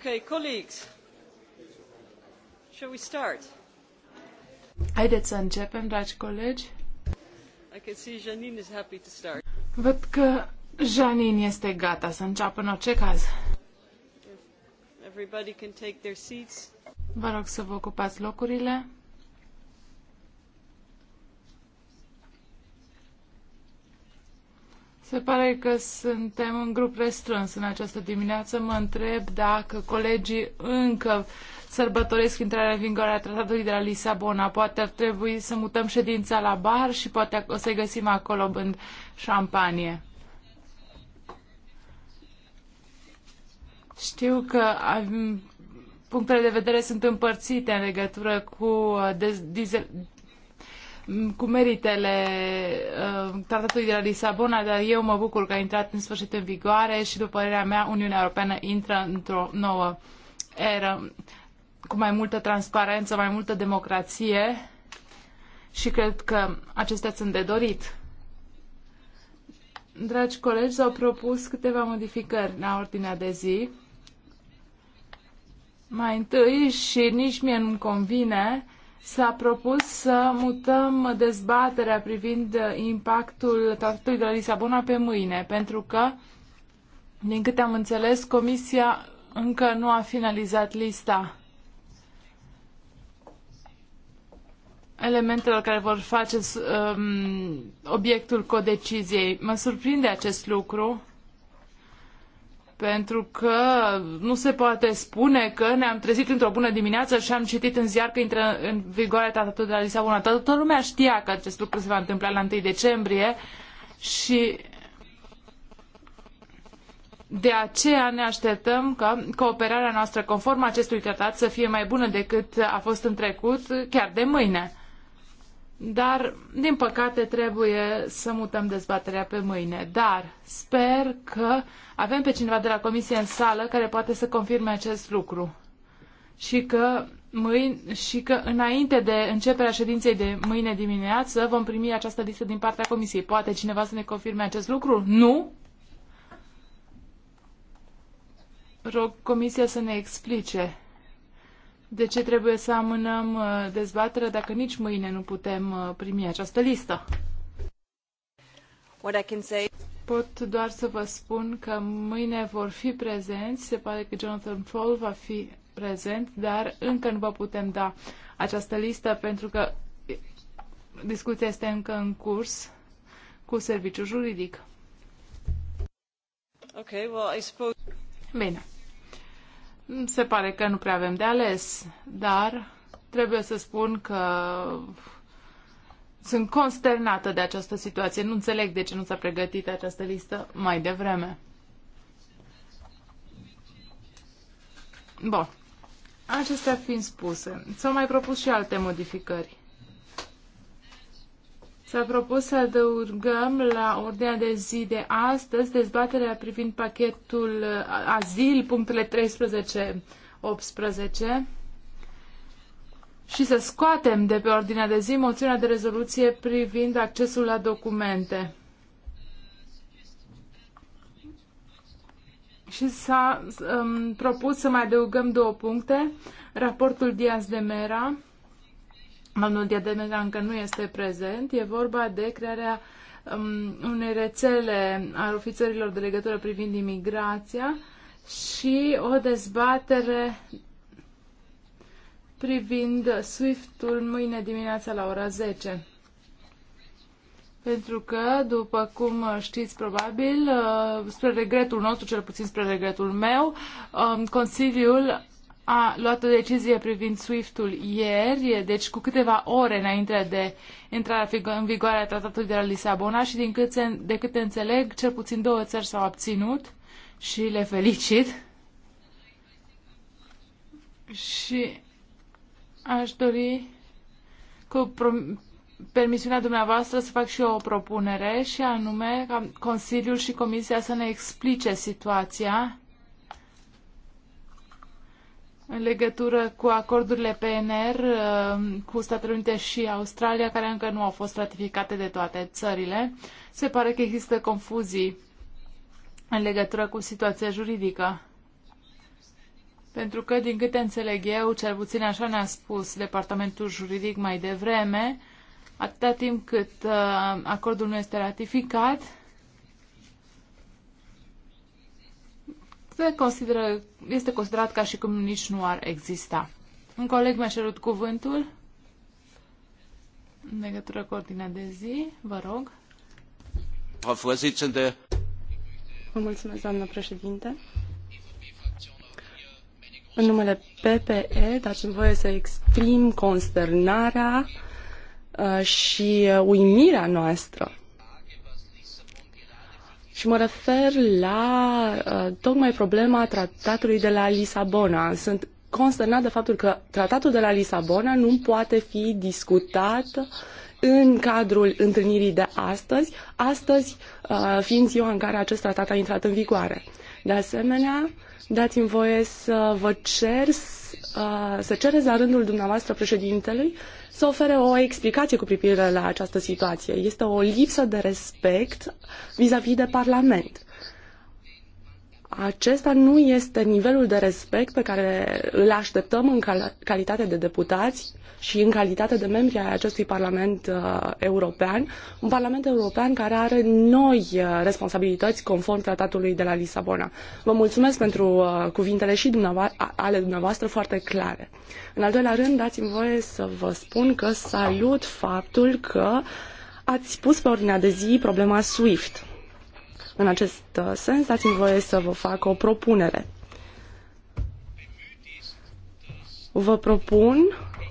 Okay, colleagues, shall we start? Haideți să începem, dragi colegi. I can see Janine is happy to start. Văd că Janine este gata să înceapă în orice caz. Everybody can take their seats. Vă rog să vă ocupați locurile. Se pare că suntem în grup restrâns în această dimineață. Mă întreb dacă colegii încă sărbătoresc intrarea în vigoare a tratatului de la Lisabona. Poate ar trebui să mutăm ședința la bar și poate o să-i găsim acolo bând șampanie. Știu că punctele de vedere sunt împărțite în legătură cu uh, cu meritele uh, tratatului de la Lisabona, dar eu mă bucur că a intrat în sfârșit în vigoare și, după părerea mea, Uniunea Europeană intră într-o nouă eră cu mai multă transparență, mai multă democrație și cred că acestea sunt de dorit. Dragi colegi, s-au propus câteva modificări la ordinea de zi. Mai întâi, și nici mie nu-mi convine, s-a propus să mutăm dezbaterea privind impactul tratatului de la Lisabona pe mâine, pentru că, din câte am înțeles, Comisia încă nu a finalizat lista elementelor care vor face um, obiectul codeciziei. Mă surprinde acest lucru pentru că nu se poate spune că ne-am trezit într-o bună dimineață și am citit în ziar că intră în vigoare tratatul de la Lisabona. Toată lumea știa că acest lucru se va întâmpla la 1 decembrie și de aceea ne așteptăm ca cooperarea noastră conform acestui tratat să fie mai bună decât a fost în trecut, chiar de mâine. Dar, din păcate, trebuie să mutăm dezbaterea pe mâine. Dar sper că avem pe cineva de la comisie în sală care poate să confirme acest lucru. Și că, mâine, și că înainte de începerea ședinței de mâine dimineață vom primi această listă din partea comisiei. Poate cineva să ne confirme acest lucru? Nu? Rog comisia să ne explice de ce trebuie să amânăm uh, dezbaterea dacă nici mâine nu putem uh, primi această listă? What I can say... Pot doar să vă spun că mâine vor fi prezenți, se pare că Jonathan Fall va fi prezent, dar încă nu vă putem da această listă pentru că discuția este încă în curs cu serviciul juridic. Okay, well, I suppose... Bine. Se pare că nu prea avem de ales, dar trebuie să spun că sunt consternată de această situație. Nu înțeleg de ce nu s-a pregătit această listă mai devreme. Bun. Acestea fiind spuse, s-au mai propus și alte modificări. S-a propus să adăugăm la ordinea de zi de astăzi dezbaterea privind pachetul uh, azil, punctele 13-18 și să scoatem de pe ordinea de zi moțiunea de rezoluție privind accesul la documente. Și s-a um, propus să mai adăugăm două puncte, raportul Diaz de Mera, Domnul Diademena încă nu este prezent. E vorba de crearea um, unei rețele a ofițerilor de legătură privind imigrația și o dezbatere privind SWIFT-ul mâine dimineața la ora 10. Pentru că, după cum știți probabil, uh, spre regretul nostru, cel puțin spre regretul meu, um, Consiliul a luat o decizie privind SWIFT-ul ieri, deci cu câteva ore înainte de intrarea în vigoare a tratatului de la Lisabona și din câte, de câte înțeleg, cel puțin două țări s-au abținut și le felicit. Și aș dori cu permisiunea dumneavoastră să fac și eu o propunere și anume ca Consiliul și Comisia să ne explice situația în legătură cu acordurile PNR uh, cu Statele Unite și Australia, care încă nu au fost ratificate de toate țările. Se pare că există confuzii în legătură cu situația juridică. Pentru că, din câte înțeleg eu, cel puțin așa ne-a spus departamentul juridic mai devreme, atâta timp cât uh, acordul nu este ratificat, se consideră, este considerat ca și cum nici nu ar exista. Un coleg mi-a cerut cuvântul în legătură cu ordinea de zi. Vă rog. Vă mulțumesc, doamnă președinte. În numele PPE, dați-mi voie să exprim consternarea uh, și uimirea noastră și mă refer la uh, tocmai problema tratatului de la Lisabona. Sunt consternat de faptul că tratatul de la Lisabona nu poate fi discutat în cadrul întâlnirii de astăzi, astăzi uh, fiind ziua în care acest tratat a intrat în vigoare. De asemenea, dați-mi voie să vă cer să cereți la rândul dumneavoastră președintelui să ofere o explicație cu privire la această situație. Este o lipsă de respect vis-a-vis de Parlament acesta nu este nivelul de respect pe care îl așteptăm în cal calitate de deputați și în calitate de membri ai acestui Parlament uh, European, un Parlament European care are noi uh, responsabilități conform tratatului de la Lisabona. Vă mulțumesc pentru uh, cuvintele și dumneavoastră, ale dumneavoastră foarte clare. În al doilea rând, dați-mi voie să vă spun că salut faptul că ați pus pe ordinea de zi problema SWIFT în acest uh, sens, dați-mi voie să vă fac o propunere. Vă propun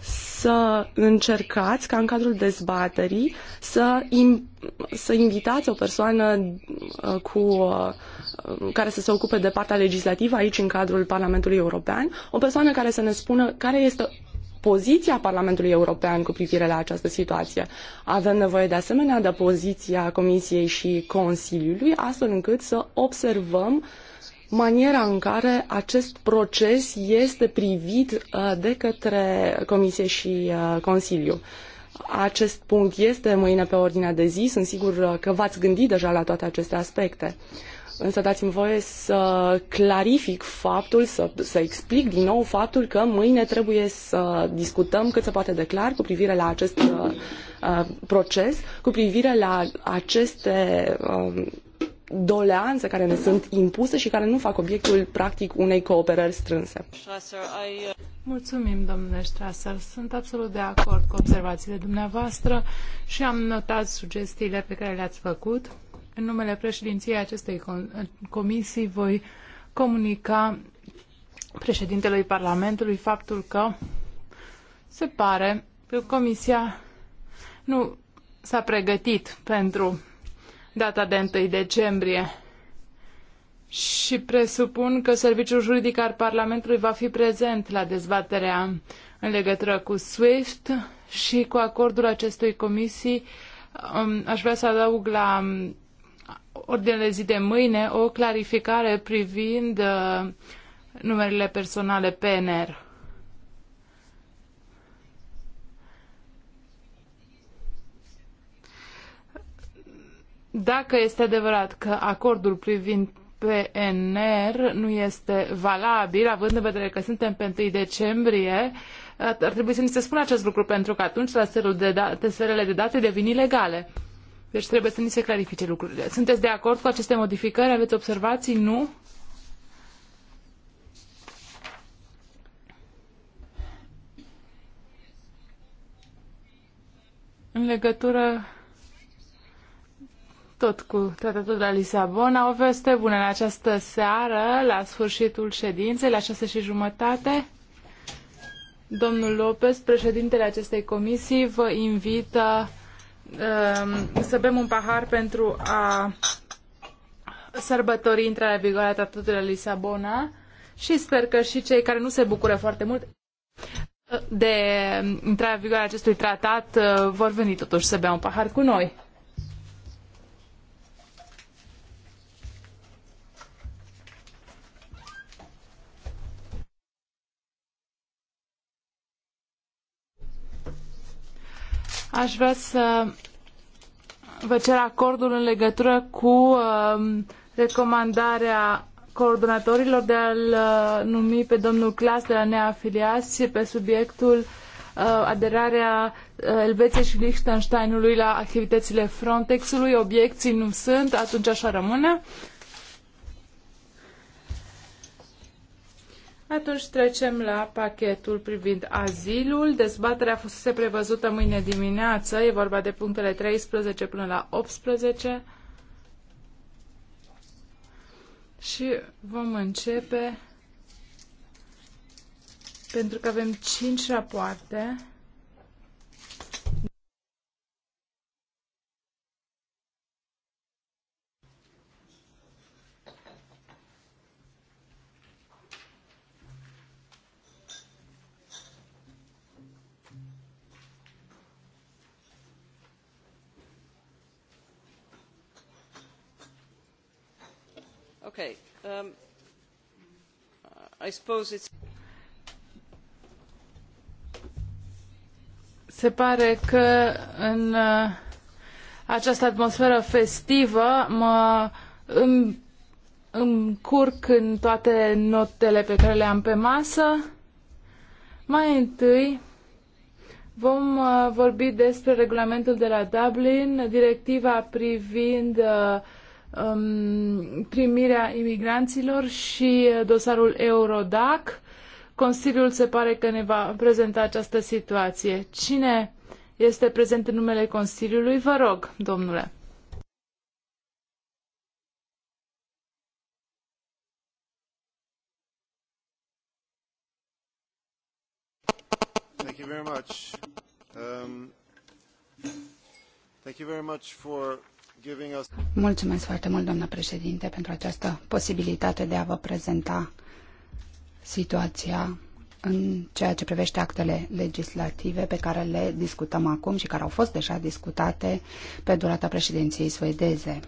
să încercați ca în cadrul dezbaterii să, im, să invitați o persoană uh, cu, uh, care să se ocupe de partea legislativă aici în cadrul Parlamentului European, o persoană care să ne spună care este poziția Parlamentului European cu privire la această situație. Avem nevoie de asemenea de poziția Comisiei și Consiliului, astfel încât să observăm maniera în care acest proces este privit uh, de către Comisie și uh, Consiliu. Acest punct este mâine pe ordinea de zi, sunt sigur uh, că v-ați gândit deja la toate aceste aspecte. Însă dați-mi voie să clarific faptul, să, să explic din nou faptul că mâine trebuie să discutăm cât se poate de clar cu privire la acest uh, uh proces, cu privire la aceste uh, doleanțe care ne sunt impuse și care nu fac obiectul practic unei cooperări strânse. Mulțumim, domnule Strasser. Sunt absolut de acord cu observațiile dumneavoastră și am notat sugestiile pe care le-ați făcut în numele președinției acestei comisii voi comunica președintelui Parlamentului faptul că se pare că Comisia nu s-a pregătit pentru data de 1 decembrie și presupun că Serviciul Juridic al Parlamentului va fi prezent la dezbaterea în legătură cu SWIFT și cu acordul acestui comisii. Um, aș vrea să adaug la um, ordinele zi de mâine o clarificare privind uh, numerele personale PNR. Dacă este adevărat că acordul privind PNR nu este valabil, având în vedere că suntem pe 1 decembrie, ar trebui să ni se spună acest lucru, pentru că atunci transferul de date, transferele de date devin ilegale. Deci trebuie să ni se clarifice lucrurile. Sunteți de acord cu aceste modificări? Aveți observații? Nu? În legătură tot cu tratatul de la Lisabona, o veste bună în această seară, la sfârșitul ședinței, la șase și jumătate. Domnul Lopez, președintele acestei comisii, vă invită Um, să bem un pahar pentru a sărbători intrarea în vigoare a tratatului Lisabona și sper că și cei care nu se bucură foarte mult de intrarea în vigoare a acestui tratat uh, vor veni totuși să bea un pahar cu noi. Aș vrea să vă cer acordul în legătură cu um, recomandarea coordonatorilor de a-l uh, numi pe domnul Clas de la neafiliați pe subiectul uh, aderarea uh, Elveției și Liechtensteinului la activitățile Frontexului. Obiecții nu sunt, atunci așa rămâne. Atunci trecem la pachetul privind azilul. Dezbaterea fusese prevăzută mâine dimineață. E vorba de punctele 13 până la 18. Și vom începe pentru că avem 5 rapoarte. Um, Se pare că în uh, această atmosferă festivă mă îmi, îmi curc în toate notele pe care le am pe masă. Mai întâi vom uh, vorbi despre regulamentul de la Dublin, directiva privind uh, Um, primirea imigranților și dosarul Eurodac. Consiliul se pare că ne va prezenta această situație. Cine este prezent în numele Consiliului? Vă rog, domnule. Thank you very much. Um, thank you very much for Mulțumesc foarte mult, doamnă președinte, pentru această posibilitate de a vă prezenta situația în ceea ce privește actele legislative pe care le discutăm acum și care au fost deja discutate pe durata președinției suedeze.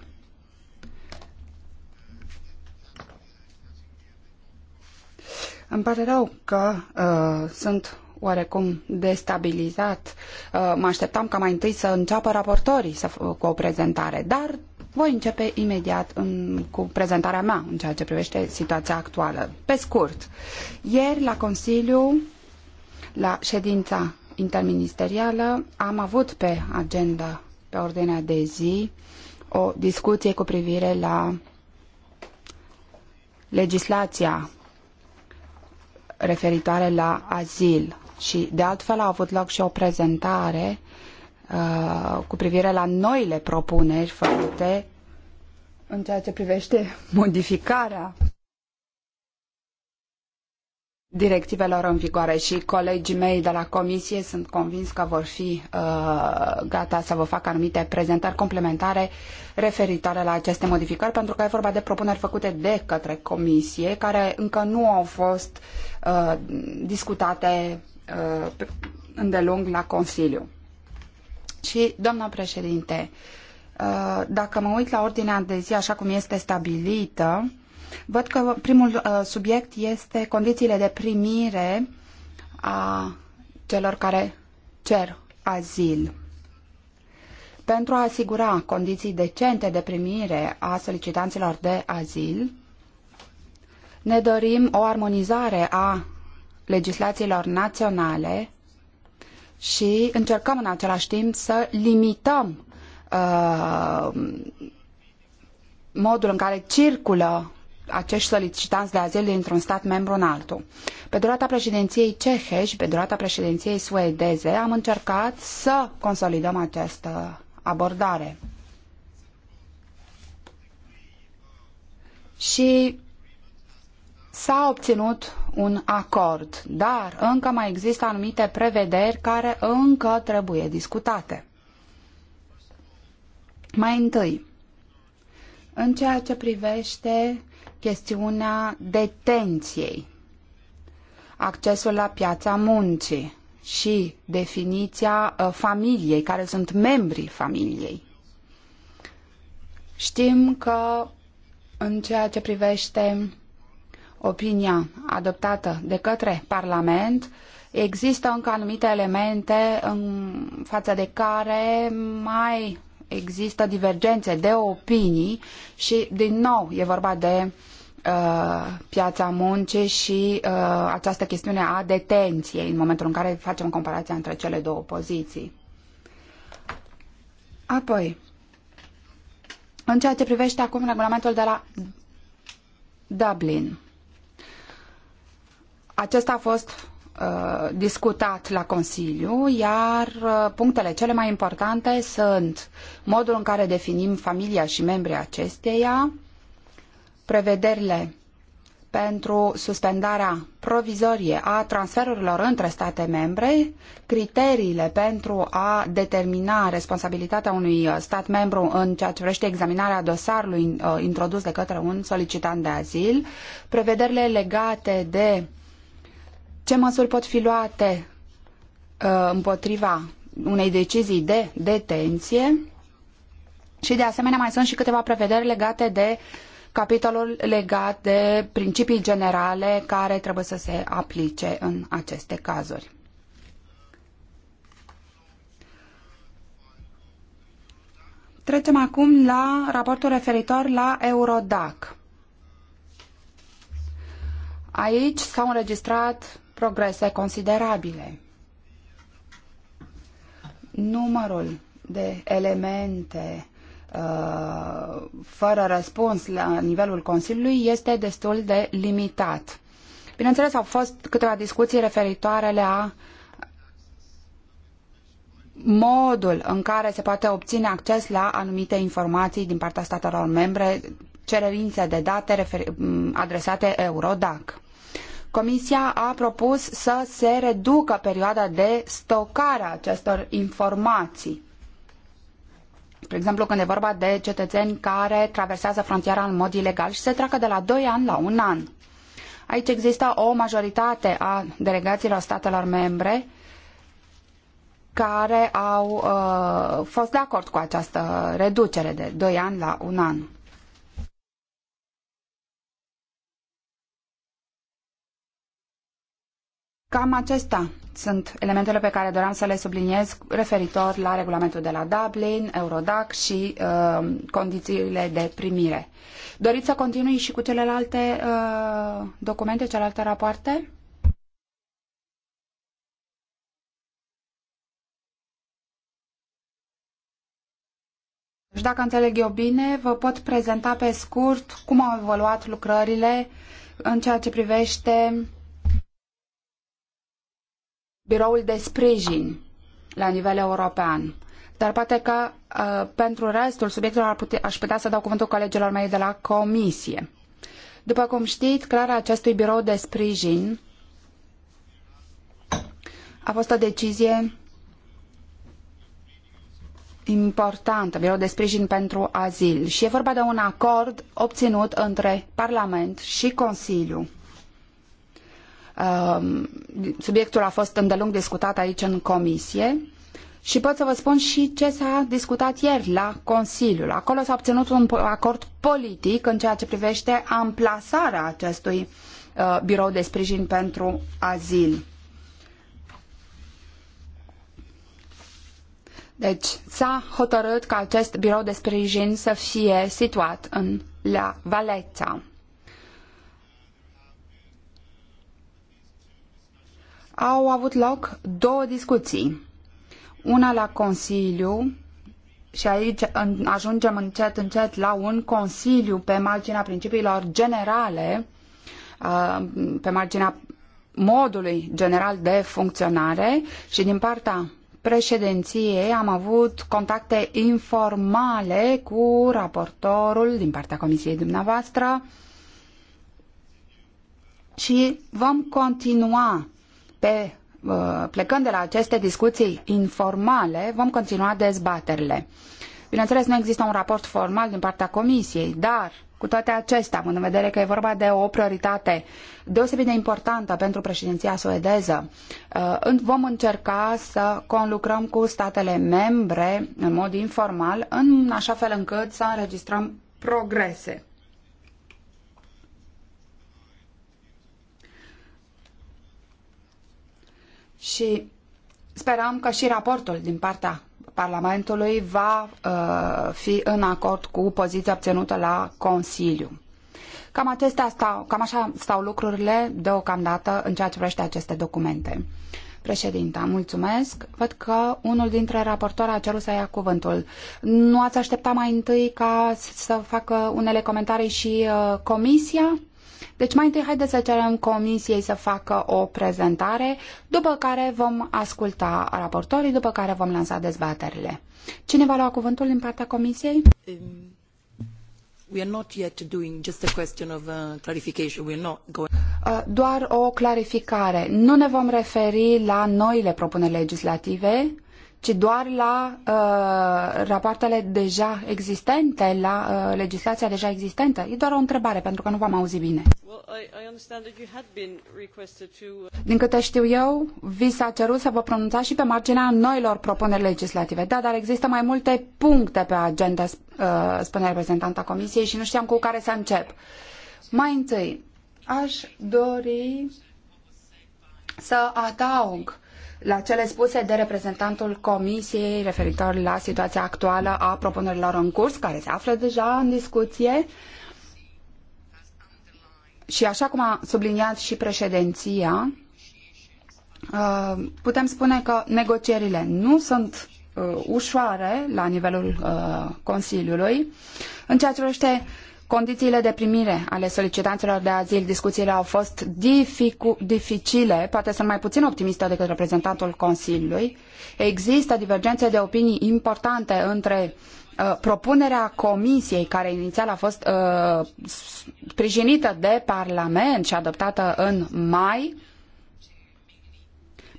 Îmi pare rău că uh, sunt oarecum destabilizat. Uh, mă așteptam ca mai întâi să înceapă raportorii să, cu o prezentare, dar voi începe imediat în, cu prezentarea mea în ceea ce privește situația actuală. Pe scurt, ieri la Consiliu, la ședința interministerială, am avut pe agenda, pe ordinea de zi, o discuție cu privire la legislația referitoare la azil. Și de altfel a avut loc și o prezentare uh, cu privire la noile propuneri făcute în ceea ce privește modificarea directivelor în vigoare și colegii mei de la comisie sunt convins că vor fi uh, gata să vă facă anumite prezentări complementare referitoare la aceste modificări, pentru că e vorba de propuneri făcute de către comisie, care încă nu au fost uh, discutate uh, îndelung la Consiliu. Și, doamna președinte, uh, dacă mă uit la ordinea de zi așa cum este stabilită, Văd că primul uh, subiect este condițiile de primire a celor care cer azil. Pentru a asigura condiții decente de primire a solicitanților de azil, ne dorim o armonizare a legislațiilor naționale și încercăm în același timp să limităm uh, modul în care circulă acești solicitanți de azil dintr-un stat membru în altul. Pe durata președinției cehe și pe durata președinției suedeze am încercat să consolidăm această abordare. Și s-a obținut un acord, dar încă mai există anumite prevederi care încă trebuie discutate. Mai întâi, în ceea ce privește chestiunea detenției, accesul la piața muncii și definiția ă, familiei, care sunt membrii familiei. Știm că în ceea ce privește opinia adoptată de către Parlament, există încă anumite elemente în fața de care mai există divergențe de opinii și, din nou, e vorba de Uh, piața muncii și uh, această chestiune a detenției în momentul în care facem comparația între cele două poziții. Apoi, în ceea ce privește acum regulamentul de la Dublin, acesta a fost uh, discutat la Consiliu, iar uh, punctele cele mai importante sunt modul în care definim familia și membrii acesteia, prevederile pentru suspendarea provizorie a transferurilor între state membre, criteriile pentru a determina responsabilitatea unui uh, stat membru în ceea ce privește examinarea dosarului uh, introdus de către un solicitant de azil, prevederile legate de ce măsuri pot fi luate uh, împotriva unei decizii de detenție și de asemenea mai sunt și câteva prevederi legate de uh, capitolul legat de principii generale care trebuie să se aplice în aceste cazuri. Trecem acum la raportul referitor la Eurodac. Aici s-au înregistrat progrese considerabile. Numărul de elemente Uh, fără răspuns la nivelul Consiliului este destul de limitat. Bineînțeles, au fost câteva discuții referitoare la modul în care se poate obține acces la anumite informații din partea statelor membre, cerințe de date adresate Eurodac. Comisia a propus să se reducă perioada de stocare a acestor informații Spre exemplu, când e vorba de cetățeni care traversează frontiera în mod ilegal și se treacă de la 2 ani la un an. Aici există o majoritate a delegațiilor statelor membre care au uh, fost de acord cu această reducere de 2 ani la un an. Cam acestea sunt elementele pe care doream să le subliniez referitor la regulamentul de la Dublin, Eurodac și uh, condițiile de primire. Doriți să continui și cu celelalte uh, documente, celelalte rapoarte? Și deci, dacă înțeleg eu bine, vă pot prezenta pe scurt cum au evoluat lucrările în ceea ce privește biroul de sprijin la nivel european. Dar poate că uh, pentru restul subiectelor ar putea, aș putea să dau cuvântul colegilor mei de la comisie. După cum știți, crearea acestui birou de sprijin a fost o decizie importantă, birou de sprijin pentru azil. Și e vorba de un acord obținut între Parlament și Consiliu. Um, subiectul a fost îndelung discutat aici în comisie și pot să vă spun și ce s-a discutat ieri la Consiliul. Acolo s-a obținut un acord politic în ceea ce privește amplasarea acestui uh, birou de sprijin pentru azil. Deci s-a hotărât ca acest birou de sprijin să fie situat în la Valeța. au avut loc două discuții. Una la Consiliu, și aici ajungem încet, încet la un consiliu pe marginea principiilor generale, uh, pe marginea modului general de funcționare și din partea președinției am avut contacte informale cu raportorul din partea comisiei dumneavoastră și vom continua pe, uh, plecând de la aceste discuții informale, vom continua dezbaterile. Bineînțeles, nu există un raport formal din partea Comisiei, dar cu toate acestea, având în vedere că e vorba de o prioritate deosebit de importantă pentru președinția suedeză, uh, vom încerca să conlucrăm cu statele membre în mod informal, în așa fel încât să înregistrăm progrese. și sperăm că și raportul din partea Parlamentului va uh, fi în acord cu poziția obținută la Consiliu. Cam, acestea stau, cam așa stau lucrurile deocamdată în ceea ce privește aceste documente. Președinta, mulțumesc. Văd că unul dintre raportori a cerut să ia cuvântul. Nu ați aștepta mai întâi ca să facă unele comentarii și uh, comisia? Deci mai întâi haideți să cerem comisiei să facă o prezentare, după care vom asculta raportorii, după care vom lansa dezbaterile. Cine va lua cuvântul din partea comisiei? Um, we are not yet doing just a question of uh, clarification. We are not going... Uh, doar o clarificare. Nu ne vom referi la noile propuneri legislative, ci doar la uh, rapoartele deja existente, la uh, legislația deja existentă? E doar o întrebare, pentru că nu v-am auzit bine. Uh, Din câte știu eu, vi s-a cerut să vă pronunțați și pe marginea noilor propuneri legislative. Da, dar există mai multe puncte pe agenda, uh, spune reprezentanta Comisiei, și nu știam cu care să încep. Mai întâi, aș dori să adaug la cele spuse de reprezentantul Comisiei referitor la situația actuală a propunerilor în curs, care se află deja în discuție. Și așa cum a subliniat și președinția, uh, putem spune că negocierile nu sunt uh, ușoare la nivelul uh, Consiliului în ceea ce privește Condițiile de primire ale solicitanților de azil, discuțiile au fost dificile, poate sunt mai puțin optimistă decât reprezentantul Consiliului. Există divergențe de opinii importante între uh, propunerea comisiei care inițial a fost uh, sprijinită de Parlament și adoptată în mai.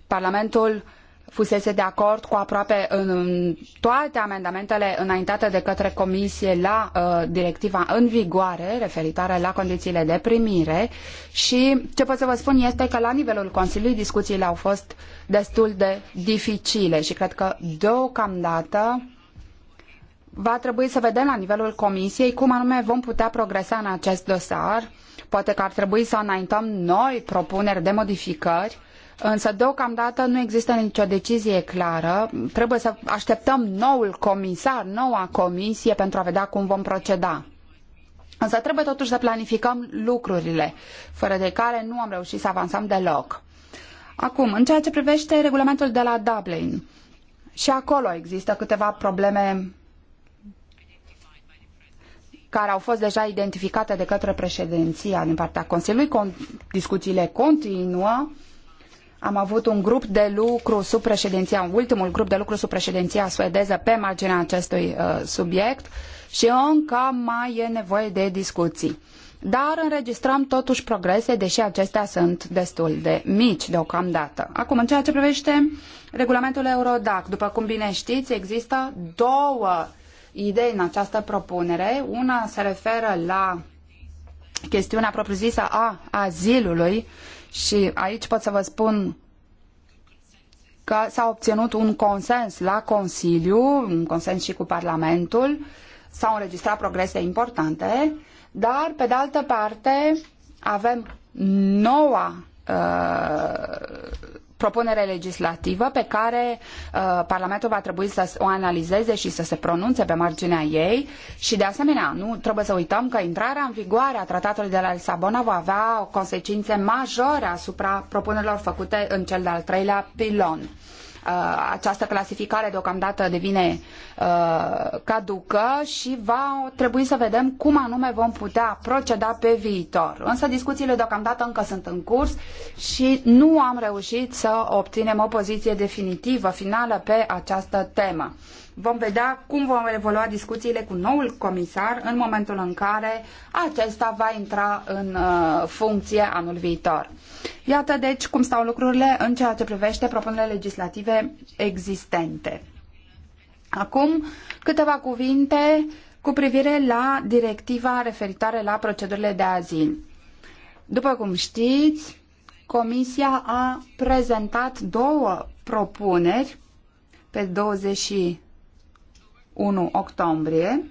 Parlamentul uh, fusese de acord cu aproape în toate amendamentele înaintate de către Comisie la uh, directiva în vigoare referitoare la condițiile de primire și ce pot să vă spun este că la nivelul Consiliului discuțiile au fost destul de dificile și cred că deocamdată va trebui să vedem la nivelul Comisiei cum anume vom putea progresa în acest dosar. Poate că ar trebui să înaintăm noi propuneri de modificări Însă, deocamdată, nu există nicio decizie clară. Trebuie să așteptăm noul comisar, noua comisie pentru a vedea cum vom proceda. Însă trebuie totuși să planificăm lucrurile, fără de care nu am reușit să avansăm deloc. Acum, în ceea ce privește regulamentul de la Dublin, și acolo există câteva probleme care au fost deja identificate de către președinția din partea Consiliului. Con- discuțiile continuă. Uh, am avut un grup de lucru sub președinția, ultimul grup de lucru sub președinția suedeză pe marginea acestui uh, subiect și încă mai e nevoie de discuții. Dar înregistrăm totuși progrese, deși acestea sunt destul de mici deocamdată. Acum, în ceea ce privește regulamentul Eurodac, după cum bine știți, există două idei în această propunere. Una se referă la chestiunea propriu-zisă a azilului și aici pot să vă spun că s-a obținut un consens la Consiliu, un consens și cu Parlamentul, s-au înregistrat progrese importante, dar, pe de altă parte, avem noua uh, propunere legislativă pe care uh, Parlamentul va trebui să o analizeze și să se pronunțe pe marginea ei și de asemenea nu trebuie să uităm că intrarea în vigoare a tratatului de la Lisabona va avea consecințe majore asupra propunerilor făcute în cel de-al treilea pilon. Uh, această clasificare deocamdată devine uh, caducă și va trebui să vedem cum anume vom putea proceda pe viitor. Însă discuțiile deocamdată încă sunt în curs și nu am reușit să obținem o poziție definitivă, finală pe această temă. Vom vedea cum vom evolua discuțiile cu noul comisar în momentul în care acesta va intra în uh, funcție anul viitor. Iată deci cum stau lucrurile în ceea ce privește propunerile legislative existente. Acum câteva cuvinte cu privire la directiva referitoare la procedurile de azil. După cum știți, Comisia a prezentat două propuneri pe 20 1 octombrie.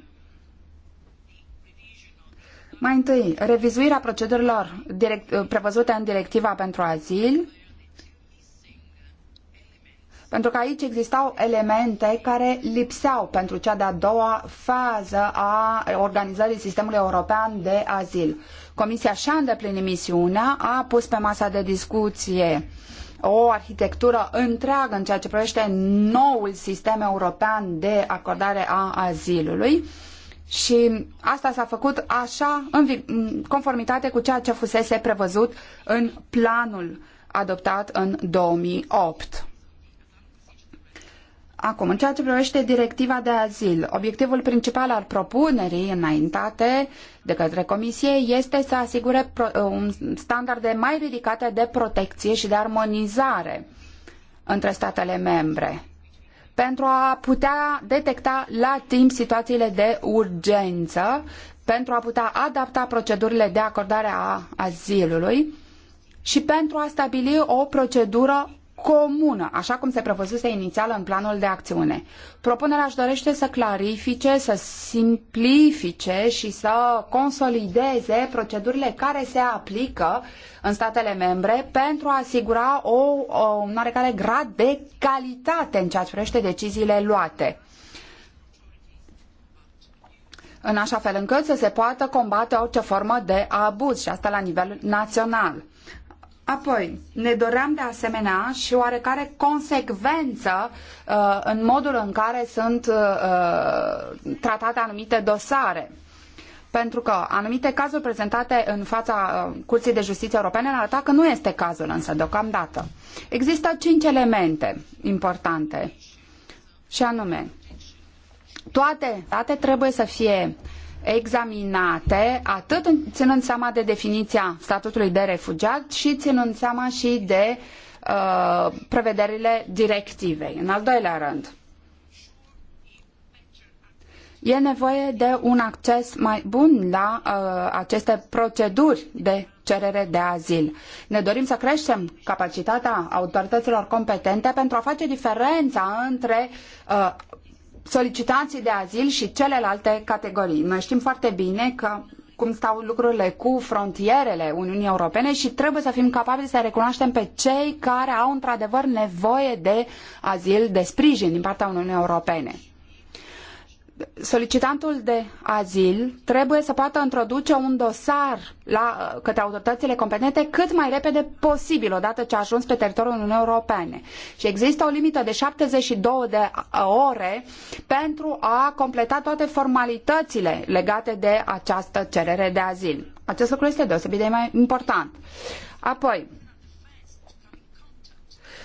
Mai întâi, revizuirea procedurilor direct, prevăzute în directiva pentru azil, pentru că aici existau elemente care lipseau pentru cea de-a doua fază a organizării sistemului european de azil. Comisia și-a îndeplinit misiunea, a pus pe masa de discuție o arhitectură întreagă în ceea ce privește noul sistem european de acordare a azilului. Și asta s-a făcut așa, în conformitate cu ceea ce fusese prevăzut în planul adoptat în 2008. Acum, în ceea ce privește directiva de azil, obiectivul principal al propunerii înaintate de către Comisie este să asigure uh, standarde mai ridicate de protecție și de armonizare între statele membre pentru a putea detecta la timp situațiile de urgență, pentru a putea adapta procedurile de acordare a azilului și pentru a stabili o procedură comună, așa cum se prevăzuse inițial în planul de acțiune. Propunerea își dorește să clarifice, să simplifice și să consolideze procedurile care se aplică în statele membre pentru a asigura o, o un oarecare grad de calitate în ceea ce privește deciziile luate în așa fel încât să se poată combate orice formă de abuz și asta la nivel național. Apoi, ne doream de asemenea și oarecare consecvență uh, în modul în care sunt uh, tratate anumite dosare. Pentru că anumite cazuri prezentate în fața uh, Curții de Justiție Europene arată că nu este cazul însă deocamdată. Există cinci elemente importante și anume, toate date trebuie să fie uh, examinate, atât ținând seama de definiția statutului de refugiat și ținând seama și de uh, prevederile directivei. În al doilea rând, e nevoie de un acces mai bun la uh, aceste proceduri de cerere de azil. Ne dorim să creștem capacitatea autorităților competente pentru a face diferența între uh, solicitanții de azil și celelalte categorii. Noi știm foarte bine că cum stau lucrurile cu frontierele Uniunii Europene și trebuie să fim capabili să recunoaștem pe cei care au într-adevăr nevoie de azil, de sprijin din partea Uniunii Europene solicitantul de azil trebuie să poată introduce un dosar la, către autoritățile competente cât mai repede posibil odată ce a ajuns pe teritoriul Uniunii Europene. Și există o limită de 72 de ore pentru a completa toate formalitățile legate de această cerere de azil. Acest lucru este deosebit de mai important. Apoi,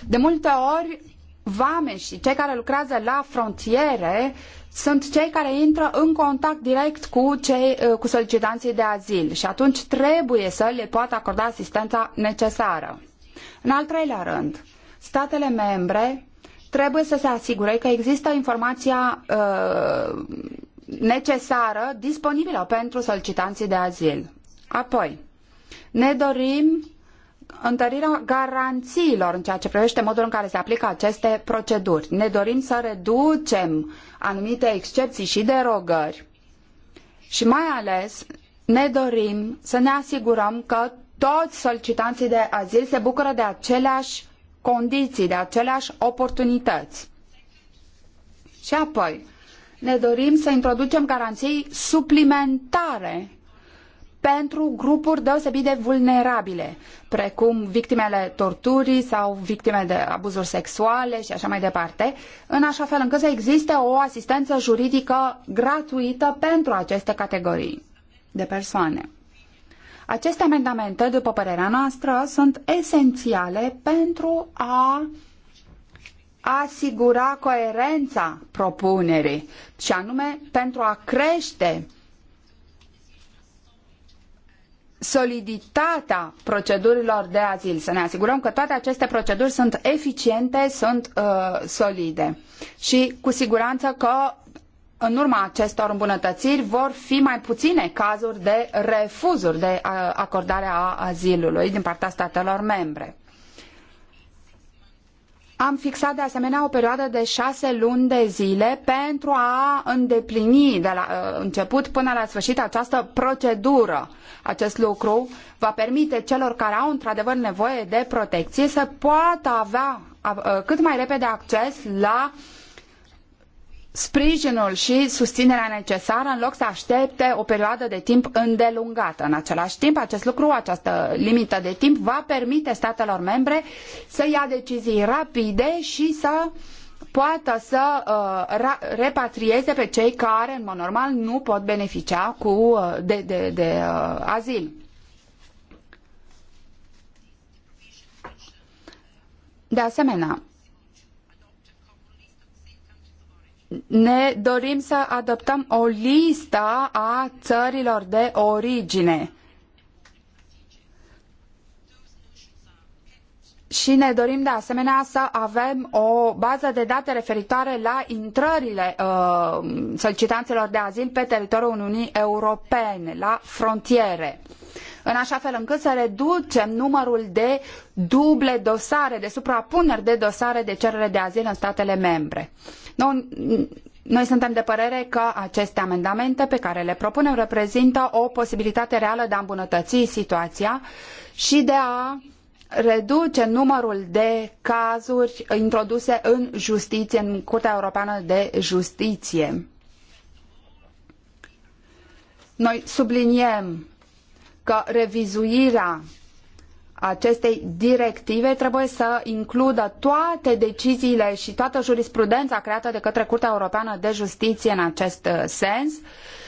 de multe ori, vame și cei care lucrează la frontiere sunt cei care intră în contact direct cu, cei, uh, cu solicitanții de azil și atunci trebuie să le poată acorda asistența necesară. În al treilea rând, statele membre trebuie să se asigure că există informația uh, necesară disponibilă pentru solicitanții de azil. Apoi, ne dorim întărirea garanțiilor în ceea ce privește modul în care se aplică aceste proceduri. Ne dorim să reducem anumite excepții și derogări și mai ales ne dorim să ne asigurăm că toți solicitanții de azil se bucură de aceleași condiții, de aceleași oportunități. Și apoi, ne dorim să introducem garanții suplimentare pentru grupuri deosebit de vulnerabile, precum victimele torturii sau victime de abuzuri sexuale și așa mai departe, în așa fel încât să existe o asistență juridică gratuită pentru aceste categorii de persoane. Aceste amendamente, după părerea noastră, sunt esențiale pentru a asigura coerența propunerii și anume pentru a crește soliditatea procedurilor de azil, să ne asigurăm că toate aceste proceduri sunt eficiente, sunt uh, solide. Și cu siguranță că în urma acestor îmbunătățiri vor fi mai puține cazuri de refuzuri de uh, acordare a azilului din partea statelor membre. Am fixat de asemenea o perioadă de șase luni de zile pentru a îndeplini de la uh, început până la sfârșit această procedură. Acest lucru va permite celor care au într-adevăr nevoie de protecție să poată avea uh, cât mai repede acces la uh, sprijinul și susținerea necesară în loc să aștepte o perioadă de timp îndelungată. În același timp, acest lucru, această limită de timp, va permite statelor membre să ia decizii rapide și să poată să uh, repatrieze pe cei care, în mod normal, nu pot beneficia cu, uh, de, de, de uh, azil. De asemenea, ne dorim să adoptăm o listă a țărilor de origine. Și ne dorim de asemenea să avem o bază de date referitoare la intrările uh, solicitanților de azil pe teritoriul Uniunii Europene, la frontiere. Uh, în așa fel încât să reducem numărul de duble dosare, de suprapuneri de dosare de cerere de azil în statele membre. Noi, noi suntem de părere că aceste amendamente pe care le propunem reprezintă o posibilitate reală de a îmbunătăți situația și de a reduce numărul de cazuri introduse în justiție, în Curtea Europeană de Justiție. Noi subliniem că revizuirea acestei directive trebuie să includă toate deciziile și toată jurisprudența creată de către Curtea Europeană de Justiție în acest uh, sens,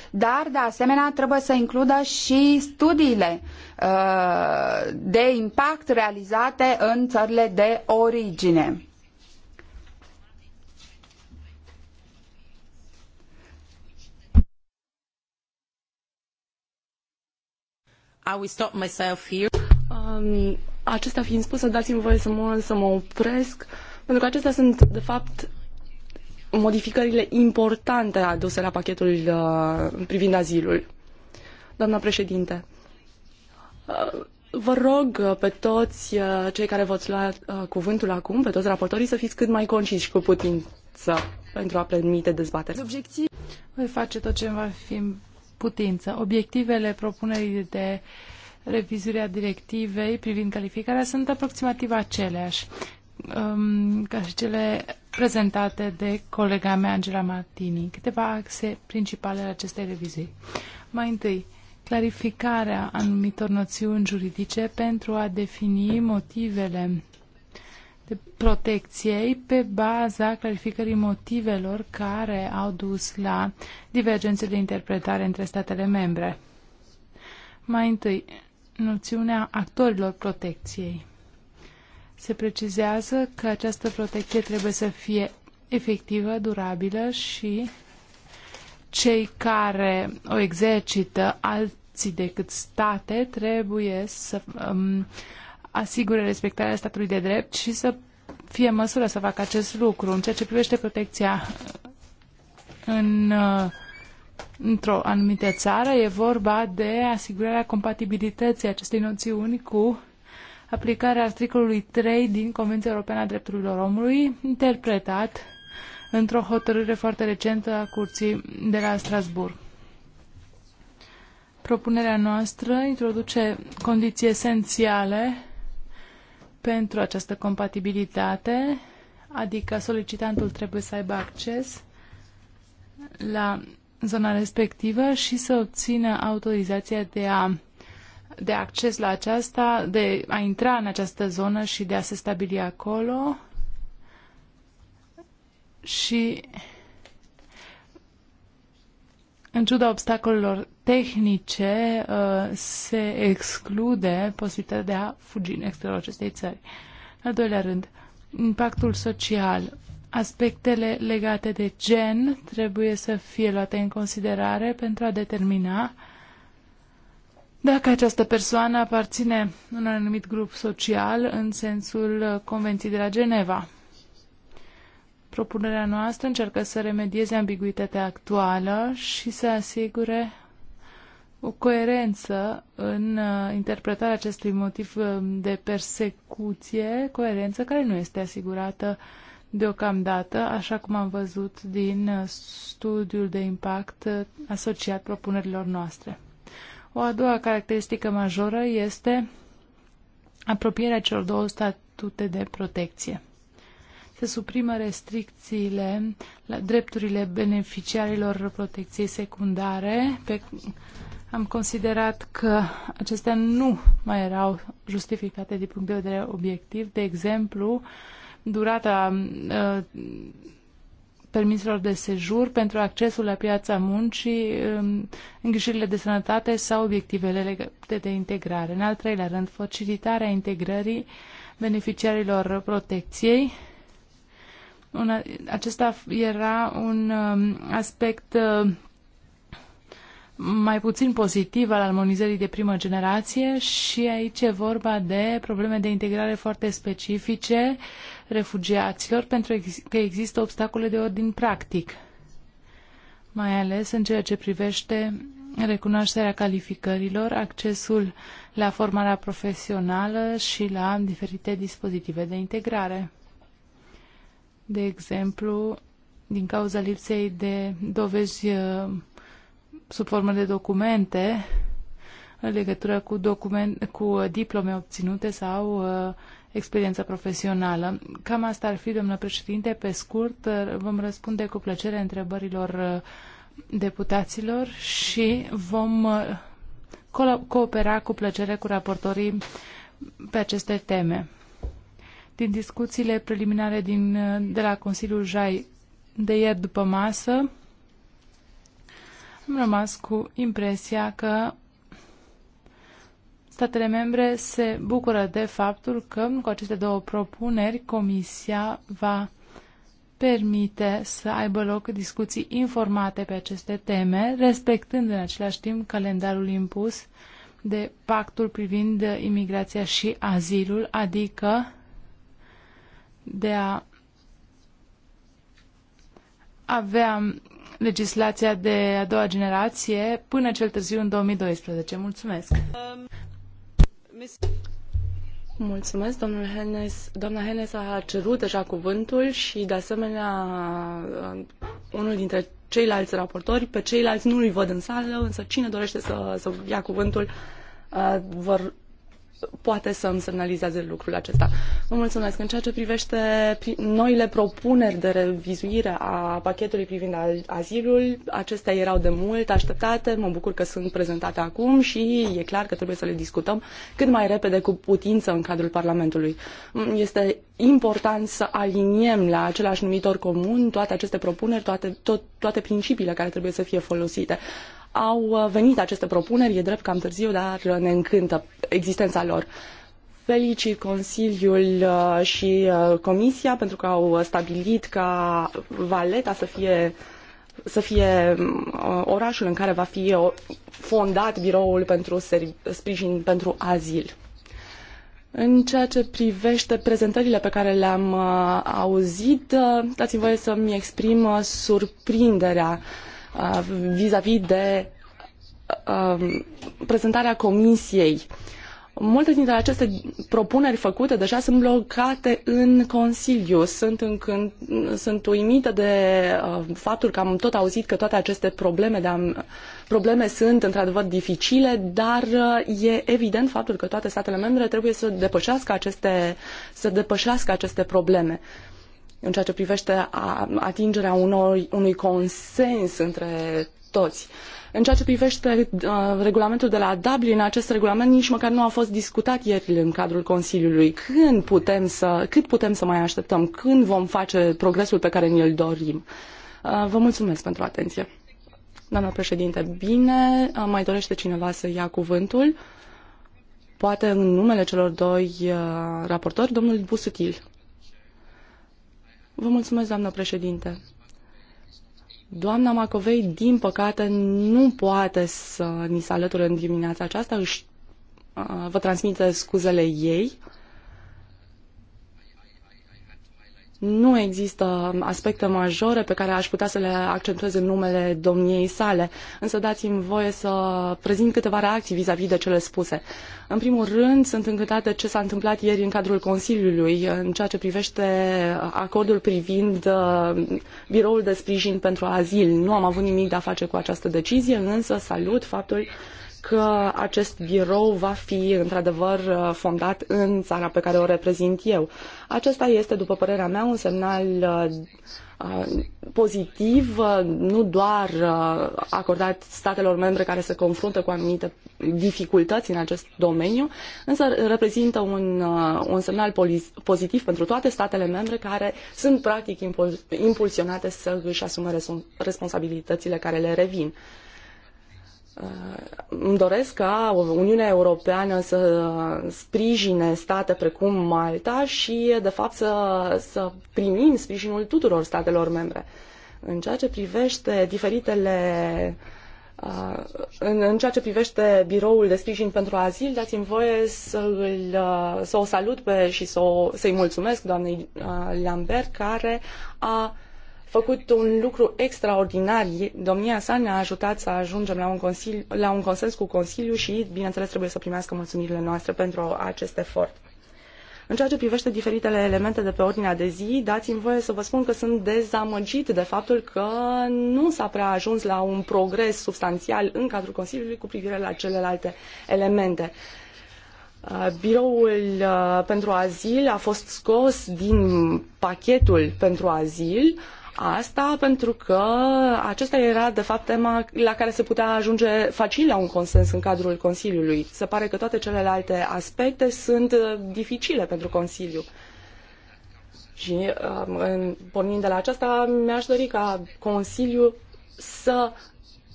dar de asemenea trebuie să includă și studiile uh, de impact realizate în țările de origine. I will stop myself here. Um, acestea fiind spuse, dați-mi voie să mă, să mă opresc, pentru că acestea sunt, de fapt, modificările importante aduse la pachetul uh, privind azilul. Doamna președinte, uh, vă rog uh, pe toți uh, cei care v-ați lua uh, cuvântul acum, pe toți raportorii, să fiți cât mai conciși cu putință pentru a permite dezbateri. Voi face tot ce va fi putință. Obiectivele propunerii de revizuirea directivei privind calificarea sunt aproximativ aceleași um, ca și cele prezentate de colega mea Angela Martini. Câteva axe principale ale acestei revizii. Mai întâi, clarificarea anumitor noțiuni juridice pentru a defini motivele de protecției pe baza clarificării motivelor care au dus la divergențe de interpretare între statele membre. Mai întâi, noțiunea actorilor protecției. Se precizează că această protecție trebuie să fie efectivă, durabilă și cei care o exercită alții decât state trebuie să um, asigure respectarea statului de drept și să fie în măsură să facă acest lucru. În ceea ce privește protecția uh, în, uh, într-o anumită țară, e vorba de asigurarea compatibilității acestei noțiuni cu aplicarea articolului 3 din Convenția Europeană a Drepturilor Omului, interpretat într-o hotărâre foarte recentă a Curții de la Strasburg. Propunerea noastră introduce condiții esențiale pentru această compatibilitate, adică solicitantul trebuie să aibă acces la zona respectivă și să obțină autorizația de a de acces la aceasta, de a intra în această zonă și de a se stabili acolo. Și în ciuda obstacolelor tehnice uh, se exclude posibilitatea de a fugi în exteriorul acestei țări. Al doilea rând, impactul social. Aspectele legate de gen trebuie să fie luate în considerare pentru a determina dacă această persoană aparține un anumit grup social în sensul Convenției de la Geneva. Propunerea noastră încearcă să remedieze ambiguitatea actuală și să asigure o coerență în uh, interpretarea acestui motiv uh, de persecuție, coerență care nu este asigurată deocamdată, așa cum am văzut din uh, studiul de impact asociat propunerilor noastre. O a doua caracteristică majoră este apropierea celor două statute de protecție. Se suprimă restricțiile la drepturile beneficiarilor protecției secundare pe am considerat că acestea nu mai erau justificate din punct de vedere obiectiv. De exemplu, durata uh, permiselor de sejur pentru accesul la piața muncii, um, îngrijirile de sănătate sau obiectivele legate de integrare. În al treilea rând, facilitarea integrării beneficiarilor protecției. Una, acesta era un um, aspect uh, mai puțin pozitiv al armonizării de primă generație și aici e vorba de probleme de integrare foarte specifice refugiaților pentru că există obstacole de ordin practic, mai ales în ceea ce privește recunoașterea calificărilor, accesul la formarea profesională și la diferite dispozitive de integrare. De exemplu, din cauza lipsei de dovezi uh, sub formă de documente în legătură cu, document, cu uh, diplome obținute sau uh, experiența profesională. Cam asta ar fi, domnule președinte, pe scurt uh, vom răspunde cu plăcere întrebărilor uh, deputaților și vom coopera cu plăcere cu raportorii pe aceste teme. Din discuțiile preliminare din, de la Consiliul Jai de ieri după masă, am rămas cu impresia că statele membre se bucură de faptul că cu aceste două propuneri Comisia va permite să aibă loc discuții informate pe aceste teme, respectând în același timp calendarul impus de pactul privind imigrația și azilul, adică de a avea legislația de a doua generație până cel târziu în 2012. Mulțumesc! Mulțumesc, domnul Hennes. Doamna Hennes a cerut deja cuvântul și, de asemenea, unul dintre ceilalți raportori, pe ceilalți nu îi văd în sală, însă cine dorește să, să ia cuvântul, vă poate să îmi semnalizeze lucrul acesta. Vă mulțumesc. În ceea ce privește noile propuneri de revizuire a pachetului privind azilul, acestea erau de mult așteptate, mă bucur că sunt prezentate acum și e clar că trebuie să le discutăm cât mai repede cu putință în cadrul Parlamentului. Mm, este important să aliniem la același numitor comun toate aceste propuneri, toate, tot, toate principiile care trebuie să fie folosite au uh, venit aceste propuneri, e drept cam târziu, dar ne încântă existența lor. Felicit Consiliul uh, și uh, Comisia pentru că au stabilit ca Valeta să fie să fie orașul în care va fi fondat biroul pentru sprijin pentru azil. În ceea ce privește prezentările pe care le-am auzit, dați-mi voie să-mi exprim surprinderea uh, Uh, vis-a-vis de uh, prezentarea comisiei. Multe dintre aceste propuneri făcute deja sunt blocate în Consiliu. Sunt, încânt, sunt uimită de uh, faptul că am tot auzit că toate aceste probleme, de am, probleme sunt într-adevăr dificile, dar e evident faptul că toate statele membre trebuie să depășească aceste, să depășească aceste probleme. Uh, în ceea ce privește atingerea unor, unui consens între toți. În ceea ce privește uh, regulamentul de la Dublin, acest regulament nici măcar nu a fost discutat ieri în cadrul Consiliului. Când putem să, cât putem să mai așteptăm? Când vom face progresul pe care ni-l dorim? Uh, vă mulțumesc pentru atenție. Doamna președinte, bine, uh, mai dorește cineva să ia cuvântul? Poate în numele celor doi uh, raportori, domnul Busutil. Vă mulțumesc, doamnă președinte. Doamna Macovei, din păcate, nu poate să ni se alăture în dimineața aceasta. Își, uh, vă transmite scuzele ei. Uh, nu există aspecte majore pe care aș putea să le accentuez în numele domniei sale, însă dați-mi voie să prezint câteva reacții vis-a-vis -vis de cele spuse. În primul rând, sunt încântată ce s-a întâmplat ieri în cadrul Consiliului în ceea ce privește acordul privind uh, biroul de sprijin pentru azil. Nu am avut nimic de a face cu această decizie, însă salut faptul că acest birou va fi într-adevăr uh, fondat în țara pe care o reprezint eu. Acesta este, după părerea mea, un semnal uh, uh, pozitiv, nu doar acordat statelor membre care se confruntă cu anumite dificultăți în acest domeniu, însă reprezintă un, un semnal pozitiv pentru toate statele membre care sunt practic impulsionate să își asume responsabilitățile care le revin îmi doresc ca Uniunea Europeană să sprijine state precum Malta și, de fapt, să, să primim sprijinul tuturor statelor membre. În ceea ce privește diferitele în, în ceea ce privește biroul de sprijin pentru azil, dați-mi voie să, îl, să o salut pe, și să o, să-i mulțumesc doamnei Lambert, care a făcut un lucru extraordinar. Domnia sa ne-a ajutat să ajungem la un, consili, la un consens cu Consiliul și, bineînțeles, trebuie să primească mulțumirile noastre pentru acest efort. În ceea ce privește diferitele elemente de pe ordinea de zi, dați-mi voie să vă spun că sunt dezamăgit de faptul că nu s-a prea ajuns la un progres substanțial în cadrul Consiliului cu privire la celelalte elemente. Uh, biroul uh, pentru azil a fost scos din pachetul pentru azil Asta pentru că acesta era, de fapt, tema la care se putea ajunge facil la un consens în cadrul Consiliului. Se pare că toate celelalte aspecte sunt uh, dificile pentru Consiliu. Și um, pornind de la aceasta, mi-aș dori ca Consiliu să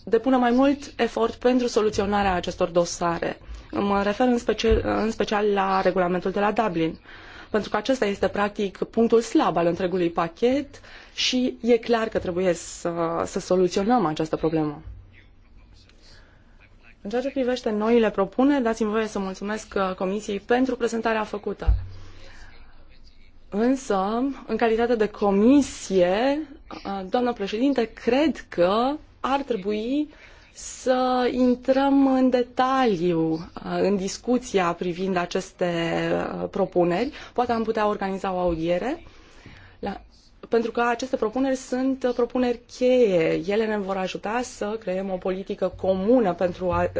depună mai mult efort pentru soluționarea acestor dosare. Mă refer în special, în special la regulamentul de la Dublin. Uh, pentru că acesta este practic punctul slab al întregului pachet și e clar că trebuie să, să soluționăm această problemă. În ceea ce privește noile propuneri, dați-mi voie să mulțumesc uh, Comisiei pentru prezentarea făcută. Însă, în calitate de comisie, uh, doamnă președinte, cred că ar trebui uh, să intrăm în detaliu uh, în discuția privind aceste uh, propuneri. Poate am putea organiza o audiere la, pentru că aceste propuneri sunt uh, propuneri cheie. Ele ne vor ajuta să creăm o politică comună pentru, a,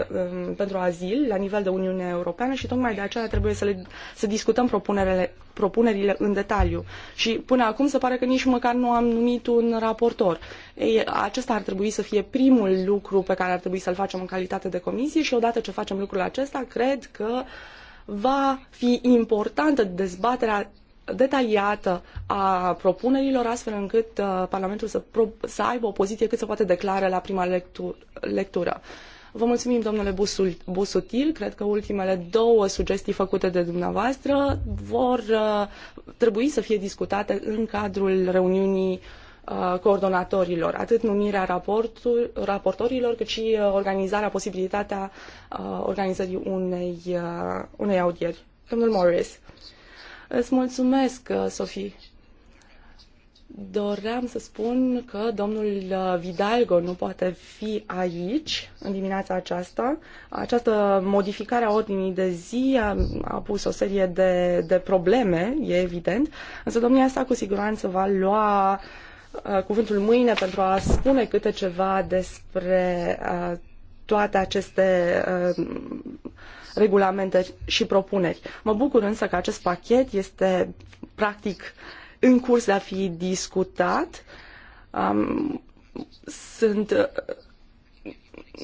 um, pentru azil la nivel de Uniune Europeană și tocmai de aceea trebuie să, le, să discutăm propunerile, propunerile în detaliu. Și până acum se pare că nici măcar nu am numit un raportor. Ei, acesta ar trebui să fie primul lucru pe care ar trebui să-l facem în calitate de comisie și odată ce facem lucrul acesta, cred că va fi importantă dezbaterea detaliată a propunerilor, astfel încât uh, Parlamentul să, să aibă o poziție cât se poate declară la prima lectură. Vă mulțumim, domnule Busul, Busutil. Cred că ultimele două sugestii făcute de dumneavoastră vor uh, trebui să fie discutate în cadrul reuniunii uh, coordonatorilor, atât numirea raportorilor, cât și organizarea, posibilitatea organizării unei, unei audieri. Domnul Morris. Îți mulțumesc, uh, Sofie. Doream să spun că domnul uh, Vidalgo nu poate fi aici în dimineața aceasta. Această modificare a ordinii de zi a, a pus o serie de, de probleme, e evident, însă domnia sa cu siguranță va lua uh, cuvântul mâine pentru a spune câte ceva despre uh, toate aceste uh, regulamente și propuneri. Mă bucur însă că acest pachet este practic în curs de a fi discutat. Um, sunt uh,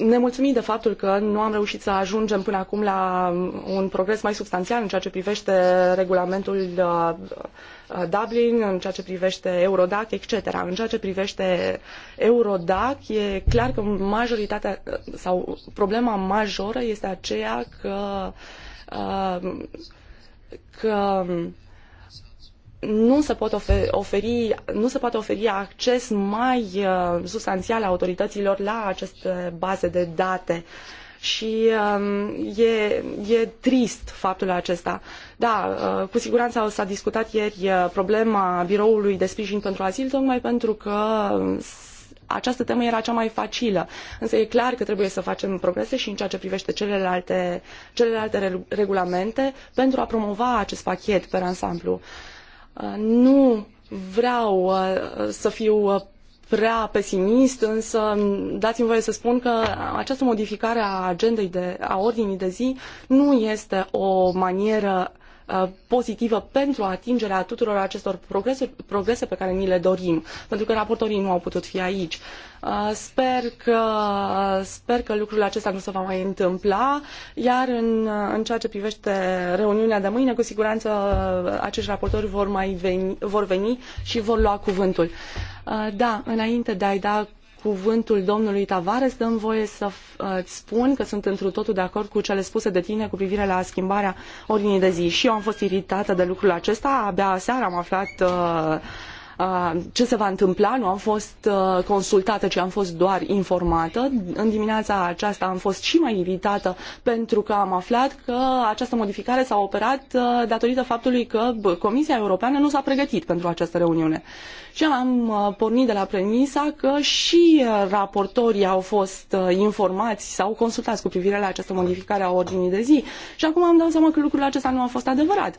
nemulțumit de faptul că nu am reușit să ajungem până acum la un progres mai substanțial în ceea ce privește regulamentul uh, Uh, Dublin, în ceea ce privește Eurodac, etc. În ceea ce privește Eurodac, e clar că majoritatea uh, sau problema majoră este aceea că, uh, că nu se, pot oferi, nu se poate oferi acces mai substanțial autorităților la aceste baze de date. Uh, și um, e, e trist faptul acesta. Da, uh, cu siguranță s-a discutat ieri uh, problema biroului de sprijin pentru azil, tocmai pentru că um, această temă era cea mai facilă. Însă e clar că trebuie să facem progrese și în ceea ce privește celelalte, celelalte regulamente pentru a promova acest pachet pe ansamblu. Uh, nu vreau să fiu prea pesimist, însă dați-mi voie să spun că această modificare a agendei de, a ordinii de zi nu este o manieră Uh, pozitivă pentru atingerea tuturor acestor progrese, progrese pe care ni le dorim, pentru că raportorii nu au putut fi aici. Uh, sper că, sper că lucrul acesta nu se va mai întâmpla, iar în, uh, în ceea ce privește reuniunea de mâine, cu siguranță acești raportori vor, mai veni, vor veni și vor lua cuvântul. Da, înainte de a-i da cuvântul domnului Tavares, dăm voie să uh, îți spun că sunt întru totul de acord cu cele spuse de tine cu privire la schimbarea ordinii de zi. Și eu am fost iritată de lucrul acesta, abia aseară am aflat uh, ce se va întâmpla. Nu am fost uh, consultată, ci am fost doar informată. În dimineața aceasta am fost și mai invitată pentru că am aflat că această modificare s-a operat uh, datorită faptului că Comisia Europeană nu s-a pregătit pentru această reuniune. Și am uh, pornit de la premisa că și raportorii au fost informați sau consultați cu privire la această modificare a ordinii de zi. Și acum am dat seama că lucrul acesta nu a fost adevărat.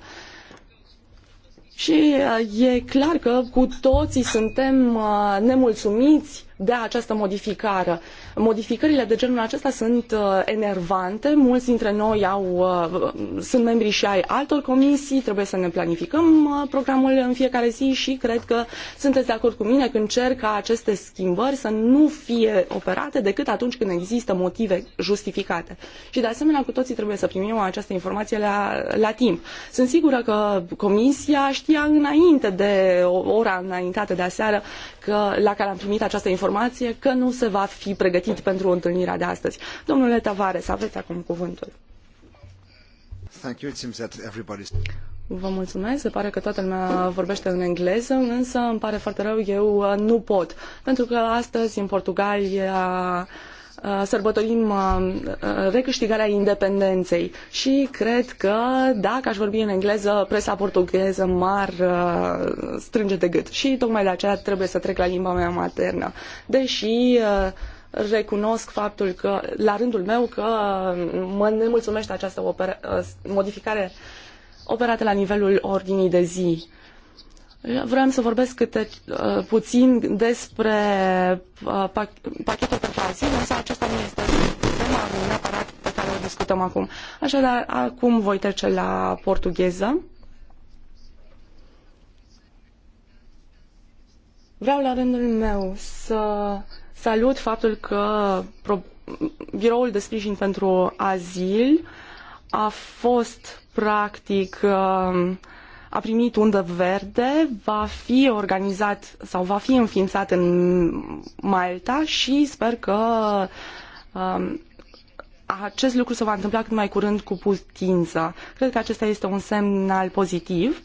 Și uh, e clar că cu toții suntem uh, nemulțumiți de această modificare. Modificările de genul acesta sunt uh, enervante, mulți dintre noi au, uh, sunt membri și ai altor comisii, trebuie să ne planificăm uh, programul în fiecare zi și cred că sunteți de acord cu mine când cer ca aceste schimbări să nu fie operate decât atunci când există motive justificate. Și de asemenea cu toții trebuie să primim această informație la, la timp. Sunt sigură că comisia știa înainte de ora înaintată de aseară că, la care am primit această informație informație că nu se va fi pregătit pentru întâlnirea de astăzi. Domnule Tavares, aveți acum cuvântul. Vă mulțumesc, se pare că toată lumea vorbește în engleză, însă îmi pare foarte rău, eu uh, nu pot, pentru că astăzi în Portugalia Uh, sărbătorim uh, uh, recâștigarea independenței și cred că dacă aș vorbi în engleză, presa portugheză m-ar strânge de gât și tocmai de aceea trebuie să trec la limba mea maternă. Deși recunosc faptul că, la rândul meu, că mă nemulțumește această opera, modificare operată la nivelul ordinii de zi. Vreau să vorbesc câte uh, puțin despre uh, pac- pachetul pentru azil, însă acesta nu este tema neapărat pe care o discutăm acum. Așadar, acum voi trece la portugheză. Vreau la rândul meu să salut faptul că Biroul de Sprijin pentru Azil a fost practic uh, a primit undă verde, va fi organizat sau va fi înființat în Malta și sper că um, acest lucru se va întâmpla cât mai curând cu putință. Cred că acesta este un semnal pozitiv.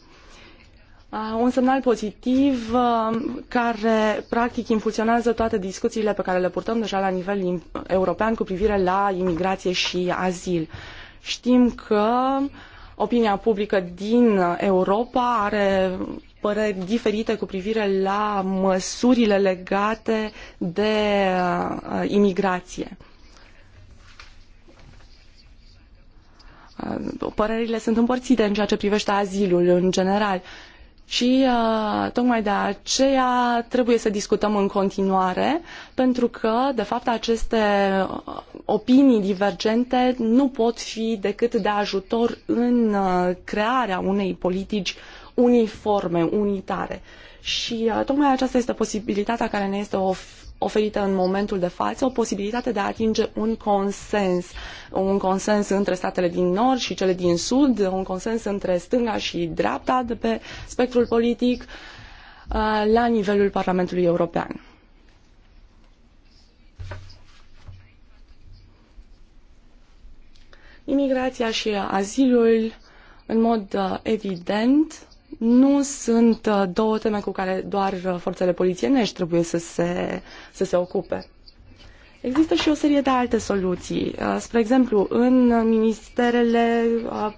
Uh, un semnal pozitiv uh, care practic infusionează toate discuțiile pe care le purtăm deja la nivel european cu privire la imigrație și azil. Știm că uh, Opinia publică din Europa are păreri diferite cu privire la măsurile legate de uh, imigrație. Uh, părerile sunt împărțite în ceea ce privește azilul în general. Uh, și uh, tocmai de aceea trebuie să discutăm în continuare, pentru că, de fapt, aceste uh, opinii divergente nu pot fi decât de ajutor în uh, crearea unei politici uniforme, unitare. Și uh, tocmai aceasta este posibilitatea care ne este oferită oferită în momentul de față o posibilitate de a atinge un consens, un consens între statele din nord și cele din sud, un consens între stânga și dreapta de pe spectrul politic uh, la nivelul Parlamentului European. Imigrația și azilul, în mod uh, evident, nu sunt uh, două teme cu care doar uh, forțele polițienești trebuie să se, să se ocupe. Există și o serie de alte soluții. Uh, spre exemplu, în ministerele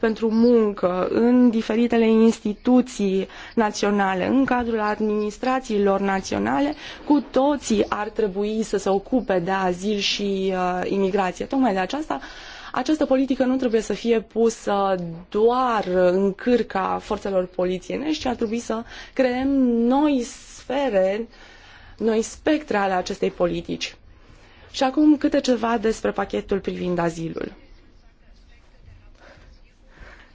pentru muncă, în diferitele instituții naționale, în cadrul administrațiilor naționale, cu toții ar trebui să se ocupe de azil și uh, imigrație. Tocmai de aceasta uh, această politică nu trebuie să fie pusă doar în cârca forțelor polițienești, ci ar trebui să creăm noi sfere, noi spectre ale acestei politici. Și acum câte ceva despre pachetul privind azilul.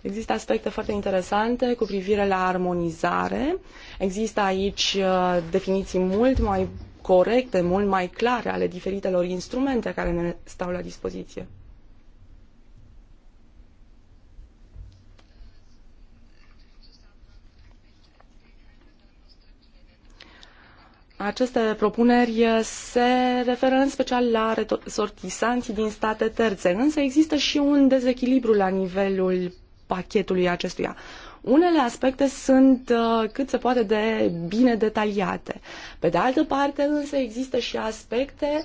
Există aspecte foarte interesante cu privire la armonizare. Există aici uh, definiții mult mai corecte, mult mai clare ale diferitelor instrumente care ne stau la dispoziție. Aceste propuneri se referă în special la resortisanții din state terțe, însă există și un dezechilibru la nivelul pachetului acestuia. Unele aspecte sunt uh, cât se poate de bine detaliate. Pe de altă parte, însă, există și aspecte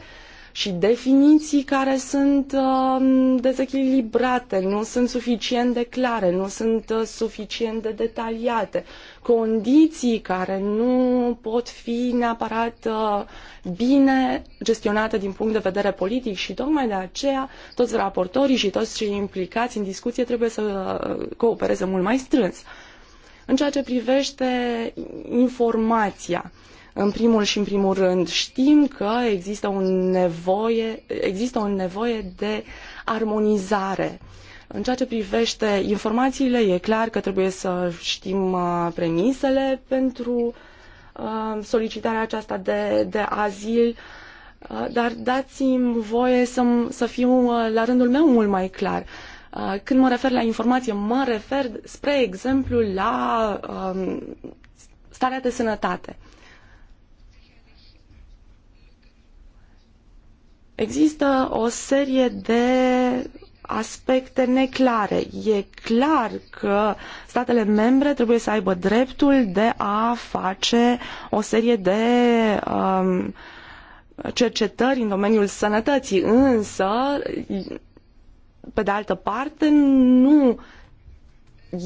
și definiții care sunt um, dezechilibrate, nu sunt suficient de clare, nu sunt uh, suficient de detaliate condiții care nu pot fi neapărat uh, bine gestionate din punct de vedere politic și tocmai de aceea toți raportorii și toți cei implicați în discuție trebuie să coopereze mult mai strâns. În ceea ce privește informația, în primul și în primul rând știm că există, o nevoie, există o nevoie de armonizare în ceea ce privește informațiile, e clar că trebuie să știm uh, premisele pentru uh, solicitarea aceasta de, de azil, uh, dar dați-mi voie să, să fiu la rândul meu mult mai clar. Când mă refer la informație, mă refer, spre exemplu, la um, starea de sănătate. Există o serie de aspecte neclare. E clar că statele membre trebuie să aibă dreptul de a face o serie de um, cercetări în domeniul sănătății, însă, pe de altă parte, nu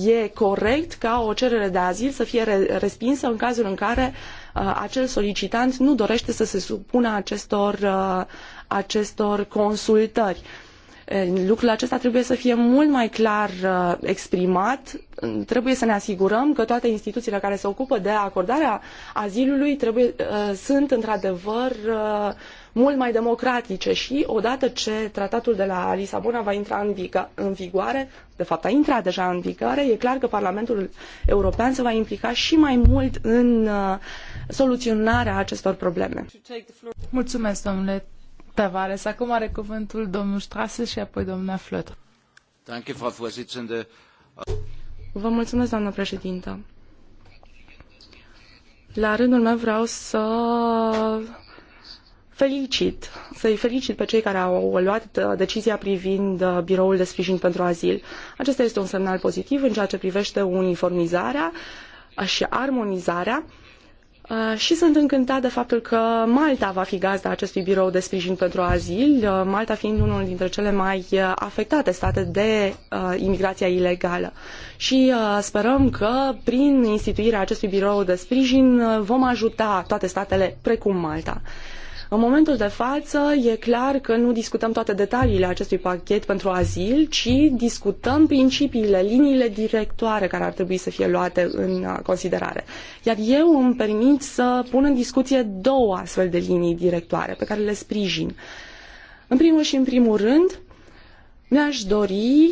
e corect ca o cerere de azil să fie respinsă în cazul în care uh, acel solicitant nu dorește să se supună acestor, uh, acestor consultări. Eh, lucrul acesta trebuie să fie mult mai clar eh, exprimat. Mm, trebuie să ne asigurăm că toate instituțiile care se ocupă de acordarea azilului trebuie, eh, sunt într-adevăr mult mai democratice și odată ce tratatul de la Lisabona va intra în, viga, în vigoare, de fapt a intrat deja în vigoare, e clar că Parlamentul European se va implica și mai mult în soluționarea acestor probleme. Mulțumesc, domnule Tavares. Acum are cuvântul domnul Strase și apoi domnul Flot. Vă mulțumesc, doamnă președintă. La rândul meu vreau să felicit, să-i felicit pe cei care au luat uh, decizia privind uh, biroul de sprijin pentru azil. Acesta este un semnal pozitiv în ceea ce privește uniformizarea și armonizarea Uh, și sunt încântat de faptul că Malta va fi gazda acestui birou de sprijin pentru azil, uh, Malta fiind unul dintre cele mai uh, afectate state de uh, imigrația ilegală. Și uh, sperăm că prin instituirea acestui birou de sprijin vom ajuta toate statele precum Malta. Uh, în momentul de față, e clar că nu discutăm toate detaliile acestui pachet pentru azil, ci discutăm principiile, liniile directoare care ar trebui să fie luate în uh, considerare. Iar eu îmi permit să pun în discuție două astfel de linii directoare pe care le sprijin. În primul și în primul rând, mi-aș dori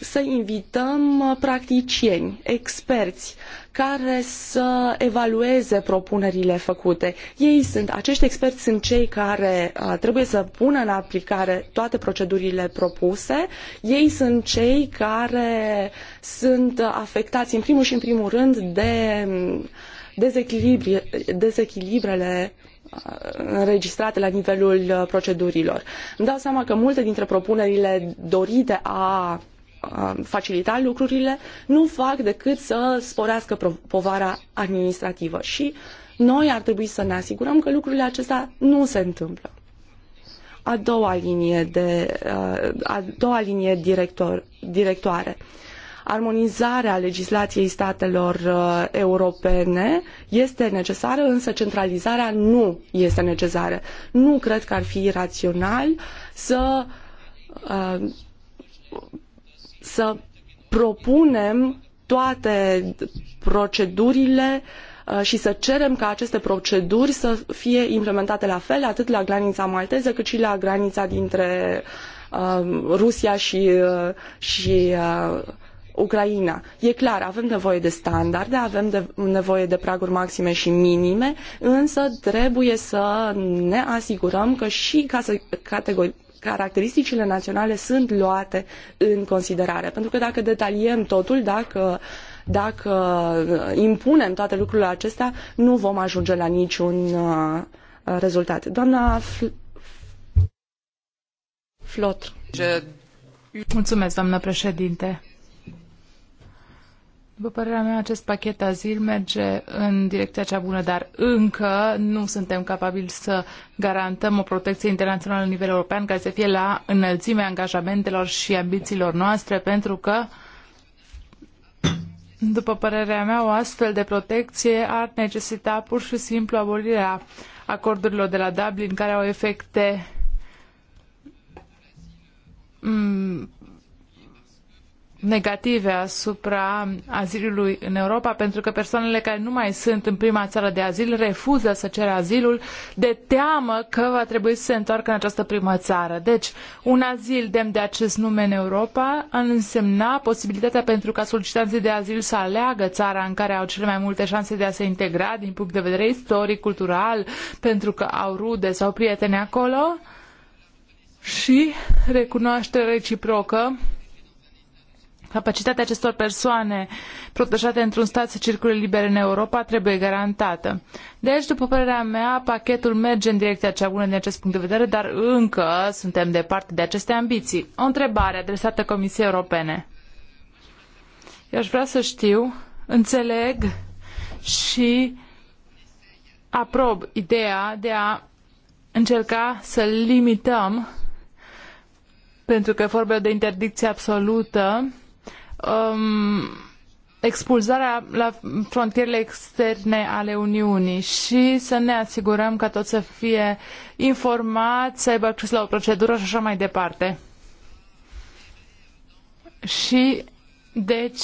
să invităm uh, practicieni, experți, care să evalueze propunerile făcute. Ei sunt, acești experți sunt cei care uh, trebuie să pună în aplicare toate procedurile propuse. Ei sunt cei care sunt afectați în primul și în primul rând de mm, dezechilibrele uh, înregistrate la nivelul uh, procedurilor. Îmi dau seama că multe dintre propunerile dorite a Uh, facilita lucrurile, nu fac decât să sporească povara administrativă și noi ar trebui să ne asigurăm că lucrurile acestea nu se întâmplă. A doua linie, de, uh, a doua linie director, directoare armonizarea legislației statelor uh, europene este necesară, însă centralizarea nu este necesară. Nu cred că ar fi rațional să uh, să propunem toate procedurile uh, și să cerem ca aceste proceduri să fie implementate la fel atât la granița malteză cât și la granița dintre uh, Rusia și, uh, și Ucraina. E clar, avem nevoie de standarde, avem de, nevoie de praguri maxime și minime, însă trebuie să ne asigurăm că și categorii, caracteristicile naționale sunt luate în considerare. Pentru că dacă detaliem totul, dacă dacă uh, impunem toate lucrurile acestea, nu vom ajunge la niciun uh, rezultat. Doamna Fl Flotr. Mulțumesc, doamnă președinte. După părerea mea, acest pachet azil merge în direcția cea bună, dar încă nu suntem capabili să garantăm o protecție internațională la nivel european care să fie la înălțimea angajamentelor și ambițiilor noastre, pentru că, după părerea mea, o astfel de protecție ar necesita pur și simplu abolirea acordurilor de la Dublin, care au efecte mm, negative asupra azilului în Europa, pentru că persoanele care nu mai sunt în prima țară de azil refuză să ceră azilul de teamă că va trebui să se întoarcă în această primă țară. Deci, un azil demn de acest nume în Europa ar însemna posibilitatea pentru ca solicitanții de azil să aleagă țara în care au cele mai multe șanse de a se integra din punct de vedere istoric, cultural, pentru că au rude sau prieteni acolo și recunoaștere reciprocă Capacitatea acestor persoane protejate într-un stat să circule liber în Europa trebuie garantată. Deci, după părerea mea, pachetul merge în direcția cea bună din acest punct de vedere, dar încă suntem departe de aceste ambiții. O întrebare adresată Comisiei Europene. Eu aș vrea să știu, înțeleg și aprob ideea de a încerca să limităm, pentru că e vorba de interdicție absolută, um, expulzarea la frontierele externe ale Uniunii și să ne asigurăm că tot să fie informat să aibă acces la o procedură și așa mai departe. Și, deci,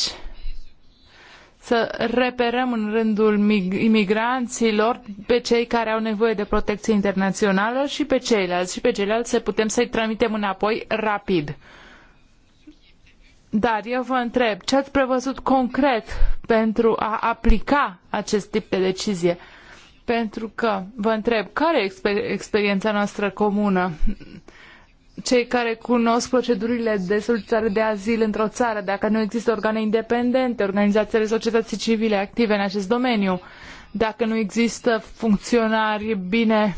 să reperăm în rândul imigranților pe cei care au nevoie de protecție internațională și pe ceilalți. Și pe ceilalți să putem să-i tramitem înapoi rapid. Dar eu vă întreb, ce ați prevăzut concret pentru a aplica acest tip de decizie? Pentru că, vă întreb, care e exper experiența noastră comună? Cei care cunosc procedurile de solicitare de azil într-o țară, dacă nu există organe independente, organizațiile societății civile active în acest domeniu, dacă nu există funcționari bine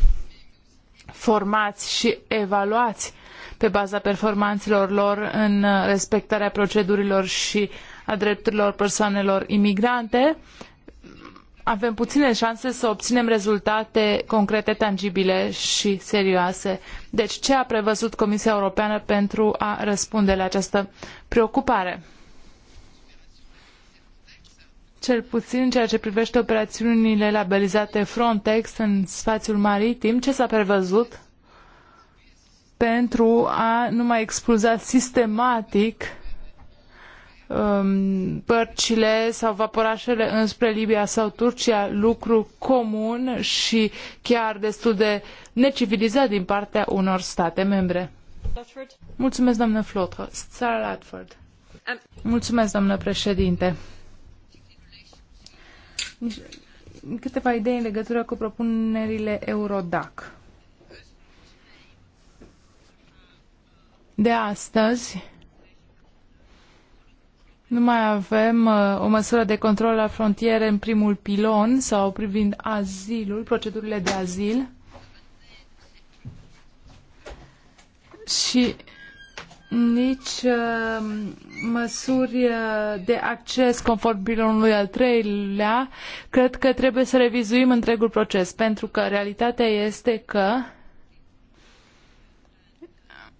formați și evaluați pe baza performanțelor lor în respectarea procedurilor și a drepturilor persoanelor imigrante, avem puține șanse să obținem rezultate concrete, tangibile și serioase. Deci ce a prevăzut Comisia Europeană pentru a răspunde la această preocupare? Cel puțin în ceea ce privește operațiunile labelizate Frontex în spațiul maritim, ce s-a prevăzut? pentru a nu mai expulza sistematic um, bărcile sau vaporașele înspre Libia sau Turcia, lucru comun și chiar destul de necivilizat din partea unor state membre. Mulțumesc, doamnă Flotră. Sarah Latford. Mulțumesc, doamnă președinte. Câteva idei în legătură cu propunerile Eurodac. de astăzi nu mai avem uh, o măsură de control la frontiere în primul pilon sau privind azilul, procedurile de azil. Și nici uh, măsuri uh, de acces conform pilonului al treilea, cred că trebuie să revizuim întregul proces, pentru că realitatea este că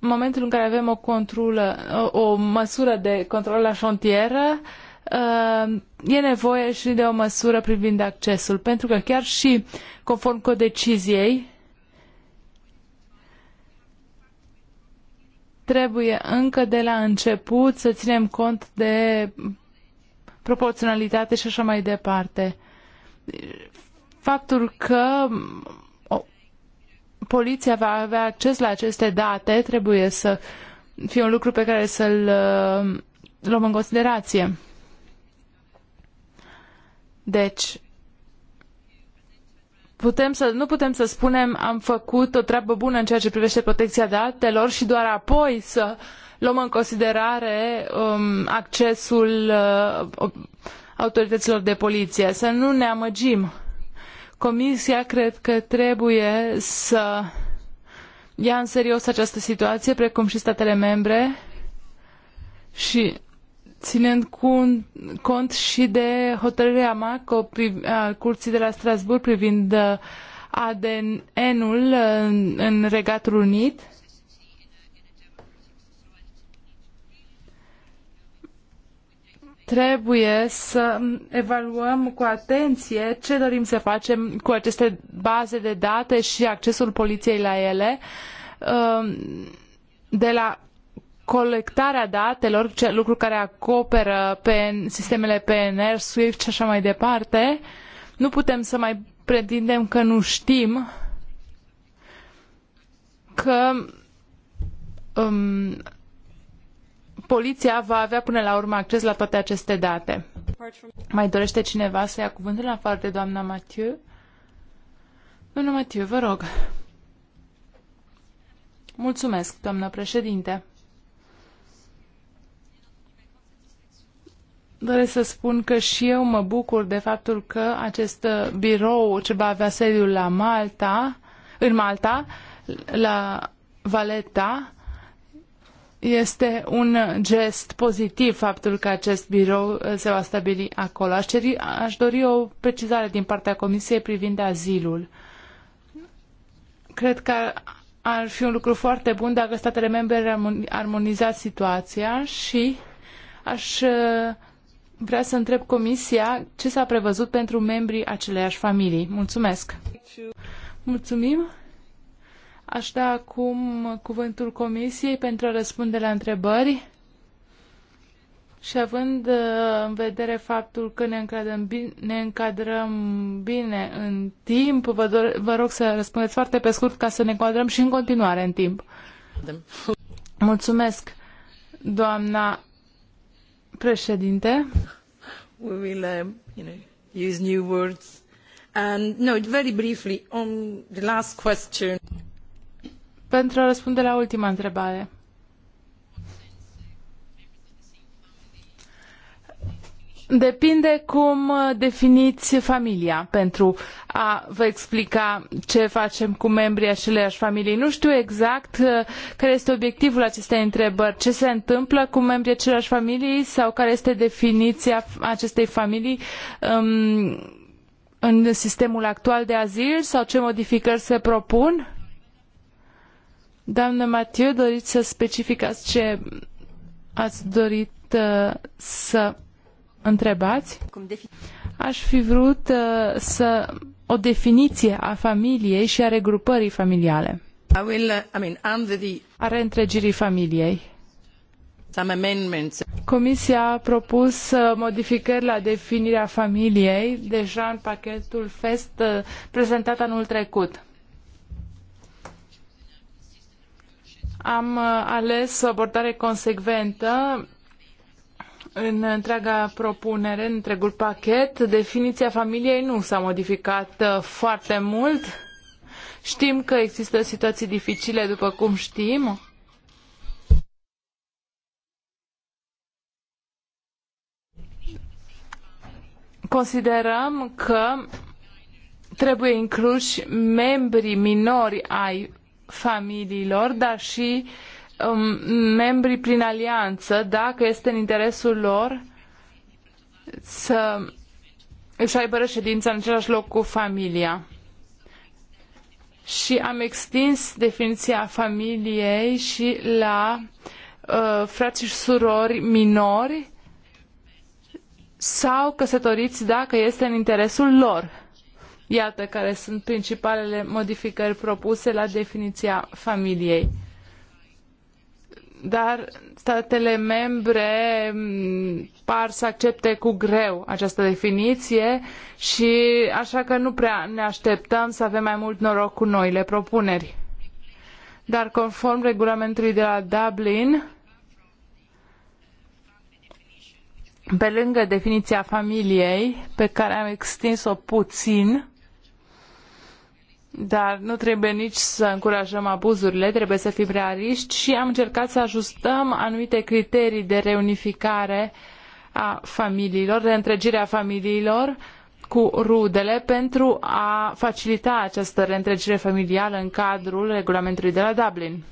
momentul în care avem o, controlă, o măsură de control la șontieră, uh, e nevoie și de o măsură privind accesul, pentru că chiar și conform cu deciziei, trebuie încă de la început să ținem cont de proporționalitate și așa mai departe. Faptul că poliția va avea acces la aceste date, trebuie să fie un lucru pe care să-l uh, luăm în considerație. Deci, putem să, nu putem să spunem am făcut o treabă bună în ceea ce privește protecția datelor și doar apoi să luăm în considerare um, accesul uh, autorităților de poliție. Să nu ne amăgim. Comisia cred că trebuie să ia în serios această situație, precum și statele membre și ținând cu, cont și de hotărârea MACO a Curții de la Strasbourg privind ADN-ul în, în Regatul Unit trebuie să evaluăm cu atenție ce dorim să facem cu aceste baze de date și accesul poliției la ele, um, de la colectarea datelor, lucru care acoperă pe sistemele PNR, SWIFT și așa mai departe. Nu putem să mai pretindem că nu știm că um, poliția va avea până la urmă acces la toate aceste date. Mai dorește cineva să ia cuvântul în afară de doamna Mathieu? Doamna Mathieu, vă rog. Mulțumesc, doamnă președinte. Doresc să spun că și eu mă bucur de faptul că acest birou ce va avea sediul la Malta, în Malta, la Valeta, este un gest pozitiv faptul că acest birou uh, se va stabili acolo. Aș, ceri, aș dori o precizare din partea Comisiei privind azilul. Cred că ar fi un lucru foarte bun dacă statele membre ar armoniza situația și aș uh, vrea să întreb Comisia ce s-a prevăzut pentru membrii aceleiași familii. Mulțumesc! Mulțumim! Aș da acum cuvântul Comisiei pentru a răspunde la întrebări. Și având uh, în vedere faptul că ne încadrăm bine, ne încadrăm bine în timp, vă, do- vă rog să răspundeți foarte pe scurt ca să ne încadrăm și în continuare în timp. Mulțumesc, doamna președinte. We will, um, you know, use new words. And no, very briefly on the last question pentru a răspunde la ultima întrebare. Depinde cum definiți familia pentru a vă explica ce facem cu membrii aceleiași familii. Nu știu exact uh, care este obiectivul acestei întrebări, ce se întâmplă cu membrii aceleiași familii sau care este definiția acestei familii um, în sistemul actual de azil sau ce modificări se propun. Doamnă Matiu, doriți să specificați ce ați dorit uh, să întrebați? Aș fi vrut uh, să o definiție a familiei și a regrupării familiale. I will, uh, I mean, under the... A reîntregirii familiei. Some amendments. Comisia a propus uh, modificări la definirea familiei deja în pachetul FEST uh, prezentat anul trecut. Am uh, ales o abordare consecventă în întreaga propunere, în întregul pachet. Definiția familiei nu s-a modificat uh, foarte mult. Știm că există situații dificile, după cum știm. Considerăm că trebuie incluși membrii minori ai familiilor, dar și um, membrii prin alianță, dacă este în interesul lor să își aibă reședința în același loc cu familia. Și am extins definiția familiei și la uh, frați și surori minori sau căsătoriți dacă este în interesul lor. Iată care sunt principalele modificări propuse la definiția familiei. Dar statele membre mm, par să accepte cu greu această definiție și așa că nu prea ne așteptăm să avem mai mult noroc cu noile propuneri. Dar conform regulamentului de la Dublin, pe lângă definiția familiei, pe care am extins-o puțin, dar nu trebuie nici să încurajăm abuzurile, trebuie să fim realiști și am încercat să ajustăm anumite criterii de reunificare a familiilor, de întregirea familiilor cu rudele pentru a facilita această reîntregire familială în cadrul regulamentului de la Dublin.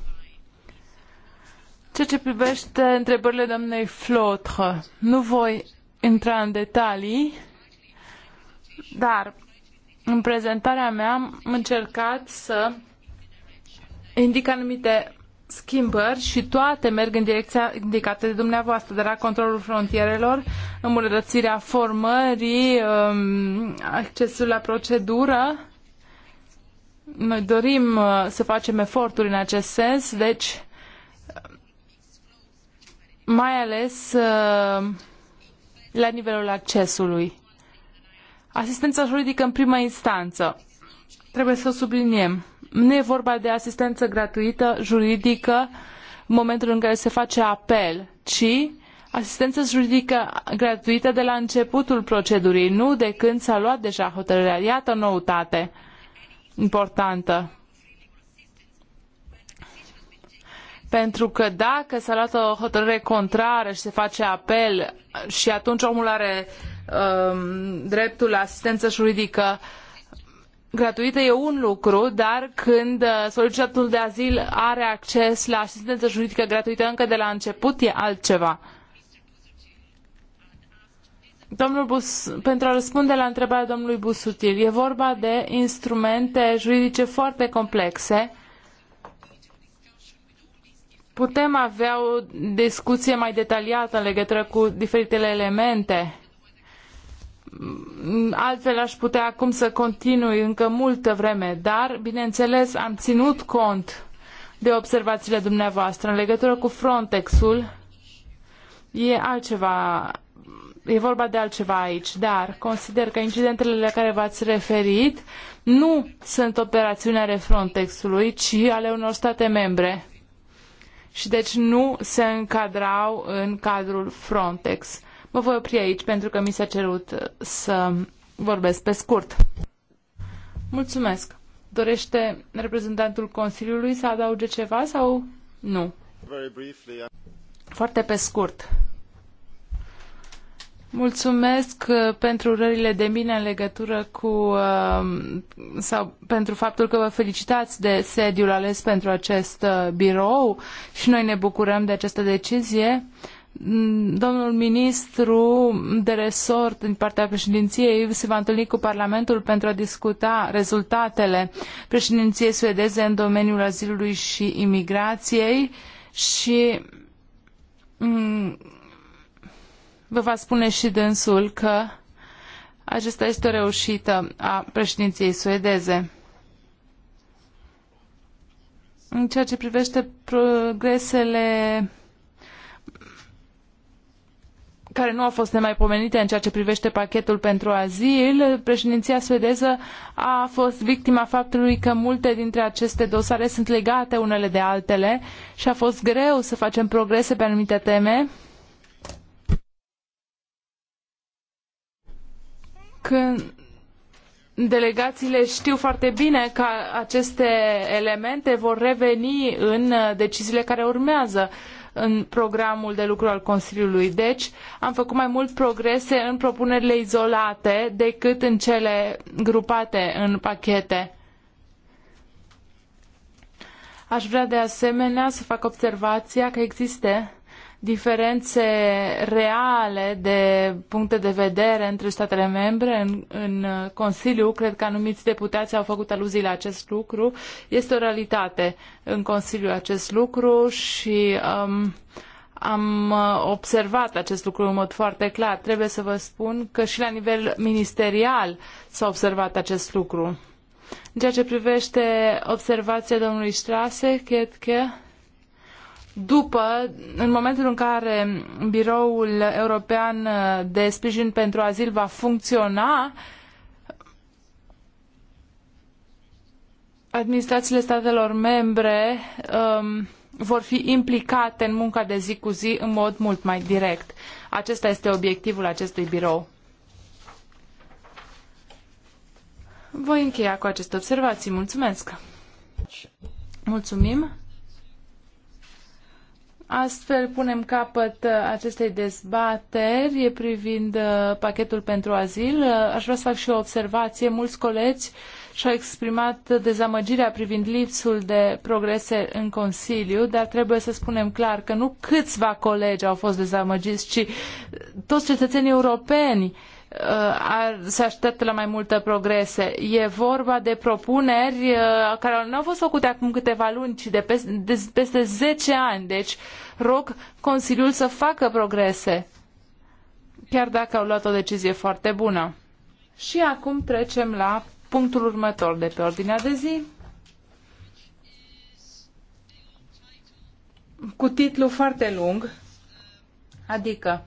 Ceea ce privește întrebările doamnei Flotre, nu voi intra în detalii, dar în prezentarea mea am încercat să indic anumite schimbări și toate merg în direcția indicată de dumneavoastră, de la controlul frontierelor, îmbunătățirea formării, um, accesul la procedură. Noi dorim uh, să facem eforturi în acest sens, deci mai ales uh, la nivelul accesului. Asistența juridică în prima instanță. Trebuie să o subliniem. Nu e vorba de asistență gratuită juridică în momentul în care se face apel, ci asistență juridică gratuită de la începutul procedurii, nu de când s-a luat deja hotărârea. Iată o noutate importantă. Pentru că dacă s-a luat o hotărâre contrară și se face apel și atunci omul are uh, Um, dreptul la asistență juridică gratuită e un lucru, dar când uh, solicitatul de azil are acces la asistență juridică gratuită încă de la început, e altceva. Domnul Bus, pentru a răspunde la întrebarea domnului Busutil, e vorba de instrumente juridice foarte complexe. Putem avea o discuție mai detaliată în legătură cu diferitele elemente altfel aș putea acum să continui încă multă vreme, dar, bineînțeles, am ținut cont de observațiile dumneavoastră în legătură cu Frontexul. E altceva, e vorba de altceva aici, dar consider că incidentele la care v-ați referit nu sunt operațiuni ale Frontexului, ci ale unor state membre și deci nu se încadrau în cadrul Frontex. Mă voi opri aici pentru că mi s-a cerut uh, să vorbesc pe scurt. Mulțumesc. Dorește reprezentantul Consiliului să adauge ceva sau nu? Uh, Foarte pe scurt. Mulțumesc uh, pentru urările de mine în legătură cu sau pentru faptul că vă felicitați de sediul ales pentru acest birou și noi ne bucurăm de această decizie. Domnul ministru de resort din partea președinției se va întâlni cu Parlamentul pentru a discuta rezultatele președinției suedeze în domeniul azilului și imigrației și mm, vă va spune și dânsul că acesta este o reușită a președinției suedeze. În ceea ce privește progresele care nu au fost nemaipomenite în ceea ce privește pachetul pentru azil, președinția suedeză a fost victima faptului că multe dintre aceste dosare sunt legate unele de altele și a fost greu să facem progrese pe anumite teme. Când delegațiile știu foarte bine că aceste elemente vor reveni în deciziile care urmează. Uh, în programul de lucru al Consiliului. Deci am făcut mai mult progrese în propunerile izolate decât în cele grupate în pachete. Aș vrea de asemenea să fac observația că există diferențe reale de puncte de vedere între statele membre în, în uh, Consiliu. Cred că anumiți deputați au făcut aluzii la acest lucru. Este o realitate în Consiliu acest lucru și um, am uh, observat acest lucru în mod foarte clar. Trebuie să vă spun că și la nivel ministerial s-a observat acest lucru. În ceea ce privește observația domnului Strase, cred că după, în momentul în care Biroul European de Sprijin pentru Azil va funcționa, administrațiile statelor membre um, vor fi implicate în munca de zi cu zi în mod mult mai direct. Acesta este obiectivul acestui birou. Voi încheia cu aceste observații. Mulțumesc! Mulțumim! Astfel punem capăt uh, acestei dezbateri privind uh, pachetul pentru azil. Uh, aș vrea să fac și o observație. Mulți colegi și-au exprimat dezamăgirea privind lipsul de progrese în Consiliu, dar trebuie să spunem clar că nu câțiva colegi au fost dezamăgiți, ci toți cetățenii europeni uh, Uh, se așteaptă la mai multe progrese. E vorba de propuneri uh, care nu au fost făcute acum câteva luni, ci de peste, de peste 10 ani. Deci rog Consiliul să facă progrese, chiar dacă au luat o decizie foarte bună. Și acum trecem la punctul următor de pe ordinea de zi. Cu titlu foarte lung, adică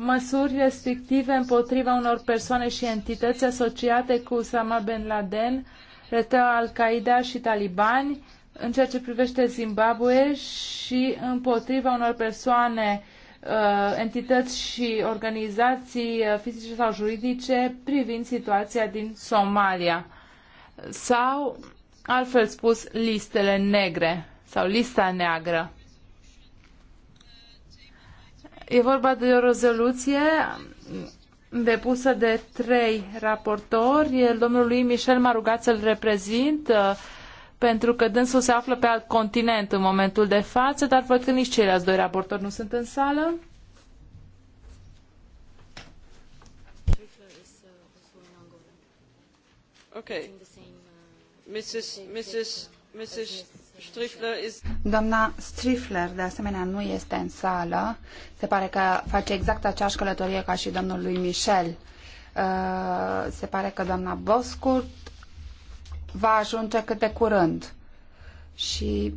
măsuri restrictive împotriva unor persoane și entități asociate cu Osama Bin Laden, rețeaua Al-Qaeda și talibani, în ceea ce privește Zimbabwe și împotriva unor persoane, uh, entități și organizații uh, fizice sau juridice privind situația din Somalia sau, altfel spus, listele negre sau lista neagră. E vorba de o rezoluție depusă de trei raportori. Domnul lui Michel m-a rugat să-l reprezint uh, pentru că dânsul se află pe alt continent în momentul de față, dar văd că nici ceilalți doi raportori nu sunt în sală. Okay. Mrs. Mrs. Mrs. Doamna Strifler, de asemenea, nu este în sală. Se pare că face exact aceeași călătorie ca și domnul lui Michel. Uh, se pare că doamna Boscurt va ajunge cât de curând. Și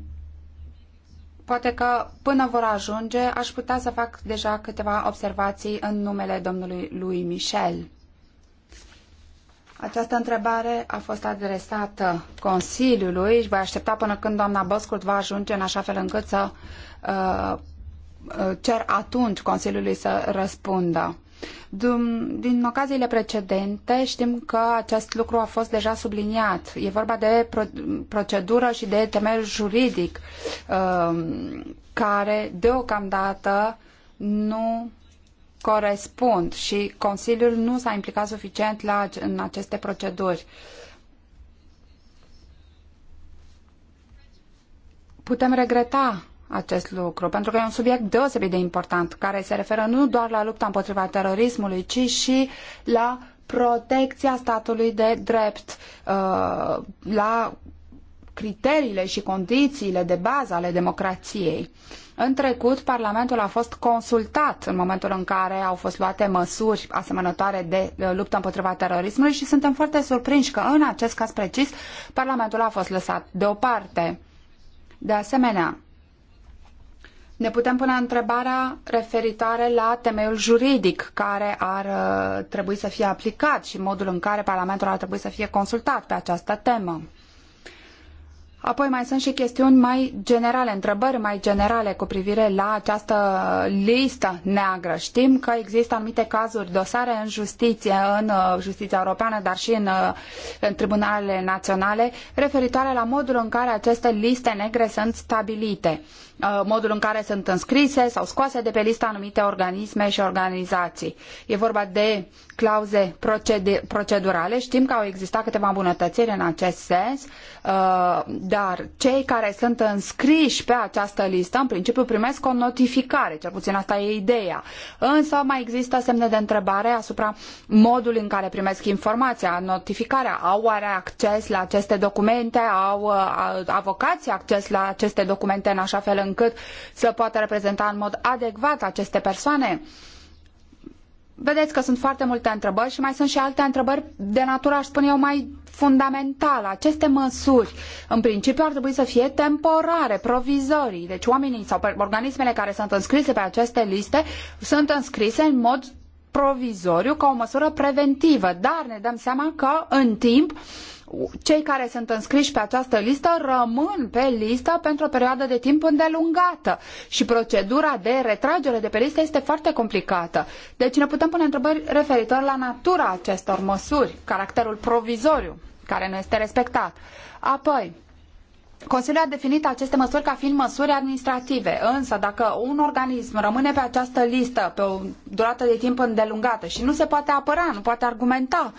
poate că până vor ajunge aș putea să fac deja câteva observații în numele domnului lui Michel. Această întrebare a fost adresată Consiliului și voi aștepta până când doamna Băscurt va ajunge în așa fel încât să uh, cer atunci Consiliului să răspundă. Din, ocaziile precedente știm că acest lucru a fost deja subliniat. E vorba de procedură și de temel juridic uh, care deocamdată nu corespund și Consiliul nu s-a implicat suficient la, în aceste proceduri. Putem regreta acest lucru, pentru că e un subiect deosebit de important, care se referă nu doar la lupta împotriva terorismului, ci și la protecția statului de drept, uh, la criteriile și condițiile de bază ale democrației. În trecut, Parlamentul a fost consultat în momentul în care au fost luate măsuri asemănătoare de luptă împotriva terorismului și suntem foarte surprinși că în acest caz precis Parlamentul a fost lăsat deoparte. De asemenea, ne putem pune întrebarea referitoare la temeiul juridic care ar uh, trebui să fie aplicat și modul în care Parlamentul ar trebui să fie consultat pe această temă. Apoi mai sunt și chestiuni mai generale, întrebări mai generale cu privire la această listă neagră. Știm că există anumite cazuri, dosare în justiție, în uh, justiția europeană, dar și în, uh, în tribunalele naționale, referitoare la modul în care aceste liste negre sunt stabilite. Uh, modul în care sunt înscrise sau scoase de pe listă anumite organisme și organizații. E vorba de clauze procedurale. Știm că au existat câteva îmbunătățiri în acest sens, uh, dar cei care sunt înscriși pe această listă, în principiu, primesc o notificare, cel puțin asta e ideea. Însă mai există semne de întrebare asupra modului în care primesc informația, notificarea. Au oare acces la aceste documente? Au uh, avocații acces la aceste documente în așa fel încât încât să poată reprezenta în mod adecvat aceste persoane? Vedeți că sunt foarte multe întrebări și mai sunt și alte întrebări de natură, aș spune eu, mai fundamentală. Aceste măsuri, în principiu, ar trebui să fie temporare, provizorii. Deci oamenii sau organismele care sunt înscrise pe aceste liste sunt înscrise în mod provizoriu ca o măsură preventivă, dar ne dăm seama că în timp cei care sunt înscriși pe această listă rămân pe listă pentru o perioadă de timp îndelungată și procedura de retragere de pe listă este foarte complicată. Deci ne putem pune întrebări referitor la natura acestor măsuri, caracterul provizoriu care nu este respectat. Apoi, Consiliul a definit aceste măsuri ca fiind măsuri administrative, însă dacă un organism rămâne pe această listă pe o durată de timp îndelungată și nu se poate apăra, nu poate argumenta,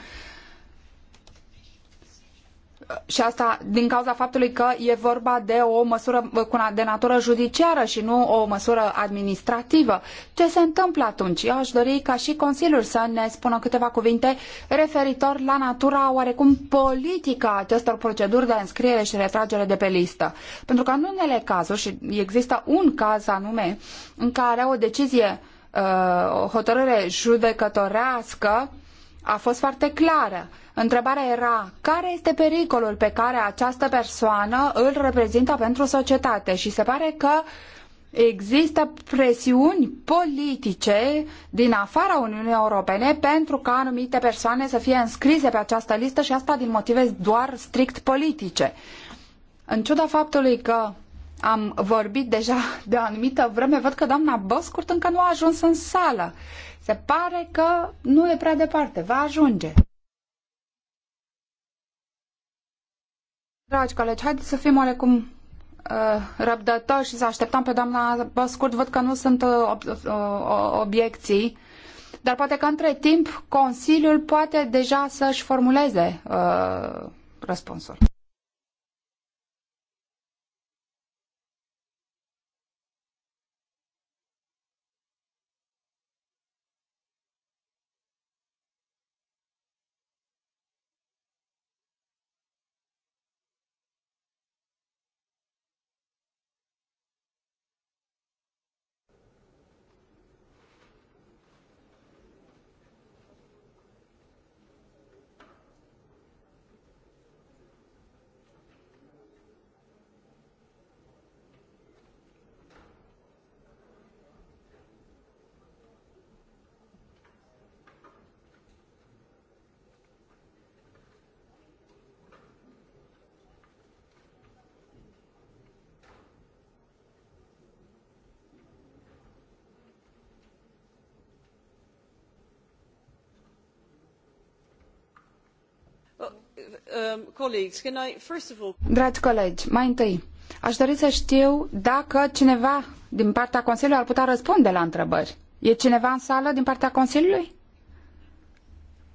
și asta din cauza faptului că e vorba de o măsură de natură judiciară și nu o măsură administrativă. Ce se întâmplă atunci? Eu aș dori ca și Consiliul să ne spună câteva cuvinte referitor la natura oarecum politică a acestor proceduri de înscriere și retragere de pe listă. Pentru că în unele cazuri, și există un caz anume, în care o decizie, uh, o hotărâre judecătorească, a fost foarte clară. Întrebarea era care este pericolul pe care această persoană îl reprezintă pentru societate și se pare că există presiuni politice din afara Uniunii Europene pentru ca anumite persoane să fie înscrise pe această listă și asta din motive doar strict politice. În ciuda faptului că am vorbit deja de o anumită vreme, văd că doamna Boscurt încă nu a ajuns în sală se pare că nu e prea departe, va ajunge. Dragi colegi, haideți să fim oarecum uh, răbdători și să așteptăm pe doamna Băscurt. Văd că nu sunt uh, uh, obiecții, dar poate că între timp Consiliul poate deja să-și formuleze răspunsul. Um, Dragi colegi, mai întâi, aș dori să știu dacă cineva din partea Consiliului ar putea răspunde la întrebări. E cineva în sală din partea Consiliului?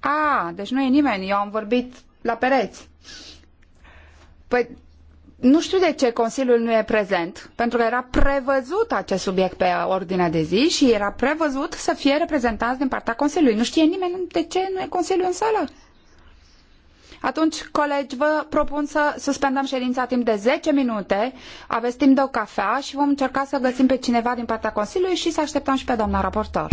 A, deci nu e nimeni, eu am vorbit la pereți. Păi, nu știu de ce Consiliul nu e prezent, pentru că era prevăzut acest subiect pe ordinea de zi și era prevăzut să fie reprezentanți din partea Consiliului. Nu știe nimeni de ce nu e Consiliul în sală. Atunci, colegi, vă propun să suspendăm ședința timp de zece minute, aveți timp de o cafea și vom încerca să găsim pe cineva din partea Consiliului și să așteptăm și pe doamna raportor.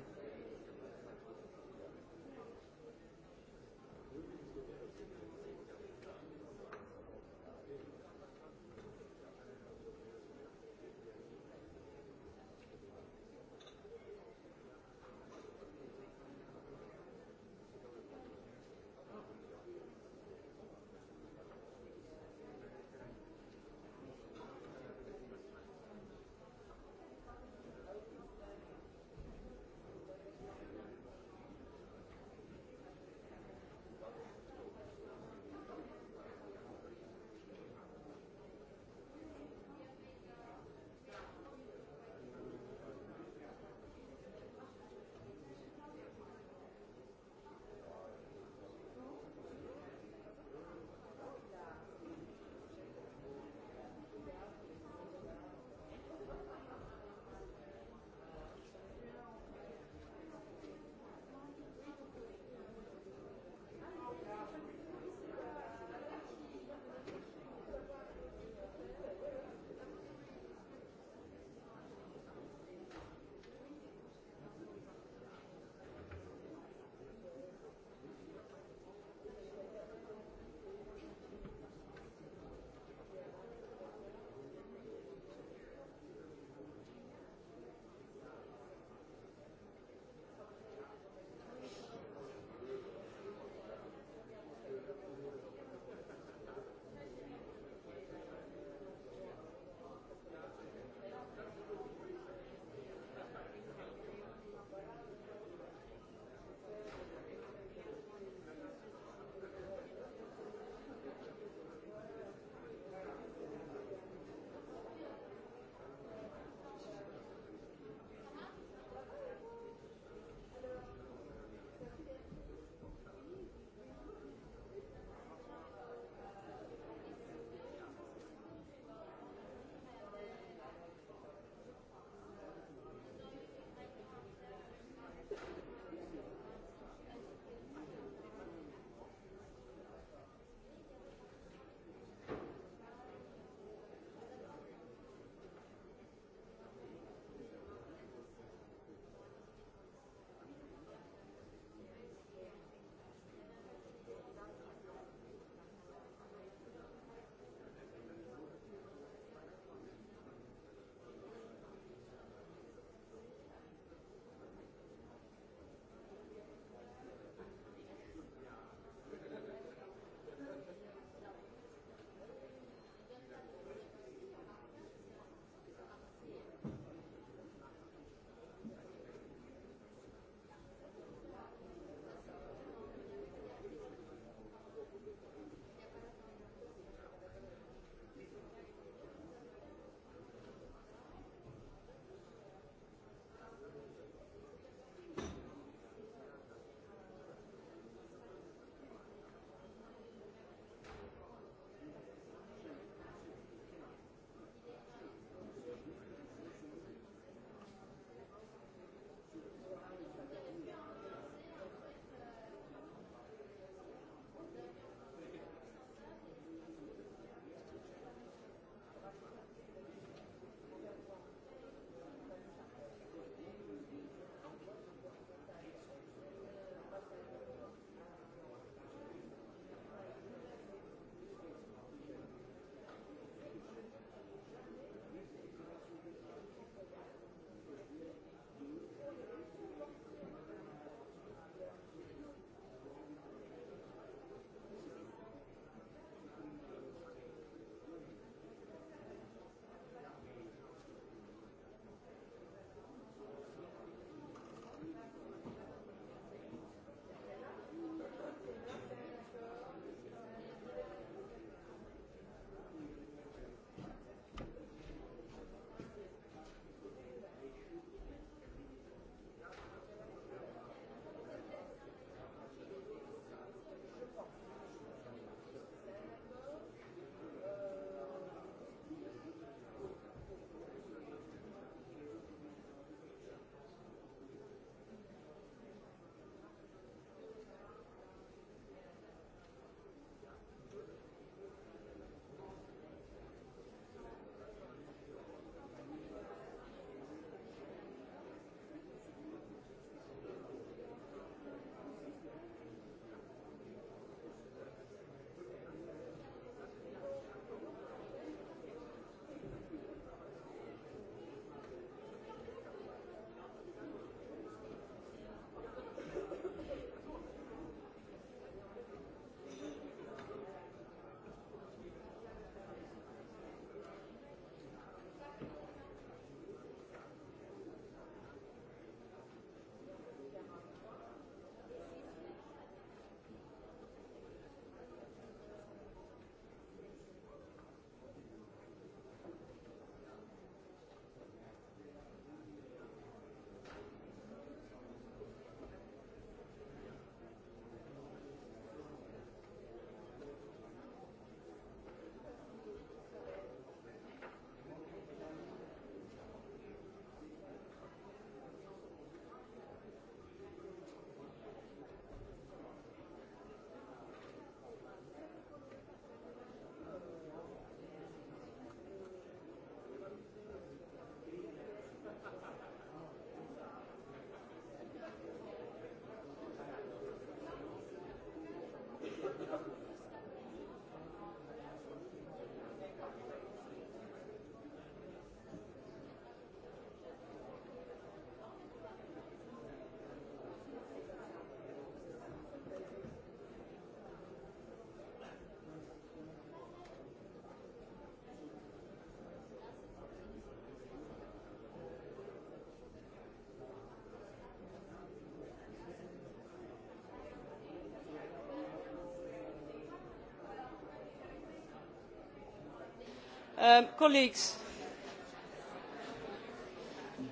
Um,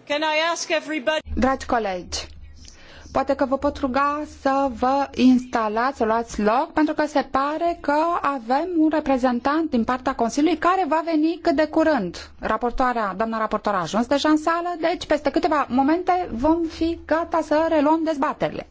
can I ask everybody... Dragi colegi, poate că vă pot ruga să vă instalați, să luați loc, pentru că se pare că avem un reprezentant din partea Consiliului care va veni cât de curând. Raportoarea, doamna raportoare a ajuns deja în sală, deci peste câteva momente vom fi gata să reluăm dezbaterile.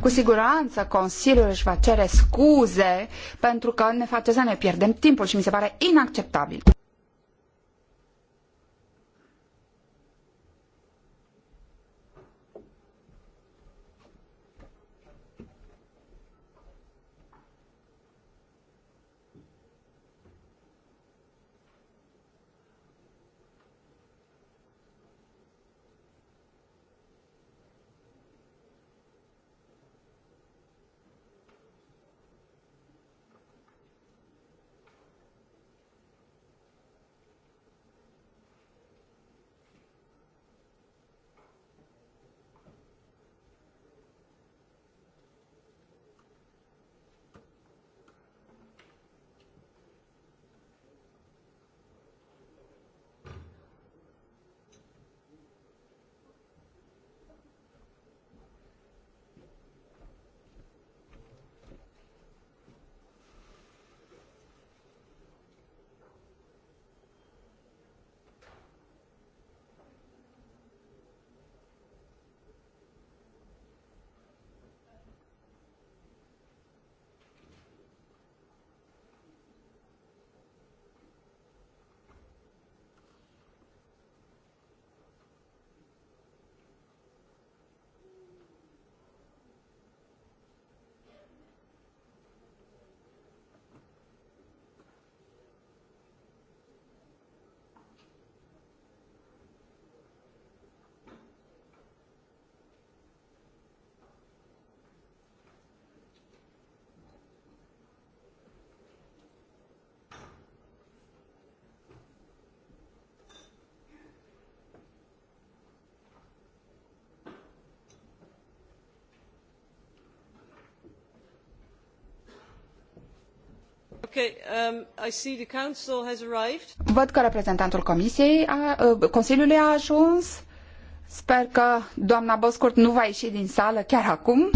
Cu siguranță Consiliul își va cere scuze pentru că ne face să ne pierdem timpul și mi se pare inacceptabil. Um, Văd că reprezentantul comisiei a, uh, Consiliului a ajuns. Sper că doamna Boscurt nu va ieși din sală chiar acum.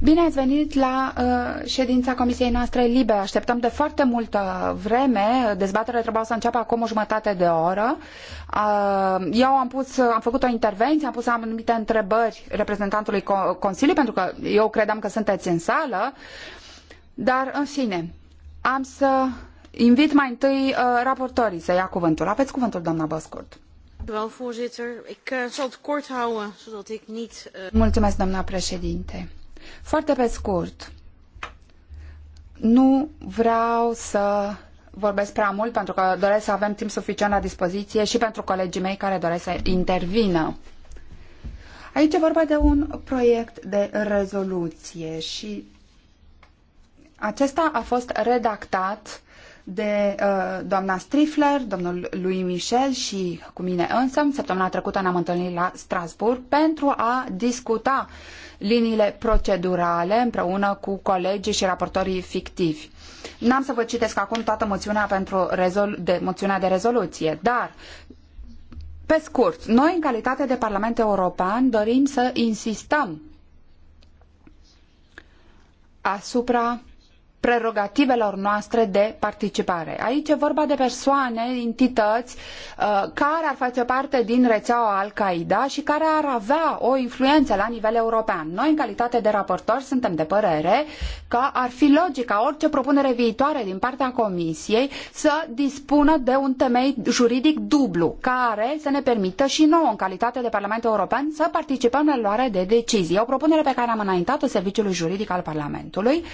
Bine ați venit la uh, ședința comisiei noastre libe. Așteptăm de foarte multă vreme. Dezbaterea trebuia să înceapă acum o jumătate de oră. Uh, eu am, pus, am făcut o intervenție, am pus anumite întrebări reprezentantului Consiliului, pentru că eu credeam că sunteți în sală. Dar, în fine, am să invit mai întâi uh, raportorii să ia cuvântul. Aveți cuvântul, doamna Băscurt. Mulțumesc, președinte. Foarte pe scurt. Nu vreau să vorbesc prea mult pentru că doresc să avem timp suficient la dispoziție și pentru colegii mei care doresc să intervină. Aici e vorba de un proiect de rezoluție și acesta a fost redactat de uh, doamna Strifler, domnul lui Michel și cu mine însă. Săptămâna trecută ne-am întâlnit la Strasbourg pentru a discuta liniile procedurale împreună cu colegii și raportorii fictivi. N-am să vă citesc acum toată moțiunea, pentru rezol- de, moțiunea de rezoluție, dar pe scurt, noi în calitate de Parlament European dorim să insistăm asupra prerogativelor noastre de participare. Aici e vorba de persoane, entități uh, care ar face parte din rețeaua Al-Qaeda și care ar avea o influență la nivel european. Noi, în calitate de raportori, suntem de părere că ar fi logic ca orice propunere viitoare din partea Comisiei să dispună de un temei juridic dublu, care să ne permită și nouă, în calitate de Parlament European, să participăm la luarea de decizii. o propunere pe care am înaintat-o Serviciului Juridic al Parlamentului.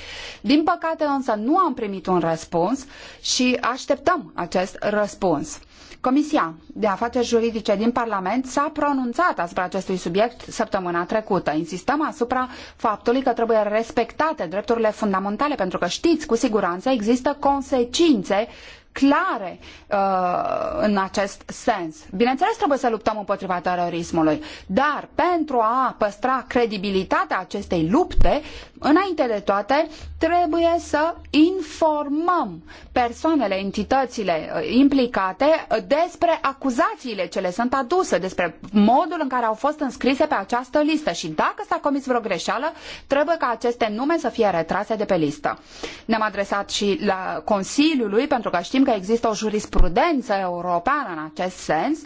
Din păcate, departe, însă nu am primit un răspuns și așteptăm acest răspuns. Comisia de Afaceri Juridice din Parlament s-a pronunțat asupra acestui subiect săptămâna trecută. Insistăm asupra faptului că trebuie respectate drepturile fundamentale, pentru că știți, cu siguranță, există consecințe clare uh, în acest sens. Bineînțeles, trebuie să luptăm împotriva terorismului, dar pentru a păstra credibilitatea acestei lupte, înainte de toate, trebuie să informăm persoanele, entitățile uh, implicate despre acuzațiile ce le sunt aduse, despre modul în care au fost înscrise pe această listă și dacă s-a comis vreo greșeală, trebuie ca aceste nume să fie retrase de pe listă. Ne-am adresat și la Consiliului, pentru că știm Știm că există o jurisprudență europeană în acest sens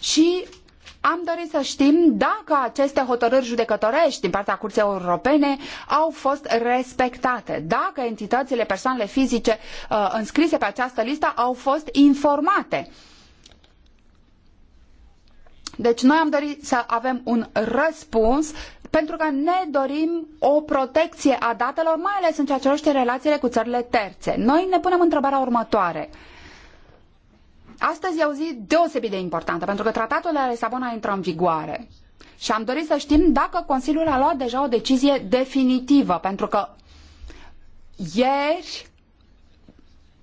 și am dorit să știm dacă aceste hotărâri judecătorești din partea Curții Europene au fost respectate, dacă entitățile, persoanele fizice uh, înscrise pe această listă au fost informate. Deci noi am dorit să avem un răspuns uh, pentru că ne dorim o protecție a datelor, mai ales în ceea ce privește relațiile cu țările terțe. Noi ne punem întrebarea următoare. Astăzi e o zi deosebit de importantă, pentru că tratatul de la Lisabona intră în vigoare. Și am dorit să știm dacă Consiliul a luat deja o decizie definitivă, pentru că ieri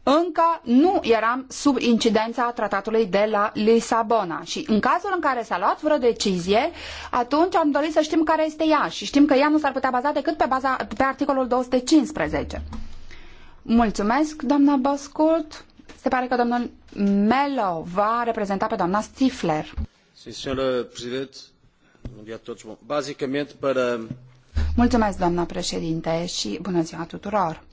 încă nu eram sub incidența tratatului de la Lisabona și în cazul în care s-a luat vreo decizie, atunci am dorit să știm care este ea și știm că ea nu s-ar putea baza decât pe, baza, pe articolul 215. Mulțumesc, doamna Băscurt. Se pare că domnul Melo va reprezenta pe doamna Stifler. Sí, președinte, bun dia Mulțumesc, doamna președinte, și bună ziua tuturor.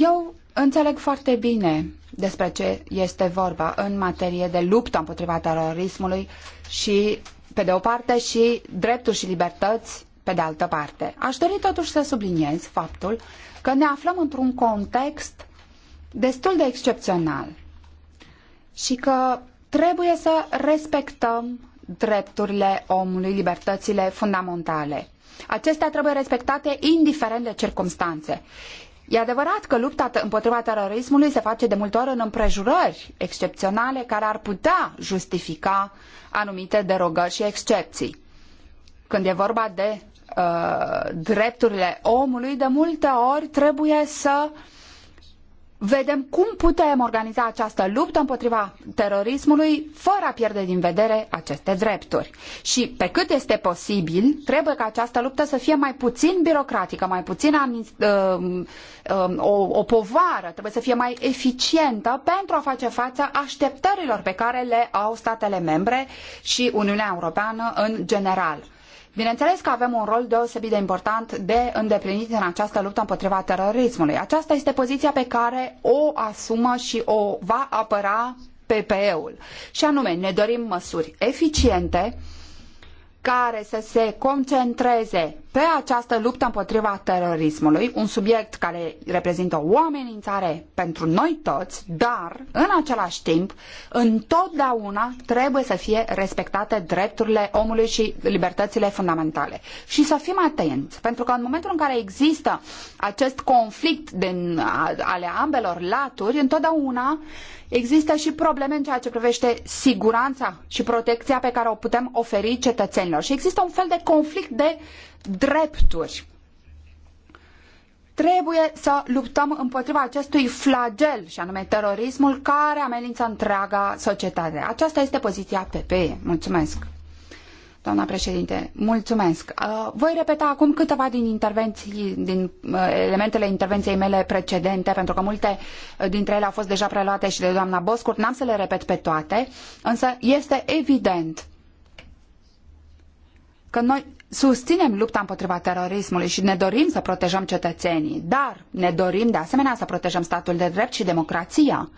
Eu înțeleg foarte bine despre ce este vorba în materie de luptă împotriva terorismului și, pe de o parte, și drepturi și libertăți, pe de altă parte. Aș dori totuși să subliniez faptul că ne aflăm într-un context destul de excepțional și că trebuie să respectăm drepturile omului, libertățile fundamentale. Acestea trebuie respectate indiferent de circumstanțe. E adevărat că lupta împotriva terorismului se face de multe ori în împrejurări excepționale care ar putea justifica anumite derogări și excepții. Când e vorba de uh, drepturile omului, de multe ori trebuie să uh, vedem cum putem organiza această luptă împotriva terorismului fără a pierde din vedere aceste drepturi. Și pe cât este posibil, trebuie ca această luptă să fie mai puțin birocratică, mai puțin uh, uh, o, o povară, trebuie să fie mai eficientă pentru a face față așteptărilor pe care le au statele membre și Uniunea Europeană în general Bineînțeles că avem un rol deosebit de important de îndeplinit în această luptă împotriva terorismului. Aceasta este poziția pe care o asumă și o va apăra PPE-ul. Și anume, ne dorim măsuri eficiente care să se concentreze pe această luptă împotriva terorismului, un subiect care reprezintă o amenințare pentru noi toți, dar, în același timp, întotdeauna trebuie să fie respectate drepturile omului și libertățile fundamentale. Și să fim atenți, pentru că în momentul în care există acest conflict din, ale ambelor laturi, întotdeauna există și probleme în ceea ce privește siguranța și protecția pe care o putem oferi cetățenilor. Și există un fel de conflict de drepturi. Trebuie să luptăm împotriva acestui flagel, și anume terorismul, care amenință întreaga societate. Aceasta este poziția PPE. Mulțumesc! Doamna președinte, mulțumesc. Uh, voi repeta acum câteva din intervenții, din uh, elementele intervenției mele precedente, pentru că multe uh, dintre ele au fost deja preluate și de doamna Boscurt. N-am să le repet pe toate, însă este evident că noi susținem lupta împotriva terorismului și ne dorim să protejăm cetățenii, dar ne dorim de asemenea să protejăm statul de drept și democrația.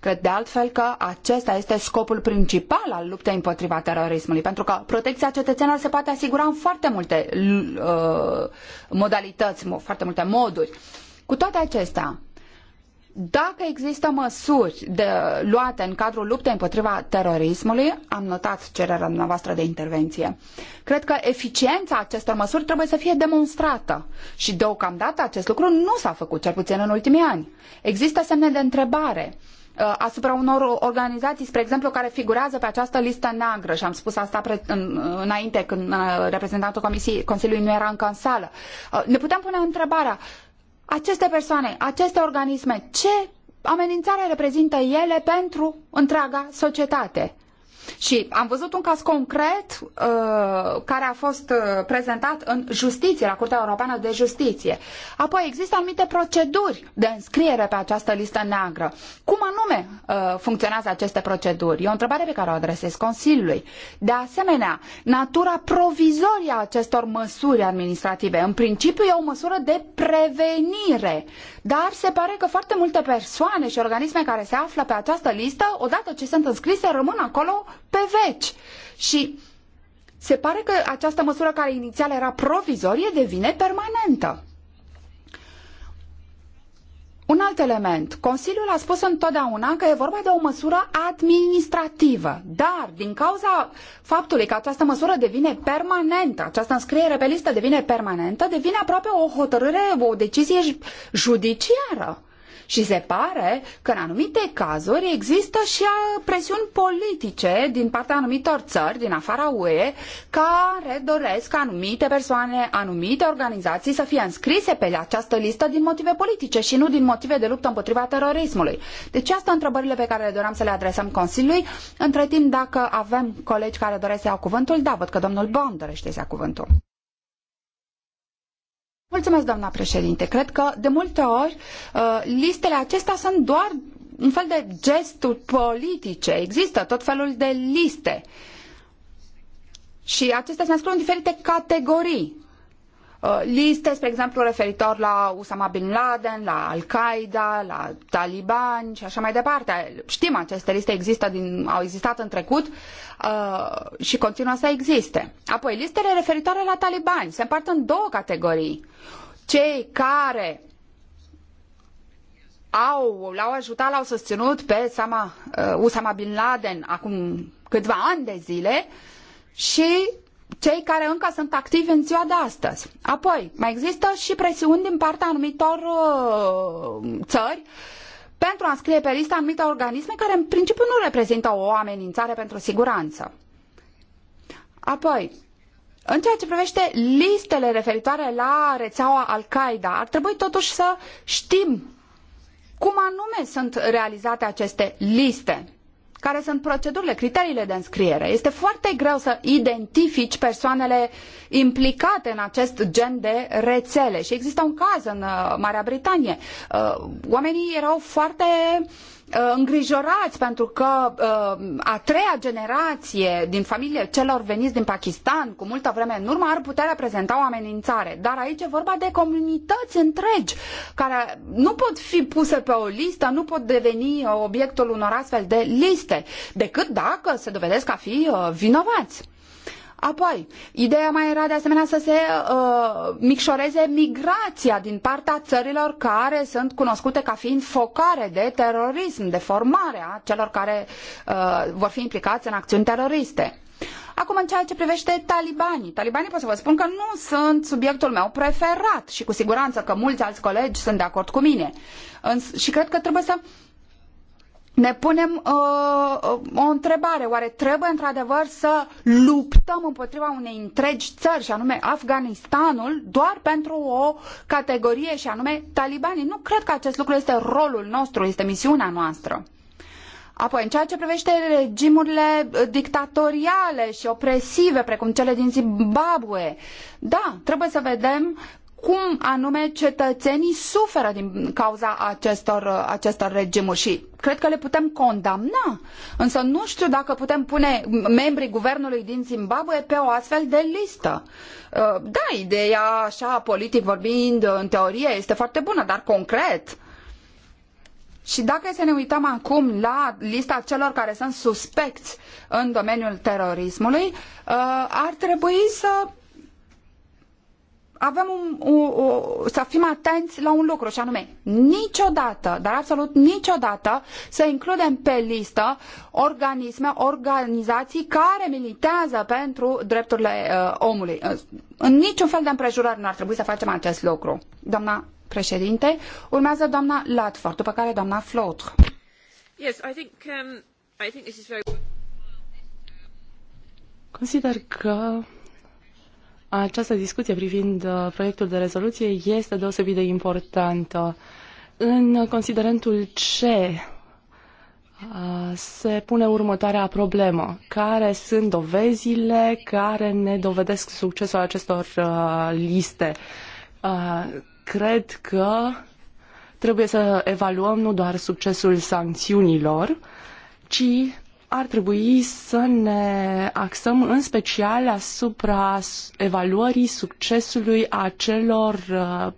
Cred de altfel că acesta este scopul principal al luptei împotriva terorismului, pentru că protecția cetățenilor se poate asigura în foarte multe uh, modalități, foarte multe moduri. Cu toate acestea, dacă există măsuri de, luate în cadrul luptei împotriva terorismului, am notat cererea dumneavoastră de intervenție. Cred că eficiența acestor măsuri trebuie să fie demonstrată și deocamdată acest lucru nu s-a făcut, cel puțin în ultimii ani. Există semne de întrebare uh, asupra unor organizații, spre exemplu, care figurează pe această listă neagră și am spus asta în, înainte când uh, reprezentantul Comisiei Consiliului nu era încă în sală. Uh, ne putem pune întrebarea aceste persoane, aceste organisme, ce amenințare reprezintă ele pentru întreaga societate? Și am văzut un caz concret uh, care a fost uh, prezentat în justiție, la Curtea Europeană de Justiție. Apoi există anumite proceduri de înscriere pe această listă neagră. Cum anume uh, funcționează aceste proceduri? E o întrebare pe care o adresez Consiliului. De asemenea, natura provizorie a acestor măsuri administrative. În principiu e o măsură de prevenire dar se pare că foarte multe persoane și organisme care se află pe această listă, odată ce sunt înscrise, rămân acolo pe veci. Și se pare că această măsură care inițial era provizorie devine permanentă. Un alt element. Consiliul a spus întotdeauna că e vorba de o măsură administrativă, dar din cauza faptului că această măsură devine permanentă, această înscriere pe listă devine permanentă, devine aproape o hotărâre, o decizie judiciară. Și se pare că în anumite cazuri există și presiuni politice din partea anumitor țări din afara UE care doresc anumite persoane, anumite organizații să fie înscrise pe această listă din motive politice și nu din motive de luptă împotriva terorismului. Deci asta întrebările pe care le doream să le adresăm Consiliului. Între timp, dacă avem colegi care doresc să iau cuvântul, da, văd că domnul Bond dorește să ia cuvântul. Mulțumesc, doamna președinte. Cred că, de multe ori, uh, listele acestea sunt doar un fel de gesturi politice. Există tot felul de liste. Și acestea se înscriu în diferite categorii. Uh, liste, spre exemplu, referitor la Osama Bin Laden, la Al-Qaeda, la Taliban și așa mai departe. Știm, aceste liste există din, au existat în trecut uh, și continuă să existe. Apoi, listele referitoare la talibani se împart în două categorii. Cei care au, l-au ajutat, l-au susținut pe Sama, uh, Osama Bin Laden acum câțiva ani de zile și cei care încă sunt activi în ziua de astăzi. Apoi, mai există și presiuni din partea anumitor uh, țări pentru a scrie pe lista anumite organisme care în principiu nu reprezintă o amenințare pentru siguranță. Apoi, în ceea ce privește listele referitoare la rețeaua Al-Qaeda, ar trebui totuși să știm cum anume sunt realizate aceste liste care sunt procedurile, criteriile de înscriere. Este foarte greu să identifici persoanele implicate în acest gen de rețele. Și există un caz în uh, Marea Britanie. Uh, oamenii erau foarte uh, Uh, îngrijorați pentru că uh, a treia generație din familie celor veniți din Pakistan cu multă vreme în urmă ar putea reprezenta o amenințare. Dar aici e vorba de comunități întregi care nu pot fi puse pe o listă, nu pot deveni uh, obiectul unor astfel de liste, decât dacă se dovedesc a fi vinovați. Apoi, ideea mai era de asemenea să se uh, micșoreze migrația din partea țărilor care sunt cunoscute ca fiind focare de terorism, de formare a celor care uh, vor fi implicați în acțiuni teroriste. Acum, în ceea ce privește talibanii, talibanii pot să vă spun că nu sunt subiectul meu preferat și cu siguranță că mulți alți colegi sunt de acord cu mine. Îns- și cred că trebuie să ne punem uh, o întrebare. Oare trebuie într-adevăr să luptăm împotriva unei întregi țări, și anume Afganistanul, doar pentru o categorie, și anume talibanii? Nu cred că acest lucru este rolul nostru, este misiunea noastră. Apoi, în ceea ce privește regimurile uh, dictatoriale și opresive, precum cele din Zimbabwe, da, trebuie să vedem cum anume cetățenii suferă din cauza acestor, acestor regimuri și cred că le putem condamna, însă nu știu dacă putem pune membrii guvernului din Zimbabwe pe o astfel de listă. Uh, da, ideea așa politic vorbind în teorie este foarte bună, dar concret și dacă să ne uităm acum la lista celor care sunt suspecți în domeniul terorismului, uh, ar trebui să avem un, o, o, să fim atenți la un lucru și anume niciodată, dar absolut niciodată să includem pe listă organisme, organizații care militează pentru drepturile uh, omului. Uh, în niciun fel de împrejurări nu ar trebui să facem acest lucru. Doamna președinte, urmează doamna Latford, după care doamna Flotre. Yes, I think, um, I think this is very... Consider că această discuție privind uh, proiectul de rezoluție este deosebit de importantă. În considerentul C uh, se pune următoarea problemă. Care sunt dovezile care ne dovedesc succesul acestor uh, liste? Cred că trebuie să evaluăm nu doar succesul sancțiunilor, ci ar trebui să ne axăm în special asupra evaluării succesului acelor uh,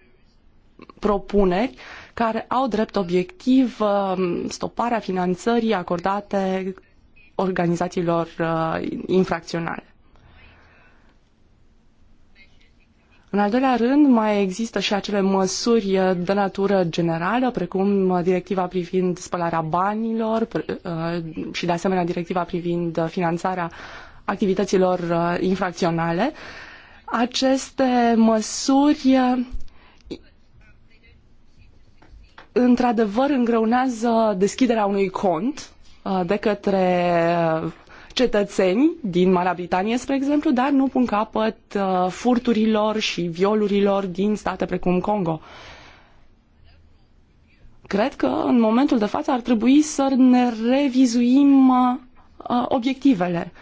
propuneri care au drept obiectiv um, stoparea finanțării acordate organizațiilor uh, infracționale. În al doilea rând, mai există și acele măsuri eh, de natură generală, precum eh, directiva privind spălarea banilor eh, și, de asemenea, directiva privind finanțarea activităților infracționale. Aceste măsuri într-adevăr îngreunează deschiderea unui cont de către cetățeni din Marea Britanie, spre exemplu, dar nu pun capăt uh, furturilor și violurilor din state precum Congo. Cred că în momentul de față ar trebui să ne revizuim uh, uh, obiectivele.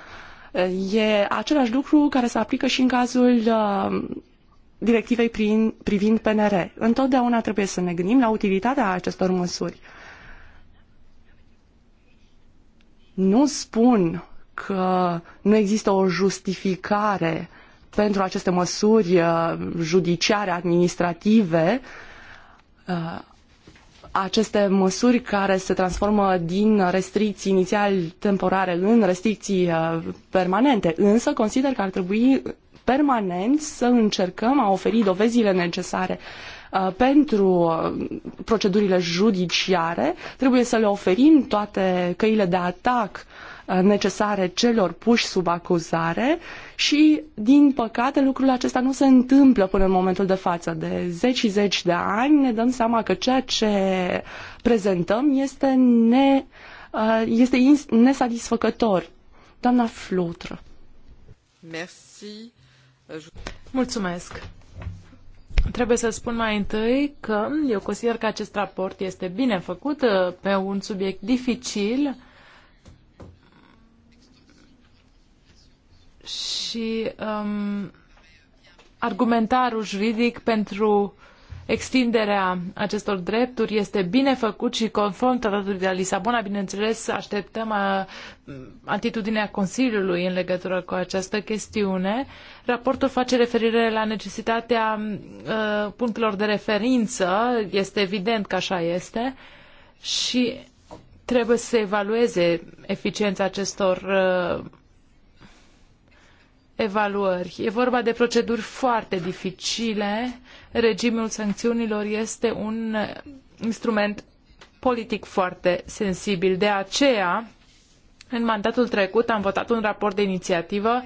E același lucru care se aplică și în cazul directivei prin, privind PNR. Întotdeauna trebuie să ne gândim la utilitatea acestor măsuri. Nu spun că nu există o justificare pentru aceste măsuri uh, judiciare, administrative, uh, aceste măsuri care se transformă din restricții inițial temporare în restricții uh, permanente. Însă consider că ar trebui permanent să încercăm a oferi dovezile necesare pentru procedurile judiciare, trebuie să le oferim toate căile de atac Uh, necesare celor puși sub acuzare și, din păcate, lucrul acesta nu se întâmplă până în momentul de față. De zeci și zeci de ani ne dăm seama că ceea ce prezentăm este, ne, uh, este nesatisfăcător. Doamna Flutră. Merci. Mulțumesc. Trebuie să spun mai întâi că eu consider că acest raport este bine făcut uh, pe un subiect dificil și um, argumentarul juridic pentru extinderea acestor drepturi este bine făcut și conform tratatului de la Lisabona, bineînțeles, așteptăm a, uh, atitudinea Consiliului în legătură cu această chestiune. Raportul face referire la necesitatea uh, punctelor de referință, este evident că așa este, și trebuie să evalueze eficiența acestor uh, evaluări. E vorba de proceduri foarte dificile. Regimul sancțiunilor este un instrument politic foarte sensibil. De aceea, în mandatul trecut am votat un raport de inițiativă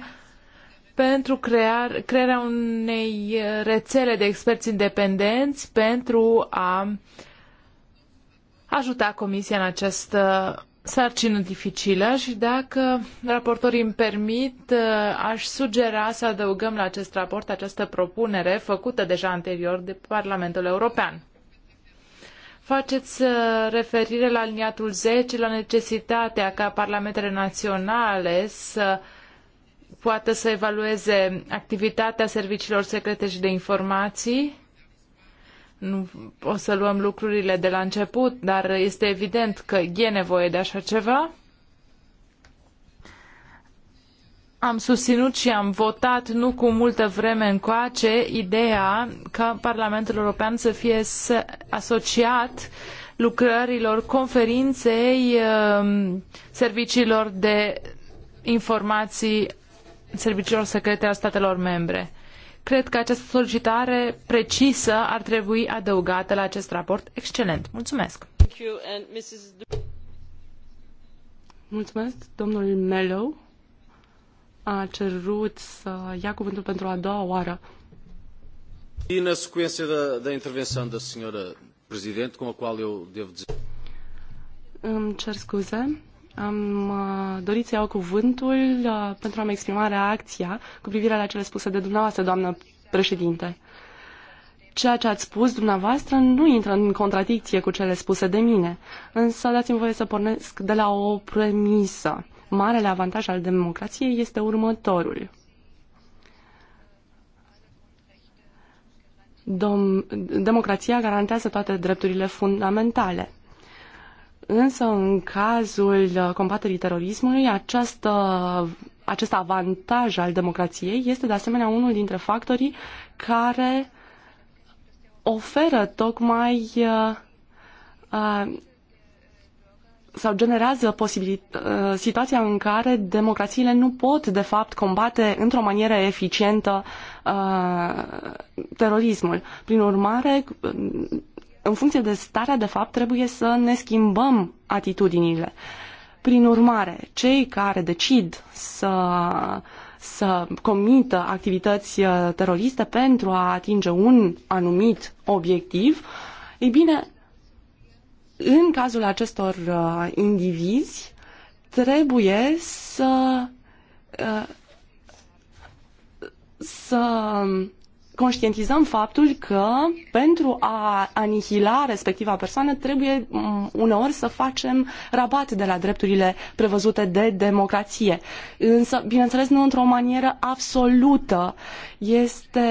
pentru crear, crearea unei rețele de experți independenți pentru a ajuta Comisia în această sarcină dificilă și dacă raportorii îmi permit, uh, aș sugera să adăugăm la acest raport această propunere făcută deja anterior de Parlamentul European. Faceți uh, referire la aliniatul 10, la necesitatea ca parlamentele naționale să poată să evalueze activitatea serviciilor secrete și de informații nu o să luăm lucrurile de la început, dar este evident că e nevoie de așa ceva. am susținut și am votat nu cu multă vreme încoace ideea ca Parlamentul European să fie asociat lucrărilor conferinței um, serviciilor de informații serviciilor secrete a statelor membre. Cred că această solicitare precisă ar trebui adăugată la acest raport excelent. Mulțumesc! Mulțumesc, domnul Mello a cerut să ia cuvântul pentru a doua oară. În na sequência da, da intervenção da senhora Presidente, com a qual eu devo dizer... Îmi cer scuze. Am uh, dorit să iau cuvântul uh, pentru a-mi exprima reacția cu privire la cele spuse de dumneavoastră, doamnă președinte. Ceea ce ați spus dumneavoastră nu intră în contradicție cu cele spuse de mine, însă dați-mi voie să pornesc de la o premisă. Marele avantaj al democrației este următorul. Dom- democrația garantează toate drepturile fundamentale. Însă, în cazul uh, combaterii terorismului, această, acest avantaj al democrației este de asemenea unul dintre factorii care oferă tocmai uh, uh sau generează posibilit- uh, situația în care democrațiile nu pot, de fapt, combate într-o manieră eficientă uh, terorismul. Prin urmare, în funcție de starea de fapt, trebuie să ne schimbăm atitudinile. Prin urmare, cei care decid să, să comită activități uh, teroriste pentru a atinge un anumit obiectiv, ei bine, în cazul acestor uh, indivizi, trebuie să uh, să conștientizăm faptul că pentru a anihila respectiva persoană trebuie mm, uneori să facem rabat de la drepturile prevăzute de democrație. Însă, bineînțeles, nu într-o manieră absolută. Este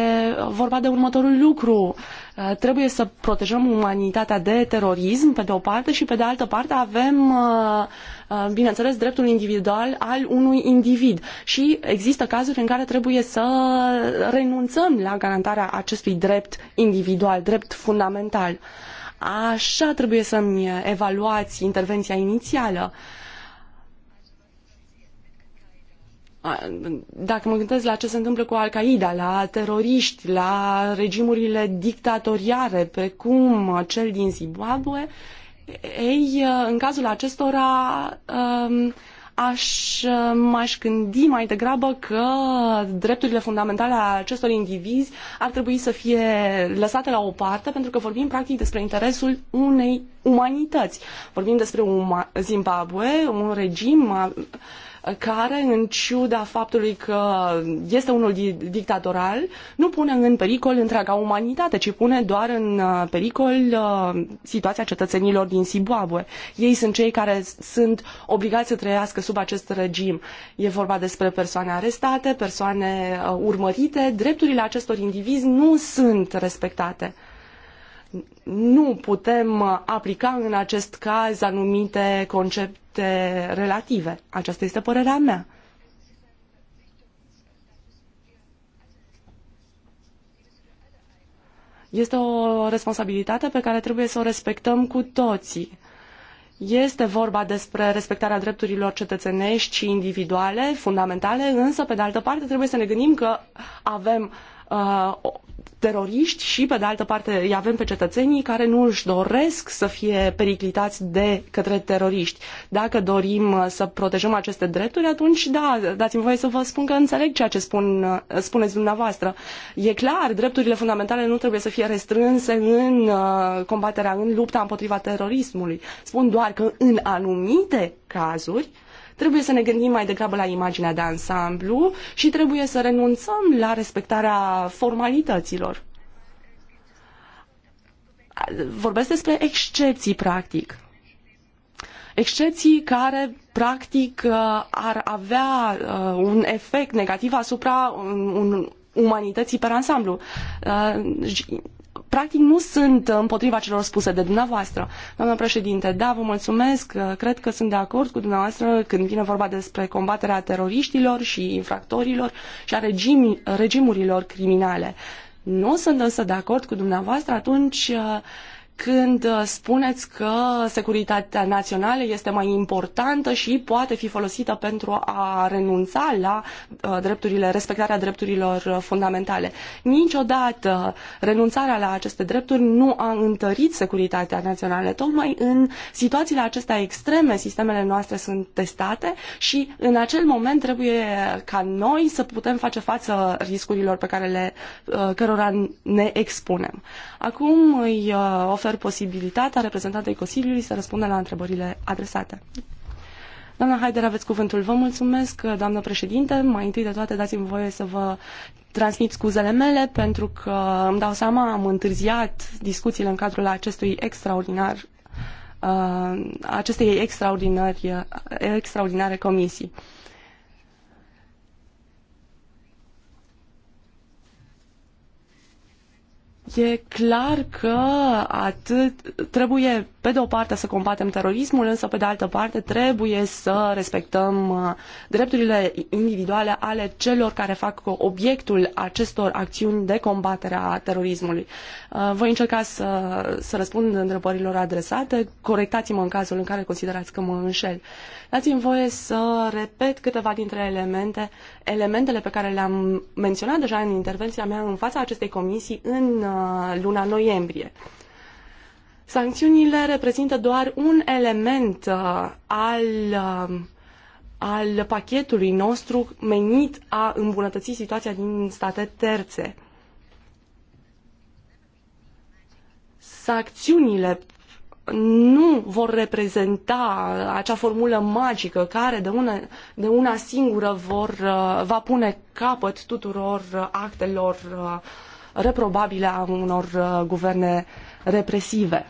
vorba de următorul lucru. Uh, trebuie să protejăm umanitatea de terorism, pe de o parte, și pe de altă parte avem uh, Uh, bineînțeles, dreptul individual al unui individ. Și există cazuri în care trebuie să renunțăm la garantarea acestui drept individual, drept fundamental. Așa trebuie să-mi evaluați intervenția inițială. Dacă mă gândesc la ce se întâmplă cu Al-Qaeda, la teroriști, la regimurile dictatoriare, precum cel din Zimbabwe, ei, uh, în cazul acestora, um, aș, uh, m-aș gândi mai degrabă că drepturile fundamentale ale acestor indivizi ar trebui să fie lăsate la o parte, pentru că vorbim practic despre interesul unei umanități. Vorbim despre Zimbabwe, un regim care, în ciuda faptului că este unul dictatorial, nu pune în pericol întreaga umanitate, ci pune doar în uh, pericol uh, situația cetățenilor din Zimbabwe. Ei sunt cei care sunt obligați să trăiască sub acest regim. E vorba despre persoane arestate, persoane uh, urmărite. Drepturile acestor indivizi nu sunt respectate nu putem uh, aplica în acest caz anumite concepte relative. Aceasta este părerea mea. Este o responsabilitate pe care trebuie să o respectăm cu toții. Este vorba despre respectarea drepturilor cetățenești și individuale, fundamentale, însă, pe de altă parte, trebuie să ne gândim că avem Uh, teroriști și, pe de altă parte, îi avem pe cetățenii care nu își doresc să fie periclitați de către teroriști. Dacă dorim uh, să protejăm aceste drepturi, atunci, da, dați-mi voie să vă spun că înțeleg ceea ce spun, uh, spuneți dumneavoastră. E clar, drepturile fundamentale nu trebuie să fie restrânse în combaterea, în lupta împotriva terorismului. Spun doar că în anumite cazuri, Trebuie să ne gândim mai degrabă la imaginea de ansamblu și trebuie să renunțăm la respectarea formalităților. Vorbesc despre excepții, practic excepții care practic uh, ar avea uh, un efect negativ asupra un, un umanității pe ansamblu. Uh, practic nu sunt împotriva celor spuse de dumneavoastră. Doamnă președinte, da, vă mulțumesc, cred că sunt de acord cu dumneavoastră când vine vorba despre combaterea teroriștilor și infractorilor și a regim, regimurilor criminale. Nu sunt însă de acord cu dumneavoastră atunci uh, când uh, spuneți că securitatea națională este mai importantă și poate fi folosită pentru a renunța la uh, drepturile, respectarea drepturilor uh, fundamentale. Niciodată renunțarea la aceste drepturi nu a întărit securitatea națională. Tocmai în situațiile acestea extreme, sistemele noastre sunt testate și în acel moment trebuie ca noi să putem face față riscurilor pe care le, cărora ne expunem. Acum îi ofer ofer posibilitatea reprezentantei Consiliului să răspundă la întrebările adresate. Doamna Haider, aveți cuvântul. Vă mulțumesc, doamnă președinte. Mai întâi de toate dați-mi voie să vă transmit scuzele mele pentru că îmi dau seama, am întârziat discuțiile în cadrul acestui extraordinar uh, acestei extraordinare, extraordinare comisii. E clar că atât trebuie pe de o parte să combatem terorismul, însă pe de altă parte trebuie să respectăm uh, drepturile individuale ale celor care fac obiectul acestor acțiuni de combatere a terorismului. Uh, voi încerca să, să răspund întrebărilor adresate. Corectați-mă în cazul în care considerați că mă înșel. Dați-mi voie să repet câteva dintre elemente, elementele pe care le-am menționat deja în intervenția mea în fața acestei comisii în uh, luna noiembrie. Sancțiunile reprezintă doar un element uh, al, um, al pachetului nostru menit a îmbunătăți situația din state terțe. Sancțiunile nu vor reprezenta acea formulă magică care de una, de una singură vor, uh, va pune capăt tuturor uh, actelor reprobabile a unor guverne uh, represive.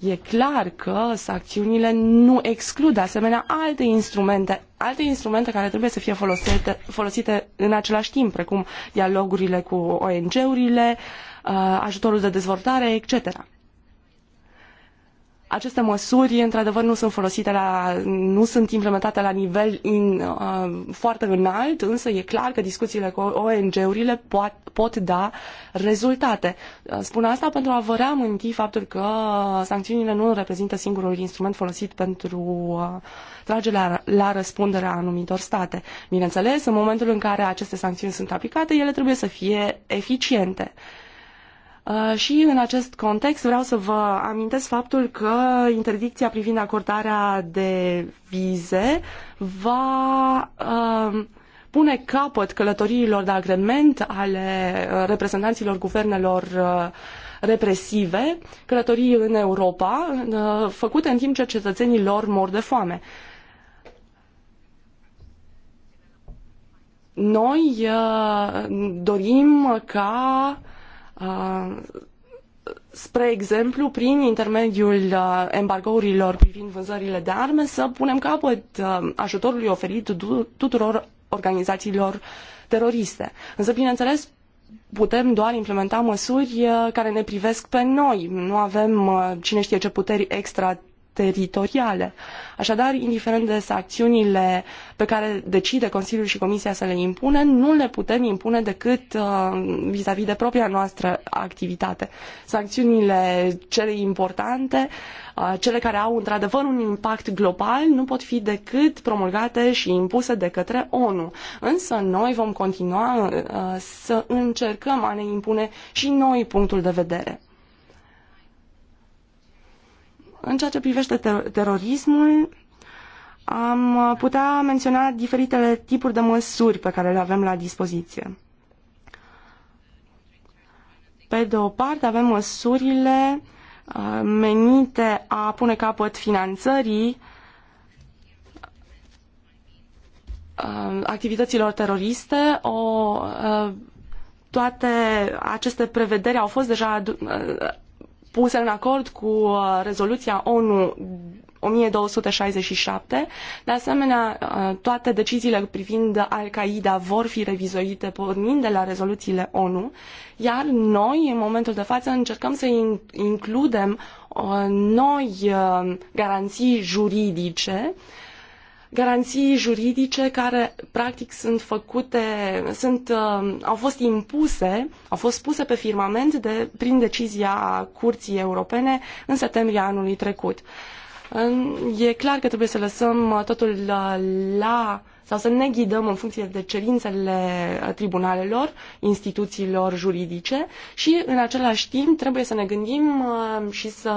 E clar că sancțiunile nu exclud asemenea alte instrumente, alte instrumente care trebuie să fie folosite, folosite în același timp, precum dialogurile cu ONG-urile, uh, ajutorul de dezvoltare, etc aceste măsuri, într-adevăr, nu sunt folosite la, nu sunt implementate la nivel in, uh, foarte înalt, însă e clar că discuțiile cu ONG-urile pot, pot da rezultate. Uh, spun asta pentru a vă reaminti faptul că sancțiunile nu reprezintă singurul instrument folosit pentru uh, tragerea la, răspundere a anumitor state. Bineînțeles, în momentul în care aceste sancțiuni sunt aplicate, ele trebuie să fie eficiente. Uh, Uh, și în acest context vreau să vă amintesc faptul că interdicția privind acordarea de vize va uh, pune capăt călătoriilor de agrement ale uh, reprezentanților guvernelor represive, călătorii în Europa, făcute în timp ce cetățenii lor mor de foame. Noi dorim ca uh, spre exemplu, prin intermediul embargourilor privind vânzările de arme, să punem capăt ajutorului oferit tuturor organizațiilor teroriste. Însă, bineînțeles, putem doar implementa măsuri care ne privesc pe noi. Nu avem cine știe ce puteri extra teritoriale. Așadar, indiferent de sancțiunile pe care decide Consiliul și Comisia să le impune, nu le putem impune decât uh, vis-a-vis uh, -vis de propria noastră activitate. Sancțiunile cele importante, uh, cele care au într-adevăr un impact global, nu pot fi decât promulgate și impuse de către ONU. Însă noi vom continua uh, să încercăm a ne impune și noi punctul de vedere. În ceea ce privește ter- terorismul, am putea menționa diferitele tipuri de măsuri pe care le avem la dispoziție. Pe de o parte avem măsurile uh, menite a pune capăt finanțării uh, activităților teroriste. O, uh, toate aceste prevederi au fost deja puse în acord cu uh, rezoluția ONU 1267. De asemenea, uh, toate deciziile privind Al-Qaeda vor fi revizuite pornind de la rezoluțiile ONU, iar noi, în momentul de față, încercăm să includem uh, noi garanții juridice uh, garanții juridice care practic sunt făcute, sunt, um, au fost impuse, au fost puse pe firmament de, prin decizia Curții Europene în septembrie anului trecut. E clar că trebuie să lăsăm uh, totul la, uh, la sau să ne ghidăm în funcție de cerințele uh, tribunalelor, instituțiilor juridice și în același timp trebuie să ne gândim și să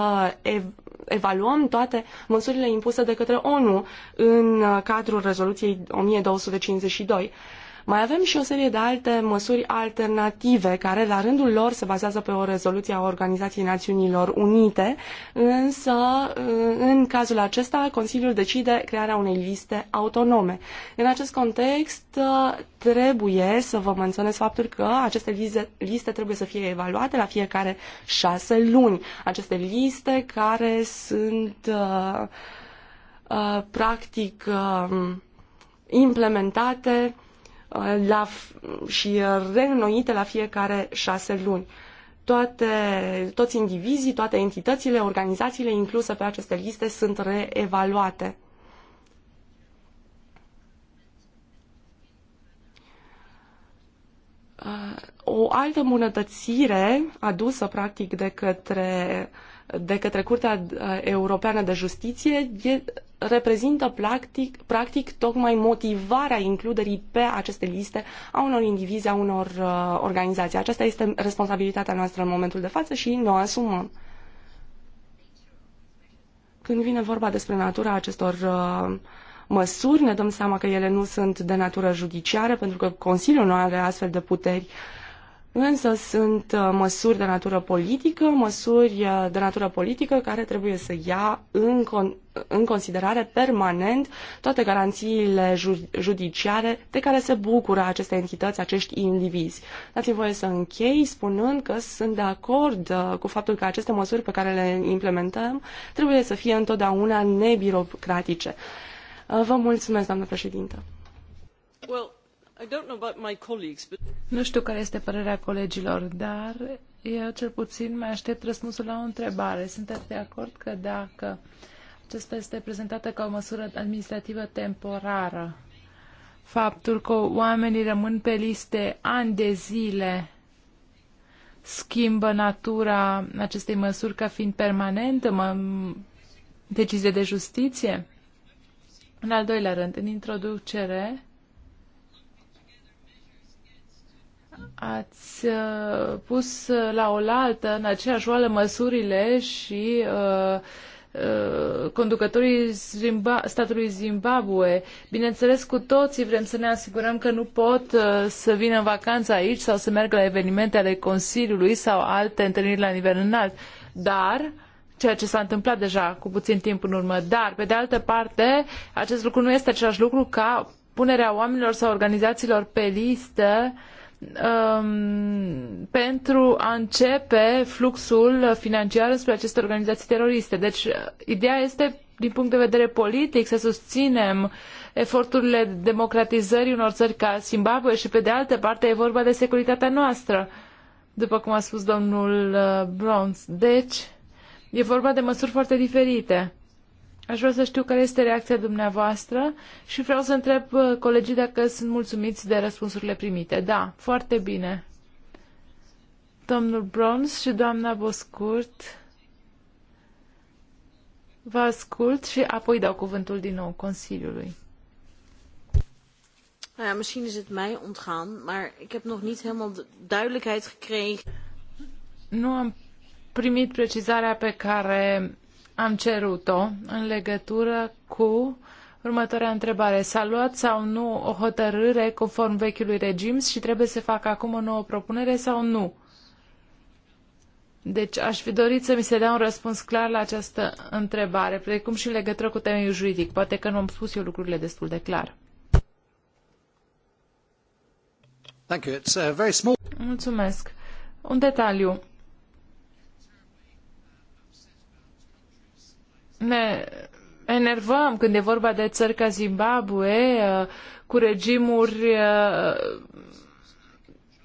evaluăm toate măsurile impuse de către ONU în uh, cadrul rezoluției 1252. Mai avem și o serie de alte măsuri alternative care la rândul lor se bazează pe o rezoluție a Organizației Națiunilor Unite, însă uh, în cazul acesta Consiliul decide crearea unei liste autonome. În acest context uh, trebuie să vă menționez faptul că aceste liste, liste trebuie să fie evaluate la fiecare șase luni. Aceste liste care sunt uh, uh, practic uh, implementate Uh, la, și uh, reînnoite la fiecare șase luni. Toate, toți indivizii, toate entitățile, organizațiile incluse pe aceste liste sunt reevaluate. Uh, o altă îmbunătățire adusă practic de către, de către Curtea Europeană de Justiție reprezintă practic, practic tocmai motivarea includerii pe aceste liste a unor indivizi, a unor uh, organizații. Aceasta este responsabilitatea noastră în momentul de față și noi o asumăm. Când vine vorba despre natura acestor uh, măsuri, ne dăm seama că ele nu sunt de natură judiciară, pentru că Consiliul nu are astfel de puteri uh, Însă sunt uh, măsuri de natură politică, măsuri uh, de natură politică care trebuie să ia în, con- în considerare permanent toate garanțiile ju- judiciare de care se bucură aceste entități, acești indivizi. Dați-mi voie să închei spunând că sunt de acord uh, cu faptul că aceste măsuri pe care le implementăm trebuie să fie întotdeauna nebirocratice. Vă mulțumesc, doamnă președintă. Well nu știu care este părerea colegilor, dar eu cel puțin mai aștept răspunsul la o întrebare. Sunteți de acord că dacă aceasta este prezentată ca o măsură administrativă temporară, faptul că oamenii rămân pe liste ani de zile schimbă natura acestei măsuri ca fiind permanentă, mă, decizie de justiție? În al doilea rând, în introducere, ați uh, pus la oaltă în aceeași oală măsurile și uh, uh, conducătorii statului Zimbabwe. Bineînțeles, cu toții vrem să ne asigurăm că nu pot să vină în vacanță aici sau să meargă la evenimente ale Consiliului sau alte întâlniri la nivel înalt. Dar ceea ce s-a întâmplat deja cu puțin timp în urmă. Dar, pe de altă parte, acest lucru nu este același lucru ca punerea oamenilor sau organizațiilor pe listă uh, Um, pentru a începe fluxul financiar spre aceste organizații teroriste. Deci, ideea este, din punct de vedere politic, să susținem eforturile democratizării unor țări ca Zimbabwe și, pe de altă parte, e vorba de securitatea noastră, după cum a spus domnul uh, Bronz. Deci, e vorba de măsuri foarte diferite. Aș vrea să știu care este reacția dumneavoastră și vreau să întreb uh, colegii dacă sunt mulțumiți de răspunsurile primite. Da, foarte bine. Domnul Brons și doamna Boscurt, vă ascult și apoi dau cuvântul din nou Consiliului. Nou ja, misschien is het mij ontgaan, maar ik heb nog niet helemaal duidelijkheid gekregen. Nu am primit precizarea pe care am cerut-o în legătură cu următoarea întrebare. S-a luat sau nu o hotărâre conform vechiului regim și trebuie să facă acum o nouă propunere sau nu? Deci aș fi dorit să mi se dea un răspuns clar la această întrebare, precum și în legătură cu temeiul juridic. Poate că nu am spus eu lucrurile destul de clar. Thank you. It's a uh, very small. Mulțumesc. Un detaliu. ne enervăm când e vorba de țări ca Zimbabwe, uh, cu regimuri uh,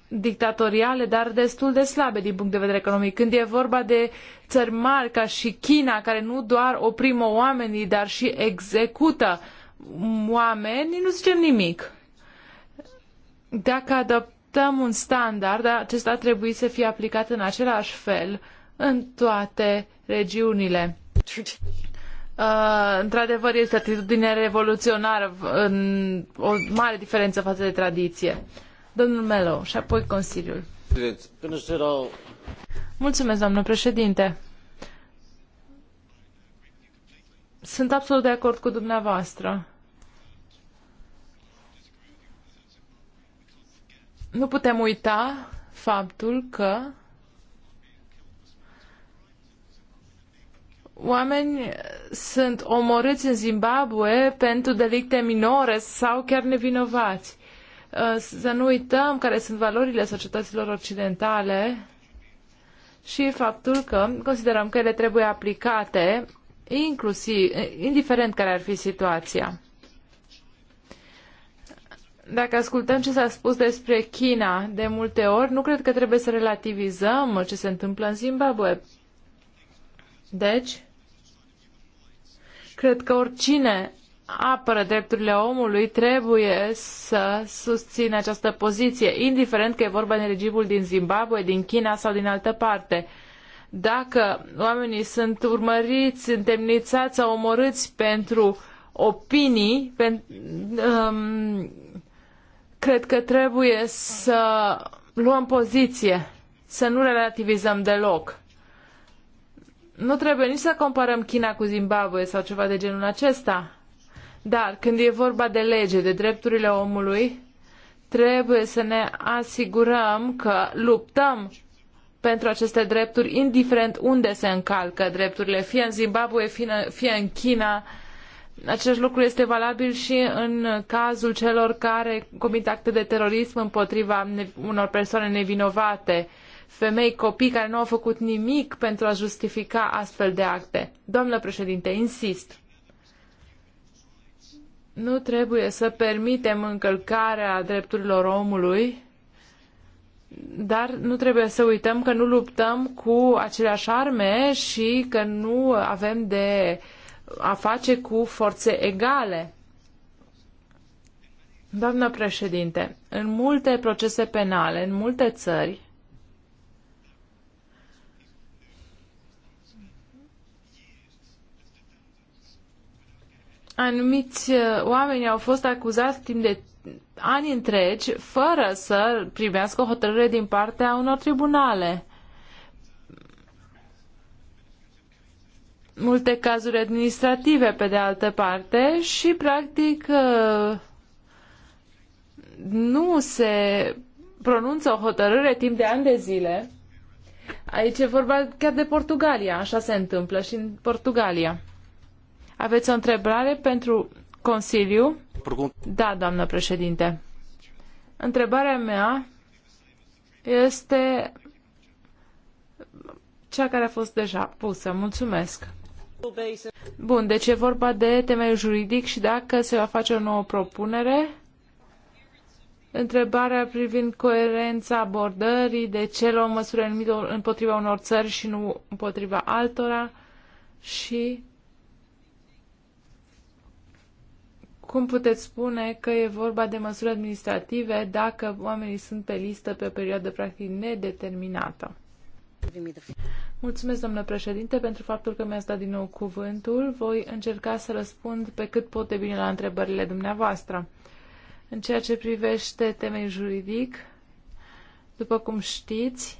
dictatoriale, dar destul de slabe din punct de vedere economic. Când e vorba de țări mari ca și China, care nu doar oprimă oamenii, dar și execută oameni, nu zicem nimic. Dacă adoptăm un standard, acesta trebuie să fie aplicat în același fel în toate regiunile. Uh, într-adevăr, este atitudine revoluționară, în o mare diferență față de tradiție. Domnul Melo și apoi Consiliul. Mulțumesc, doamnă președinte. Sunt absolut de acord cu dumneavoastră. Nu putem uita faptul că oameni sunt omorâți în Zimbabwe pentru delicte minore sau chiar nevinovați. Uh, să nu uităm care sunt valorile societăților occidentale și faptul că considerăm că ele trebuie aplicate inclusiv, indiferent care ar fi situația. Dacă ascultăm ce s-a spus despre China de multe ori, nu cred că trebuie să relativizăm ce se întâmplă în Zimbabwe. Deci, Cred că oricine apără drepturile omului trebuie să susțină această poziție, indiferent că e vorba de regimul din Zimbabwe, din China sau din altă parte. Dacă oamenii sunt urmăriți, întemnițați sau omorâți pentru opinii, um, cred că trebuie să luăm poziție, să nu relativizăm deloc nu trebuie nici să comparăm China cu Zimbabwe sau ceva de genul acesta. Dar când e vorba de lege, de drepturile omului, trebuie să ne asigurăm că luptăm pentru aceste drepturi, indiferent unde se încalcă drepturile, fie în Zimbabwe, fie în China. Acest lucru este valabil și în cazul celor care comit acte de terorism împotriva unor persoane nevinovate femei, copii care nu au făcut nimic pentru a justifica astfel de acte. domnule președinte, insist. Nu trebuie să permitem încălcarea drepturilor omului, dar nu trebuie să uităm că nu luptăm cu aceleași arme și că nu avem de a face cu forțe egale. Doamnă președinte, în multe procese penale, în multe țări, anumiți uh, oameni au fost acuzați timp de ani întregi fără să primească o hotărâre din partea unor tribunale. Multe cazuri administrative, pe de altă parte, și practic uh, nu se pronunță o hotărâre timp de ani de zile. Aici e vorba chiar de Portugalia, așa se întâmplă și în Portugalia. Aveți o întrebare pentru Consiliu? Da, doamnă președinte. Întrebarea mea este cea care a fost deja pusă. Mulțumesc. Bun, deci e vorba de temeiul juridic și dacă se va face o nouă propunere, întrebarea privind coerența abordării, de ce luăm măsuri împotriva unor țări și nu împotriva altora și Cum puteți spune că e vorba de măsuri administrative dacă oamenii sunt pe listă pe o perioadă practic nedeterminată? Mulțumesc, domnule președinte, pentru faptul că mi-ați dat din nou cuvântul. Voi încerca să răspund pe cât pot de bine la întrebările dumneavoastră. În ceea ce privește temei juridic, după cum știți,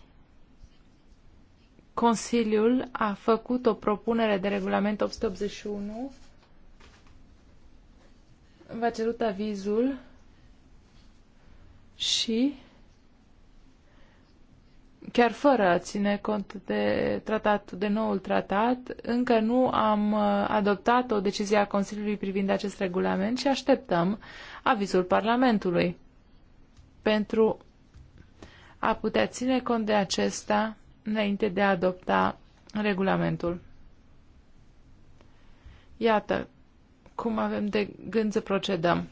Consiliul a făcut o propunere de regulament 881 v-a cerut avizul și chiar fără a ține cont de tratatul, de noul tratat, încă nu am uh, adoptat o decizie a Consiliului privind acest regulament și așteptăm avizul Parlamentului pentru a putea ține cont de acesta înainte de a adopta regulamentul. Iată cum avem de gând să procedăm.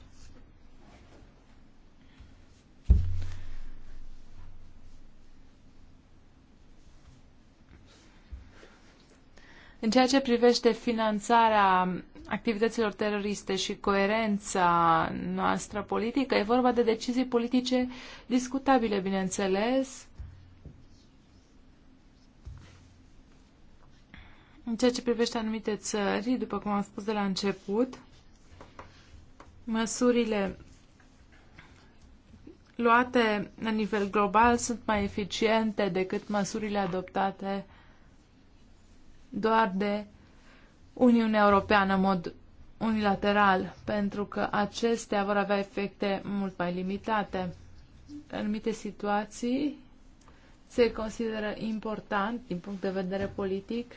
În ceea ce privește finanțarea activităților teroriste și coerența noastră politică, e vorba de decizii politice discutabile, bineînțeles, În ceea ce privește anumite țări, după cum am spus de la început, măsurile luate la nivel global sunt mai eficiente decât măsurile adoptate doar de Uniunea Europeană în mod unilateral, pentru că acestea vor avea efecte mult mai limitate. În anumite situații se consideră important, din punct de vedere politic,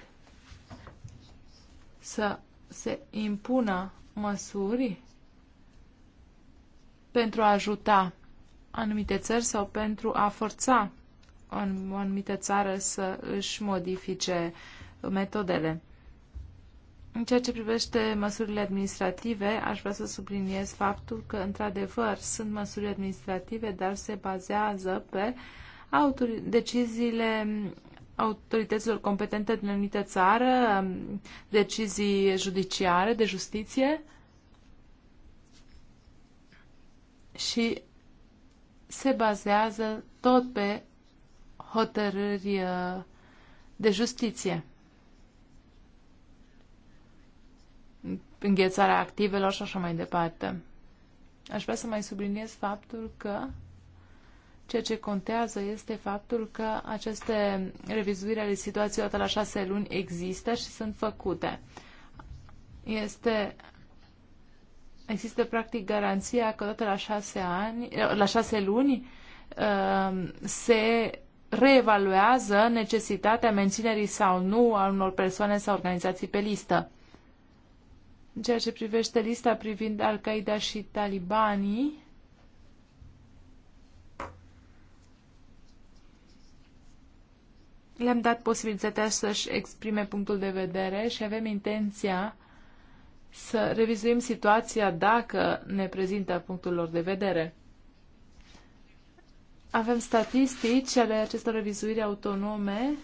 să se impună măsuri pentru a ajuta anumite țări sau pentru a forța o anumită țară să își modifice metodele. În ceea ce privește măsurile administrative, aș vrea să subliniez faptul că, într-adevăr, sunt măsuri administrative, dar se bazează pe deciziile autorităților competente din anumită țară, um, decizii judiciare, de justiție și se bazează tot pe hotărâri uh, de justiție. Înghețarea activelor și așa mai departe. Aș vrea să mai subliniez faptul că Ceea ce contează este faptul că aceste revizuiri ale situației odată la șase luni există și sunt făcute. Este există practic garanția că odată la șase, ani, la șase luni um, se reevaluează necesitatea menținerii sau nu a unor persoane sau organizații pe listă. În ceea ce privește lista privind Al-Qaeda și talibanii, le-am dat posibilitatea să-și exprime punctul de vedere și avem intenția să revizuim situația dacă ne prezintă punctul lor de vedere. Avem statistici ale acestor revizuiri autonome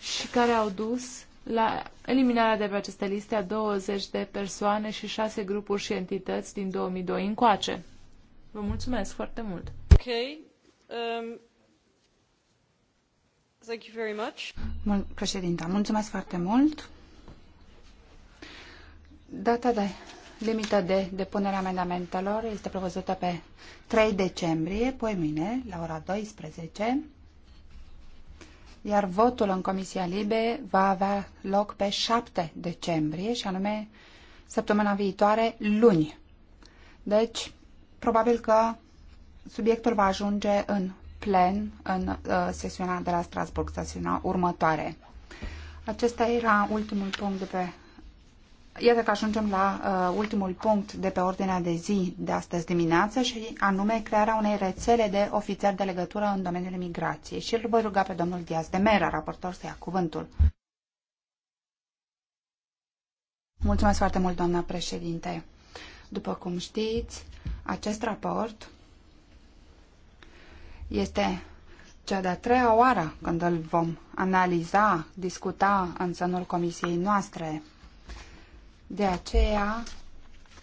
și care au dus la eliminarea de pe aceste liste a 20 de persoane și 6 grupuri și entități din 2002 încoace. Vă mulțumesc foarte mult! Okay. Um mulțumesc foarte mult. Data de limită de depunere a amendamentelor este prevăzută pe 3 decembrie, poi mâine, la ora 12, iar votul în Comisia Libe va avea loc pe 7 decembrie, și anume săptămâna viitoare, luni. Deci, probabil că subiectul va ajunge în plen în uh, sesiunea de la Strasburg, sesiunea următoare. Acesta era ultimul punct de pe... Iată că ajungem la uh, ultimul punct de pe ordinea de zi de astăzi dimineață și anume crearea unei rețele de ofițeri de legătură în domeniul migrației. Și îl voi ruga pe domnul Diaz de Mera, raportor, să ia cuvântul. Mulțumesc foarte mult, doamna președinte. După cum știți, acest raport este cea de-a treia oară când îl vom analiza, discuta în sânul comisiei noastre. De aceea,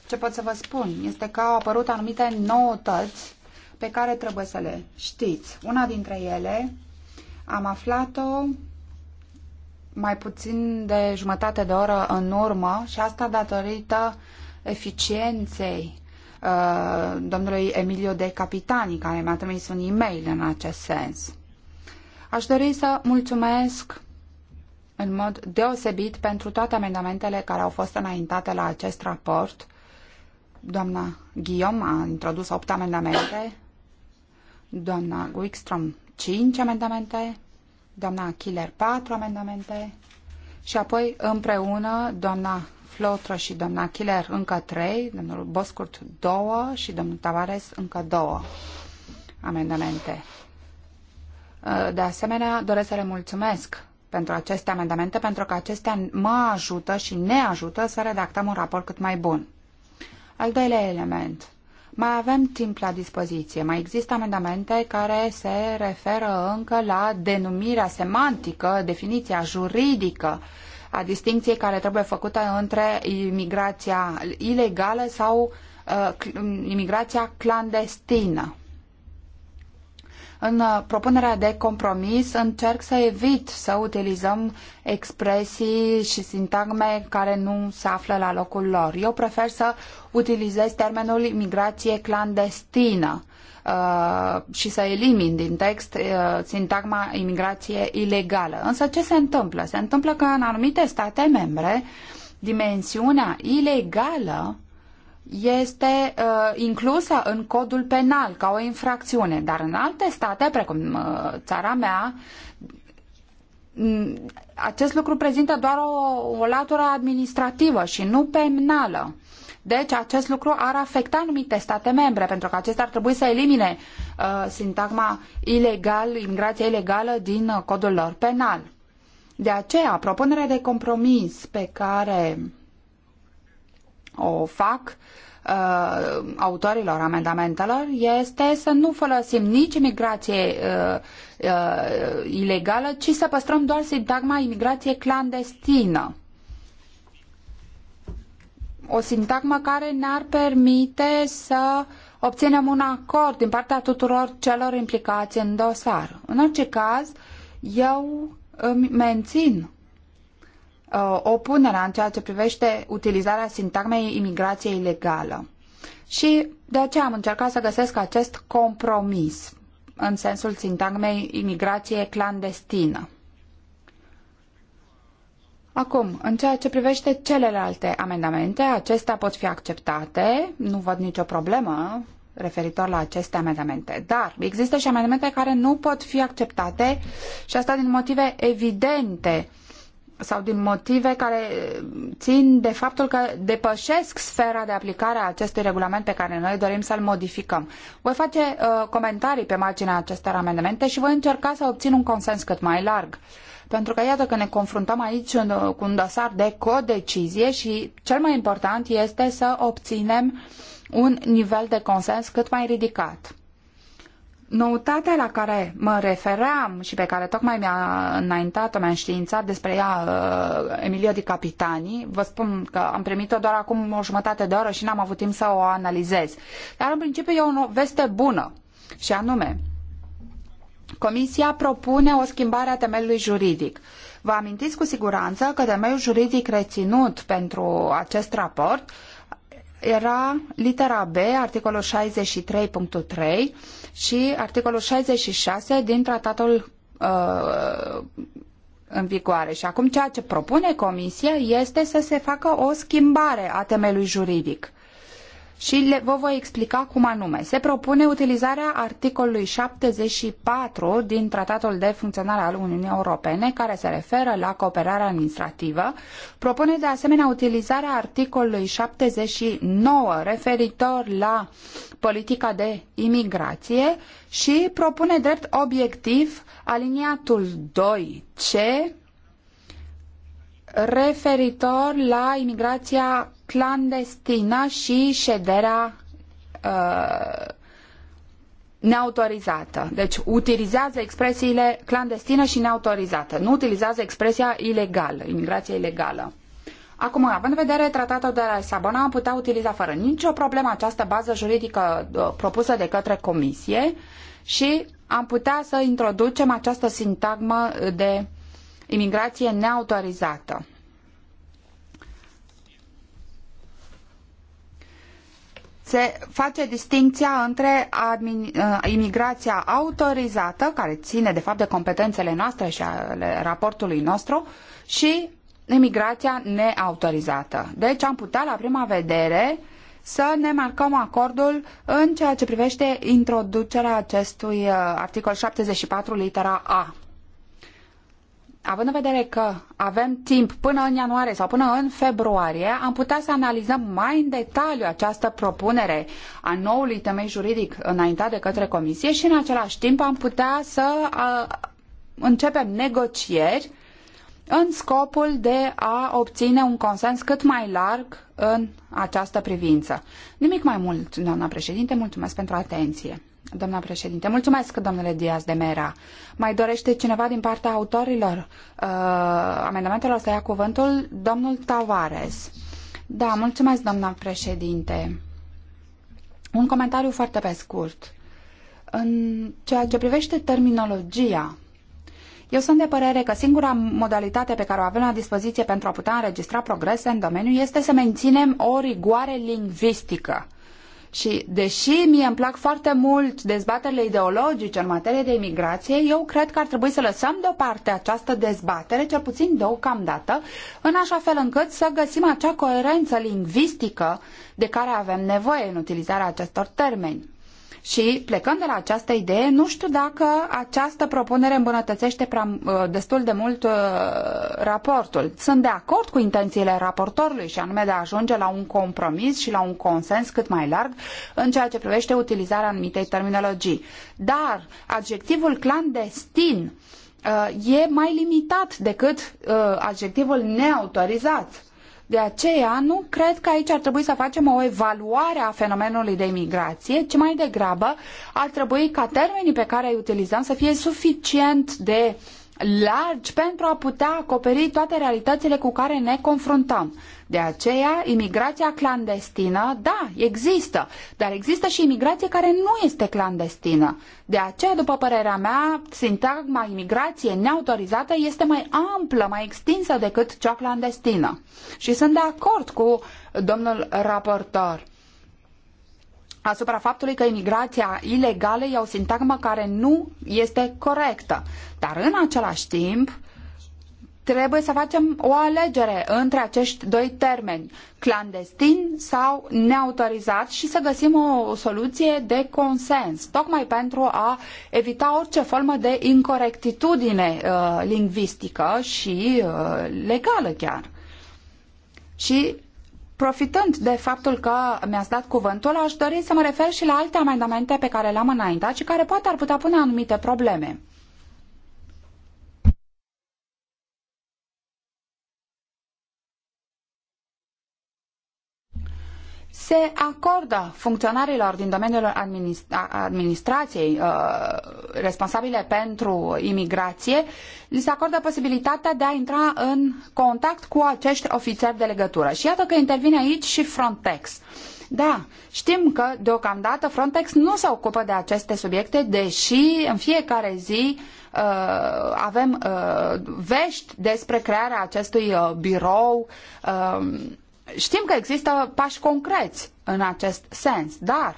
ce pot să vă spun este că au apărut anumite noutăți pe care trebuie să le știți. Una dintre ele am aflat-o mai puțin de jumătate de oră în urmă și asta datorită eficienței Uh, domnului Emilio de Capitani, care mi-a trimis un e-mail în acest sens. Aș dori să mulțumesc în mod deosebit pentru toate amendamentele care au fost înaintate la acest raport. Doamna Guillaume a introdus opt amendamente, doamna Wickstrom cinci amendamente, doamna Killer patru amendamente și apoi împreună doamna Flotră și doamna Chiler încă trei, domnul Boscurt două și domnul Tavares încă două amendamente. Uh, de asemenea, doresc să le mulțumesc pentru aceste amendamente, pentru că acestea mă ajută și ne ajută să redactăm un raport cât mai bun. Al doilea element. Mai avem timp la dispoziție. Mai există amendamente care se referă încă la denumirea semantică, definiția juridică uh, a distinției care trebuie făcută între imigrația ilegală sau uh, um, imigrația clandestină. În uh, propunerea de compromis încerc să evit să utilizăm expresii și sintagme care nu se află la locul lor. Eu prefer să utilizez termenul imigrație clandestină Uh, și să elimin din text uh, sintagma imigrație ilegală. Însă ce se întâmplă? Se întâmplă că în anumite state membre dimensiunea ilegală este uh, inclusă în codul penal ca o infracțiune, dar în alte state, precum uh, țara mea, mm, acest lucru prezintă doar o, o latură administrativă și nu penală. Deci acest lucru ar afecta anumite state membre, pentru că acestea ar trebui să elimine uh, sintagma ilegal, imigrația ilegală din uh, codul lor penal. De aceea, propunerea de compromis pe care o fac uh, autorilor amendamentelor este să nu folosim nici imigrație uh, uh, ilegală, ci să păstrăm doar sintagma imigrație clandestină o sintagmă care ne-ar permite să obținem un acord din partea tuturor celor implicați în dosar. În orice caz, eu îmi mențin uh, opunerea în ceea ce privește utilizarea sintagmei imigrație ilegală. Și de aceea am încercat să găsesc acest compromis în sensul sintagmei imigrație clandestină. Acum, în ceea ce privește celelalte amendamente, acestea pot fi acceptate, nu văd nicio problemă referitor la aceste amendamente. Dar există și amendamente care nu pot fi acceptate și asta din motive evidente sau din motive care țin de faptul că depășesc sfera de aplicare a acestui regulament pe care noi dorim să-l modificăm. Voi face uh, comentarii pe marginea acestor amendamente și voi încerca să obțin un consens cât mai larg. Uh, pentru că iată că ne confruntăm aici cu un dosar de codecizie și cel mai important este să obținem un nivel de consens cât mai ridicat. Noutatea la care mă refeream și pe care tocmai mi-a înaintat-o, mi-a înștiințat despre ea uh, Emilio Di Capitani, vă spun că am primit-o doar acum o jumătate de oră și n-am avut timp să o analizez. Dar în principiu e o veste bună și anume, Comisia propune o schimbare a temeiului juridic. Vă amintiți cu siguranță că temeiul juridic reținut pentru acest raport era litera B, articolul 63.3 și articolul 66 din tratatul uh, în vigoare. Și acum ceea ce propune Comisia este să se facă o schimbare a temeiului juridic și le, vă voi explica cum anume. Se propune utilizarea articolului 74 din Tratatul de Funcționare al Uniunii Europene, care se referă la cooperarea administrativă. Propune de asemenea utilizarea articolului 79 referitor la politica de imigrație și propune drept obiectiv aliniatul 2C referitor la imigrația clandestină și șederea uh, neautorizată. Deci utilizează expresiile clandestină și neautorizată. Nu utilizează expresia ilegală, imigrația ilegală. Acum, având în vedere tratatul de la Sabona, am putea utiliza fără nicio problemă această bază juridică uh, propusă de către Comisie și am putea să introducem această sintagmă de uh, imigrație neautorizată. se face distinția între uh, imigrația autorizată, care ține de fapt de competențele noastre și ale raportului nostru, și imigrația neautorizată. Deci am putea la prima vedere să ne marcăm acordul în ceea ce privește introducerea acestui uh, articol 74 litera A având în vedere că avem timp până în ianuarie sau până în februarie, am putea să analizăm mai în detaliu această propunere a noului temei juridic înaintat de către Comisie și în același timp am putea să a, începem negocieri în scopul de a obține un consens cât mai larg în această privință. Nimic mai mult, doamna președinte, mulțumesc pentru atenție. Doamna președinte, mulțumesc, domnule Diaz de Mera. Mai dorește cineva din partea autorilor uh, amendamentelor să ia cuvântul? Domnul Tavares. Da, mulțumesc, doamna președinte. Un comentariu foarte pe scurt. În ceea ce privește terminologia eu sunt de părere că singura modalitate pe care o avem la dispoziție pentru a putea înregistra progrese în domeniu este să menținem o rigoare lingvistică. Uh, și deși mie îmi plac foarte mult dezbaterile ideologice în materie de imigrație, eu cred că ar trebui să lăsăm deoparte această dezbatere, cel puțin deocamdată, în așa fel încât să găsim acea coerență lingvistică de care avem nevoie în utilizarea acestor termeni. Și plecând de la această idee, nu știu dacă această propunere îmbunătățește prea, uh, destul de mult uh, raportul. Sunt de acord cu intențiile raportorului și anume de a ajunge la un compromis și la un consens cât mai larg în ceea ce privește utilizarea anumitei terminologii. Dar adjectivul clandestin uh, e mai limitat decât adjectivul neautorizat de aceea, nu cred că aici ar trebui să facem o evaluare a fenomenului de imigrație, ci mai degrabă ar trebui ca termenii pe care îi utilizăm să fie suficient de uh, largi pentru a putea acoperi toate realitățile cu care ne confruntăm. De aceea, imigrația clandestină, da, există, dar există și imigrație care nu este clandestină. De aceea, după părerea mea, sintagma imigrație neautorizată este mai amplă, mai extinsă decât cea clandestină. Și sunt de acord cu domnul raportor asupra faptului că imigrația ilegală e o sintagmă care nu este corectă. Dar în același timp, trebuie să facem o alegere între acești doi termeni, clandestin sau neautorizat și să găsim o soluție de consens, tocmai pentru a evita orice formă de incorectitudine uh, lingvistică și uh, legală chiar. Și Profitând de faptul că mi-ați dat cuvântul, aș dori să mă refer și la alte amendamente pe care le-am înaintat și care poate ar putea pune anumite probleme. se acordă funcționarilor din domeniul administra administrației uh, responsabile pentru imigrație, li se acordă posibilitatea de a intra în contact cu acești ofițeri de legătură. Și iată că intervine aici și Frontex. Da, știm că deocamdată Frontex nu se ocupă de aceste subiecte, deși în fiecare zi uh, avem uh, vești despre crearea acestui uh, birou. Uh, Știm că există pași concreți în acest sens, dar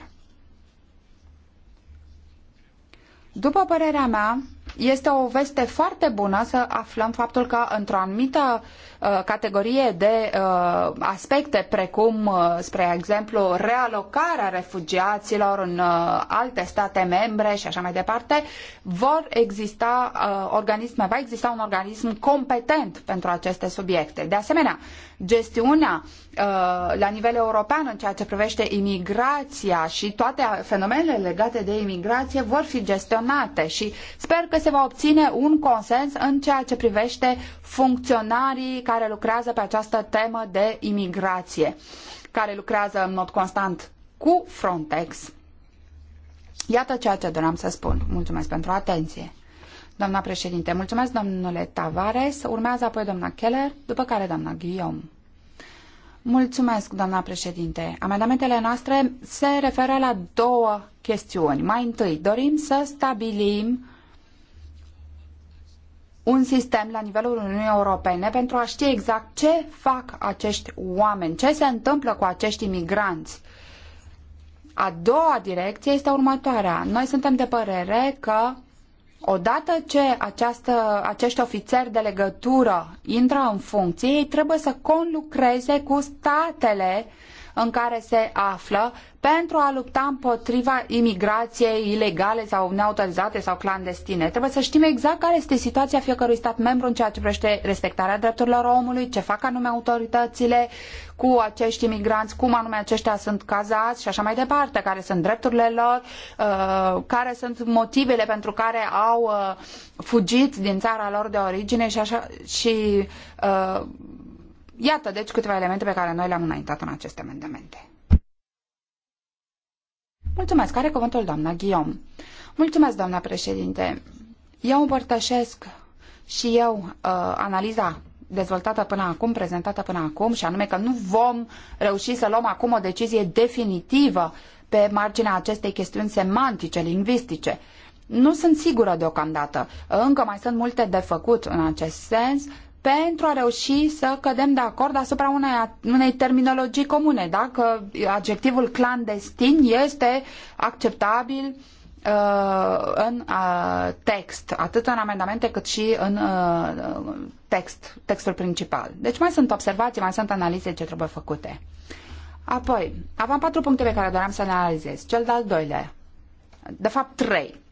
după părerea mea, este o veste foarte bună să aflăm faptul că într-o anumită uh, categorie de uh, aspecte, precum, uh, spre exemplu, realocarea refugiaților în uh, alte state membre și așa mai departe, vor exista uh, organisme, va exista un organism competent pentru aceste subiecte. De asemenea, gestiunea uh, la nivel european în ceea ce privește imigrația și toate fenomenele legate de imigrație vor fi gestionate și sper că se va obține un consens în ceea ce privește funcționarii care lucrează pe această temă de imigrație, care lucrează în mod constant cu Frontex. Iată ceea ce doream să spun. Mulțumesc pentru atenție. Doamna președinte, mulțumesc domnule Tavares. Urmează apoi doamna Keller, după care doamna Guillaume. Mulțumesc, doamna președinte. Amendamentele noastre se referă la două chestiuni. Mai întâi, dorim să stabilim un sistem la nivelul Uniunii Europene pentru a ști exact ce fac acești oameni, ce se întâmplă cu acești imigranți. A doua direcție este următoarea. Noi suntem de părere că Odată ce această, acești ofițeri de legătură intră în funcție, ei trebuie să conlucreze cu statele uh, în care se află pentru a lupta împotriva imigrației ilegale sau neautorizate sau clandestine. Trebuie să știm exact care este situația fiecărui stat membru în ceea ce privește respectarea drepturilor omului, ce fac anume autoritățile cu acești imigranți, cum anume aceștia sunt cazați și așa mai departe, care sunt drepturile lor, uh, care sunt motivele pentru care au uh, fugit din țara lor de origine și așa și uh, Iată, deci, câteva elemente pe care noi le-am înaintat în aceste amendamente. Mulțumesc. Care cuvântul doamna Guillaume. Mulțumesc, doamna președinte. Eu împărtășesc și eu uh, analiza dezvoltată până acum, prezentată până acum, și anume că nu vom reuși să luăm acum o decizie definitivă pe marginea acestei chestiuni semantice, lingvistice. Nu sunt sigură deocamdată. Încă mai sunt multe de făcut în acest sens pentru a reuși să cădem de acord asupra unei, unei terminologii comune. Dacă adjectivul clandestin este acceptabil uh, în uh, text, atât în amendamente cât și în uh, text, textul principal. Deci mai sunt observații, mai sunt analize ce trebuie făcute. Apoi, aveam patru puncte pe care doream să le analizez. Cel de-al doilea, de fapt trei.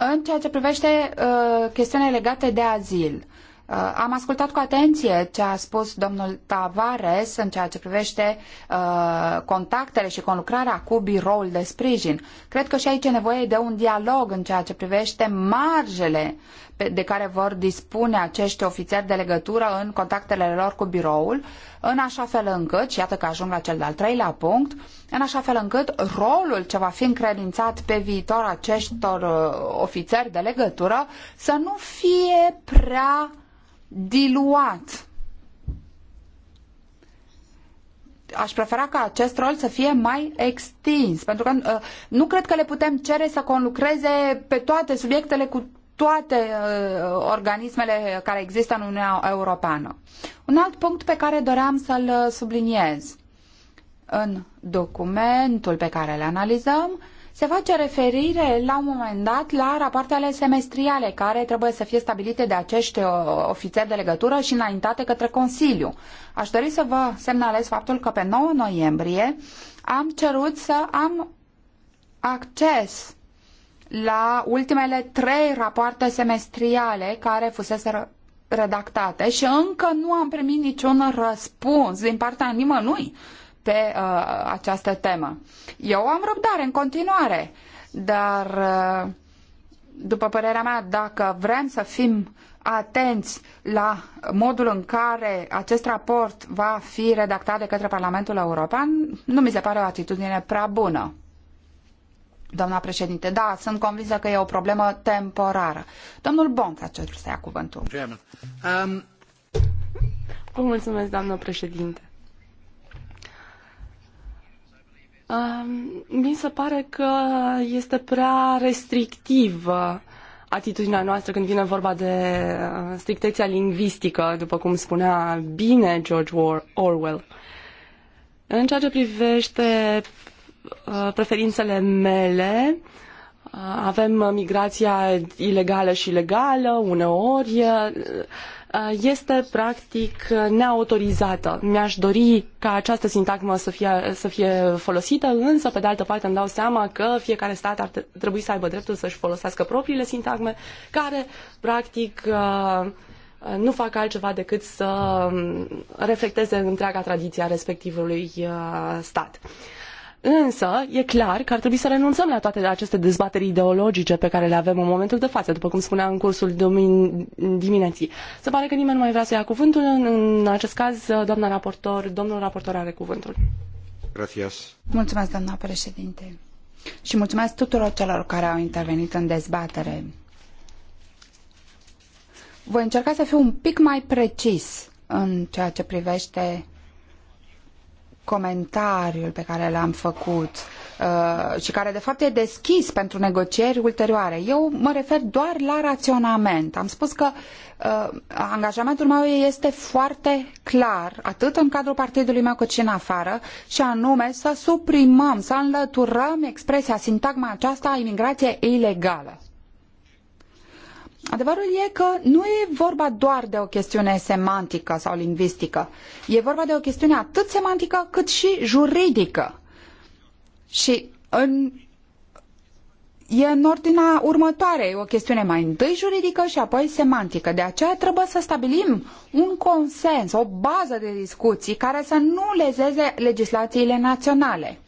În ceea ce privește uh, chestiunile legate de azil, uh, am ascultat cu atenție ce a spus domnul Tavares în ceea ce privește uh, contactele și conlucrarea cu biroul de sprijin. Cred că și aici e nevoie de un dialog în ceea ce privește marjele de care vor dispune acești ofițeri de legătură în contactele lor cu biroul, în așa fel încât, și iată că ajung la cel de-al treilea punct, în așa fel încât rolul ce va fi încredințat pe viitor acestor uh, ofițeri de legătură să nu fie prea diluat. aș prefera ca acest rol să fie mai extins, pentru că uh, nu cred că le putem cere să conlucreze pe toate subiectele cu toate uh, organismele care există în Uniunea Europeană. Un alt punct pe care doream să-l subliniez în documentul pe care îl analizăm se face referire la un moment dat la rapoartele semestriale care trebuie să fie stabilite de acești uh, ofițeri de legătură și înaintate către Consiliu. Aș dori să vă semnalez faptul că pe 9 noiembrie am cerut să am acces la ultimele trei rapoarte semestriale care fusese redactate și încă nu am primit niciun răspuns din partea nimănui pe uh, această temă. Eu am răbdare în continuare, dar uh, după părerea mea, dacă vrem să fim atenți la modul în care acest raport va fi redactat de către Parlamentul European, nu mi se pare o atitudine prea bună. Doamna președinte, da, sunt convinsă că e o problemă temporară. Domnul Bonca, ce să ia cuvântul. Um... Vă mulțumesc, doamnă președinte. Um, mi se pare că este prea restrictivă atitudinea noastră când vine vorba de uh, strictețea lingvistică, după cum spunea bine George Orwell. În ceea ce privește Uh, preferințele mele. Uh, avem migrația ilegală și legală, uneori uh, este practic neautorizată. Mi-aș dori ca această sintagmă să fie, să fie folosită, însă, pe de altă parte, îmi dau seama că fiecare stat ar trebui să aibă dreptul să-și folosească propriile sintagme, care, practic, nu fac altceva decât să um, reflecteze întreaga tradiție a respectivului stat. Însă, e clar că ar trebui să renunțăm la toate aceste dezbateri ideologice pe care le avem în momentul de față, după cum spunea în cursul dimineții. Se pare că nimeni nu mai vrea să ia cuvântul. În acest caz, doamna raportor, domnul raportor are cuvântul. Gracias. Mulțumesc, doamna președinte. Și mulțumesc tuturor celor care au intervenit în dezbatere. Voi încerca să fiu un pic mai precis în ceea ce privește comentariul pe care l-am făcut uh, și care de fapt e deschis pentru negocieri ulterioare. Eu mă refer doar la raționament. Am spus că uh, angajamentul meu este foarte clar, atât în cadrul partidului meu cât și în afară, și anume să suprimăm, să înlăturăm expresia, sintagma aceasta a imigrației ilegală. Adevărul e că nu e vorba doar de o chestiune semantică sau lingvistică. E vorba de o chestiune atât semantică cât și juridică. Și în e în ordinea următoare. E o chestiune mai întâi juridică și apoi semantică. De aceea trebuie să stabilim un consens, o bază de discuții care să nu lezeze legislațiile naționale.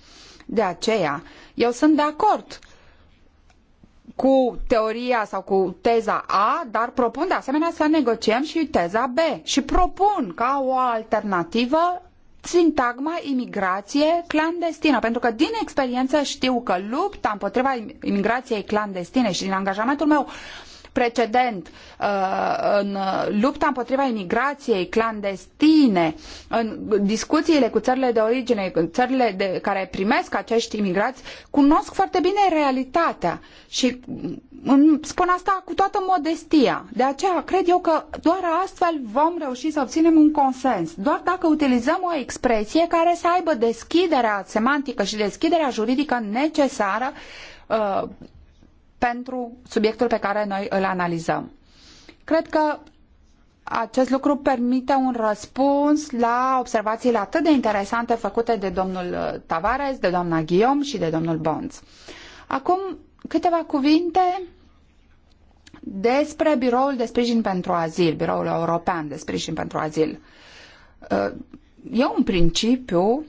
De aceea, eu sunt de acord cu teoria sau cu teza A, dar propun de asemenea să negociem și teza B. Și propun ca o alternativă sintagma imigrație clandestină, pentru că din experiență știu că lupta împotriva imigrației clandestine și din angajamentul meu precedent uh, în lupta împotriva imigrației clandestine, în discuțiile cu țările de origine, cu țările de, care primesc acești imigrați, cunosc foarte bine realitatea și spun asta cu toată modestia. De aceea cred eu că doar astfel vom reuși să obținem un consens. Doar dacă utilizăm o expresie care să aibă deschiderea semantică și deschiderea juridică necesară uh, pentru subiectul pe care noi îl analizăm. Cred că acest lucru permite un răspuns la observațiile atât de interesante făcute de domnul uh, Tavares, de doamna Guillaume și de domnul Bonds. Acum câteva cuvinte despre biroul de sprijin pentru azil, biroul european de sprijin pentru azil. Uh, Eu, în principiu,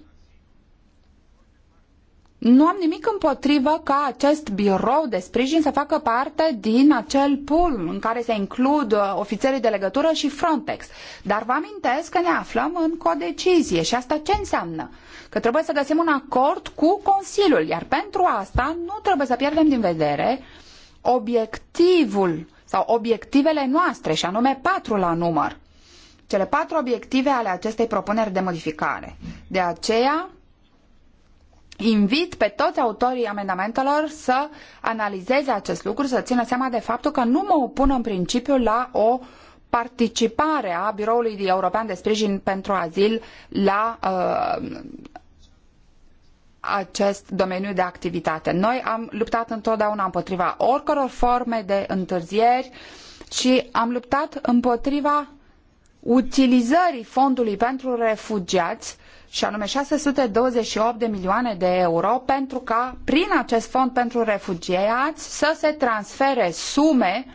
nu am nimic împotrivă ca acest birou de sprijin să facă parte din acel pool în care se includ uh, ofițerii de legătură și Frontex. Dar vă amintesc că ne aflăm în codecizie și asta ce înseamnă? Că trebuie să găsim un acord cu Consiliul, iar pentru asta nu trebuie să pierdem din vedere obiectivul sau obiectivele noastre, și anume patru la număr. Cele patru obiective ale acestei propuneri de modificare. De aceea, invit pe toți autorii amendamentelor să analizeze acest lucru, să țină seama de faptul că nu mă opun în principiu la o participare a Biroului European de Sprijin pentru Azil la uh, acest domeniu de activitate. Noi am luptat întotdeauna împotriva oricăror forme de întârzieri și am luptat împotriva utilizării fondului pentru refugiați și anume 628 de milioane de euro pentru ca prin acest fond pentru refugiați să se transfere sume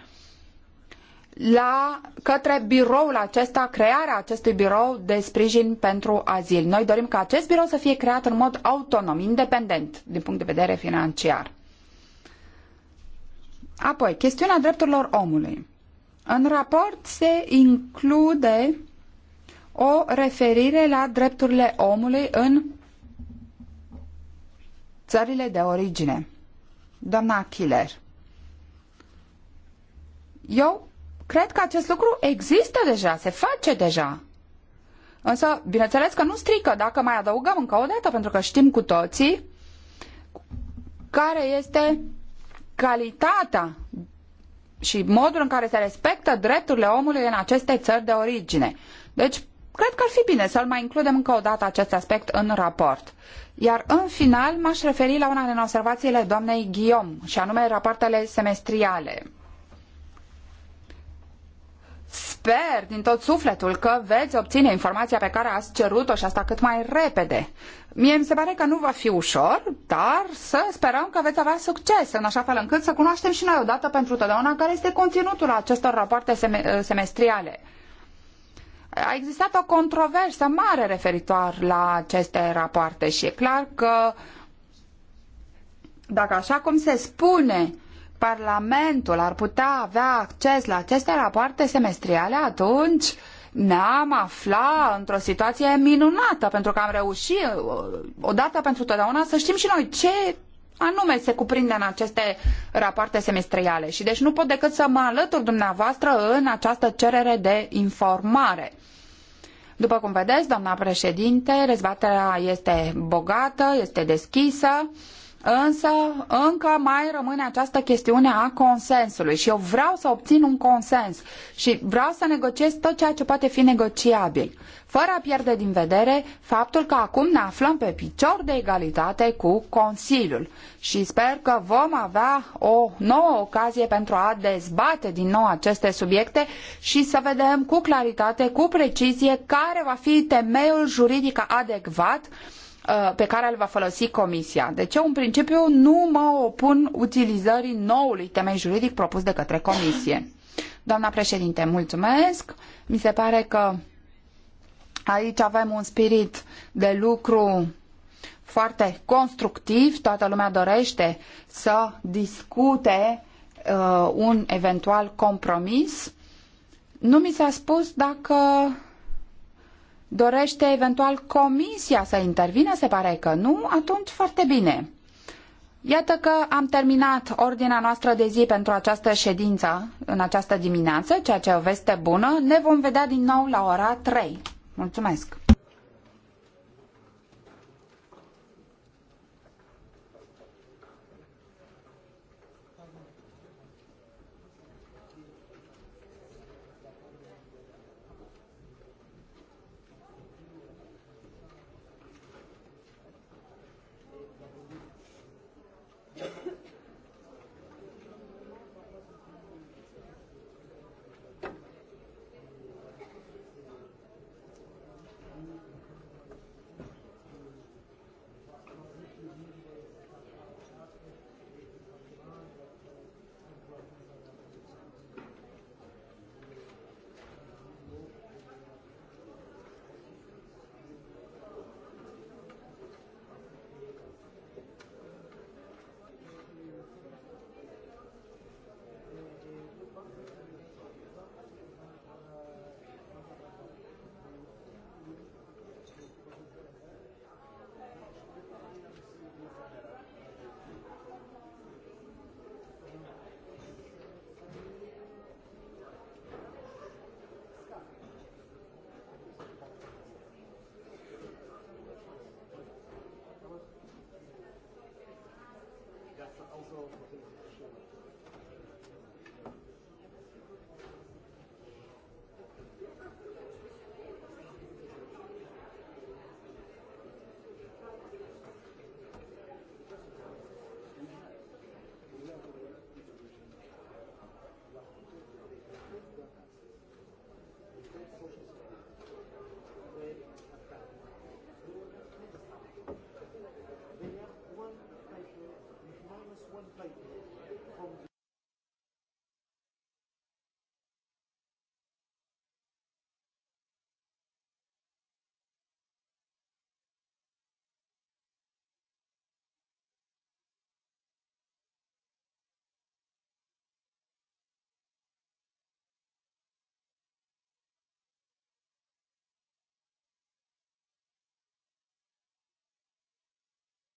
la, către biroul acesta, crearea acestui birou de sprijin pentru azil. Noi dorim ca acest birou să fie creat în mod autonom, independent, din punct de vedere financiar. Apoi, chestiunea drepturilor omului. În raport se include o referire la drepturile omului în țările de origine. Doamna Killer, eu cred că acest lucru există deja, se face deja. Însă, bineînțeles că nu strică dacă mai adăugăm încă o dată, pentru că știm cu toții care este calitatea și modul în care se respectă drepturile omului în aceste țări de origine. Deci, cred că ar fi bine să-l mai includem încă o dată acest aspect în raport. Iar în final m-aș referi la una din observațiile doamnei Guillaume, și anume rapoartele semestriale. Sper din tot sufletul că veți obține informația pe care ați cerut-o și asta cât mai repede. Mie mi se pare că nu va fi ușor, dar să sperăm că veți avea succes, în așa fel încât să cunoaștem și noi odată pentru totdeauna care este conținutul acestor rapoarte semestriale a existat o controversă mare referitor la aceste rapoarte și e clar că dacă așa cum se spune Parlamentul ar putea avea acces la aceste rapoarte semestriale, atunci ne-am afla într-o situație minunată, pentru că am reușit odată pentru totdeauna să știm și noi ce anume se cuprinde în aceste rapoarte semestriale și deci nu pot decât să mă alătur dumneavoastră în această cerere de informare. După cum vedeți, doamna președinte, rezbaterea este bogată, este deschisă. Însă încă mai rămâne această chestiune a consensului și eu vreau să obțin un consens și vreau să negociez tot ceea ce poate fi negociabil, fără a pierde din vedere faptul că acum ne aflăm pe picior de egalitate cu Consiliul și sper că vom avea o nouă ocazie pentru a dezbate din nou aceste subiecte și să vedem cu claritate, cu precizie, care va fi temeiul juridic adecvat Uh, pe care îl va folosi Comisia. Deci eu, în principiu, nu mă opun utilizării noului temei juridic propus de către Comisie. Doamna președinte, mulțumesc. Mi se pare că aici avem un spirit de lucru foarte constructiv. Toată lumea dorește să discute uh, un eventual compromis. Nu mi s-a spus dacă Dorește eventual comisia să intervină? Se pare că nu. Atunci foarte bine. Iată că am terminat ordinea noastră de zi pentru această ședință în această dimineață, ceea ce e o veste bună. Ne vom vedea din nou la ora 3. Mulțumesc!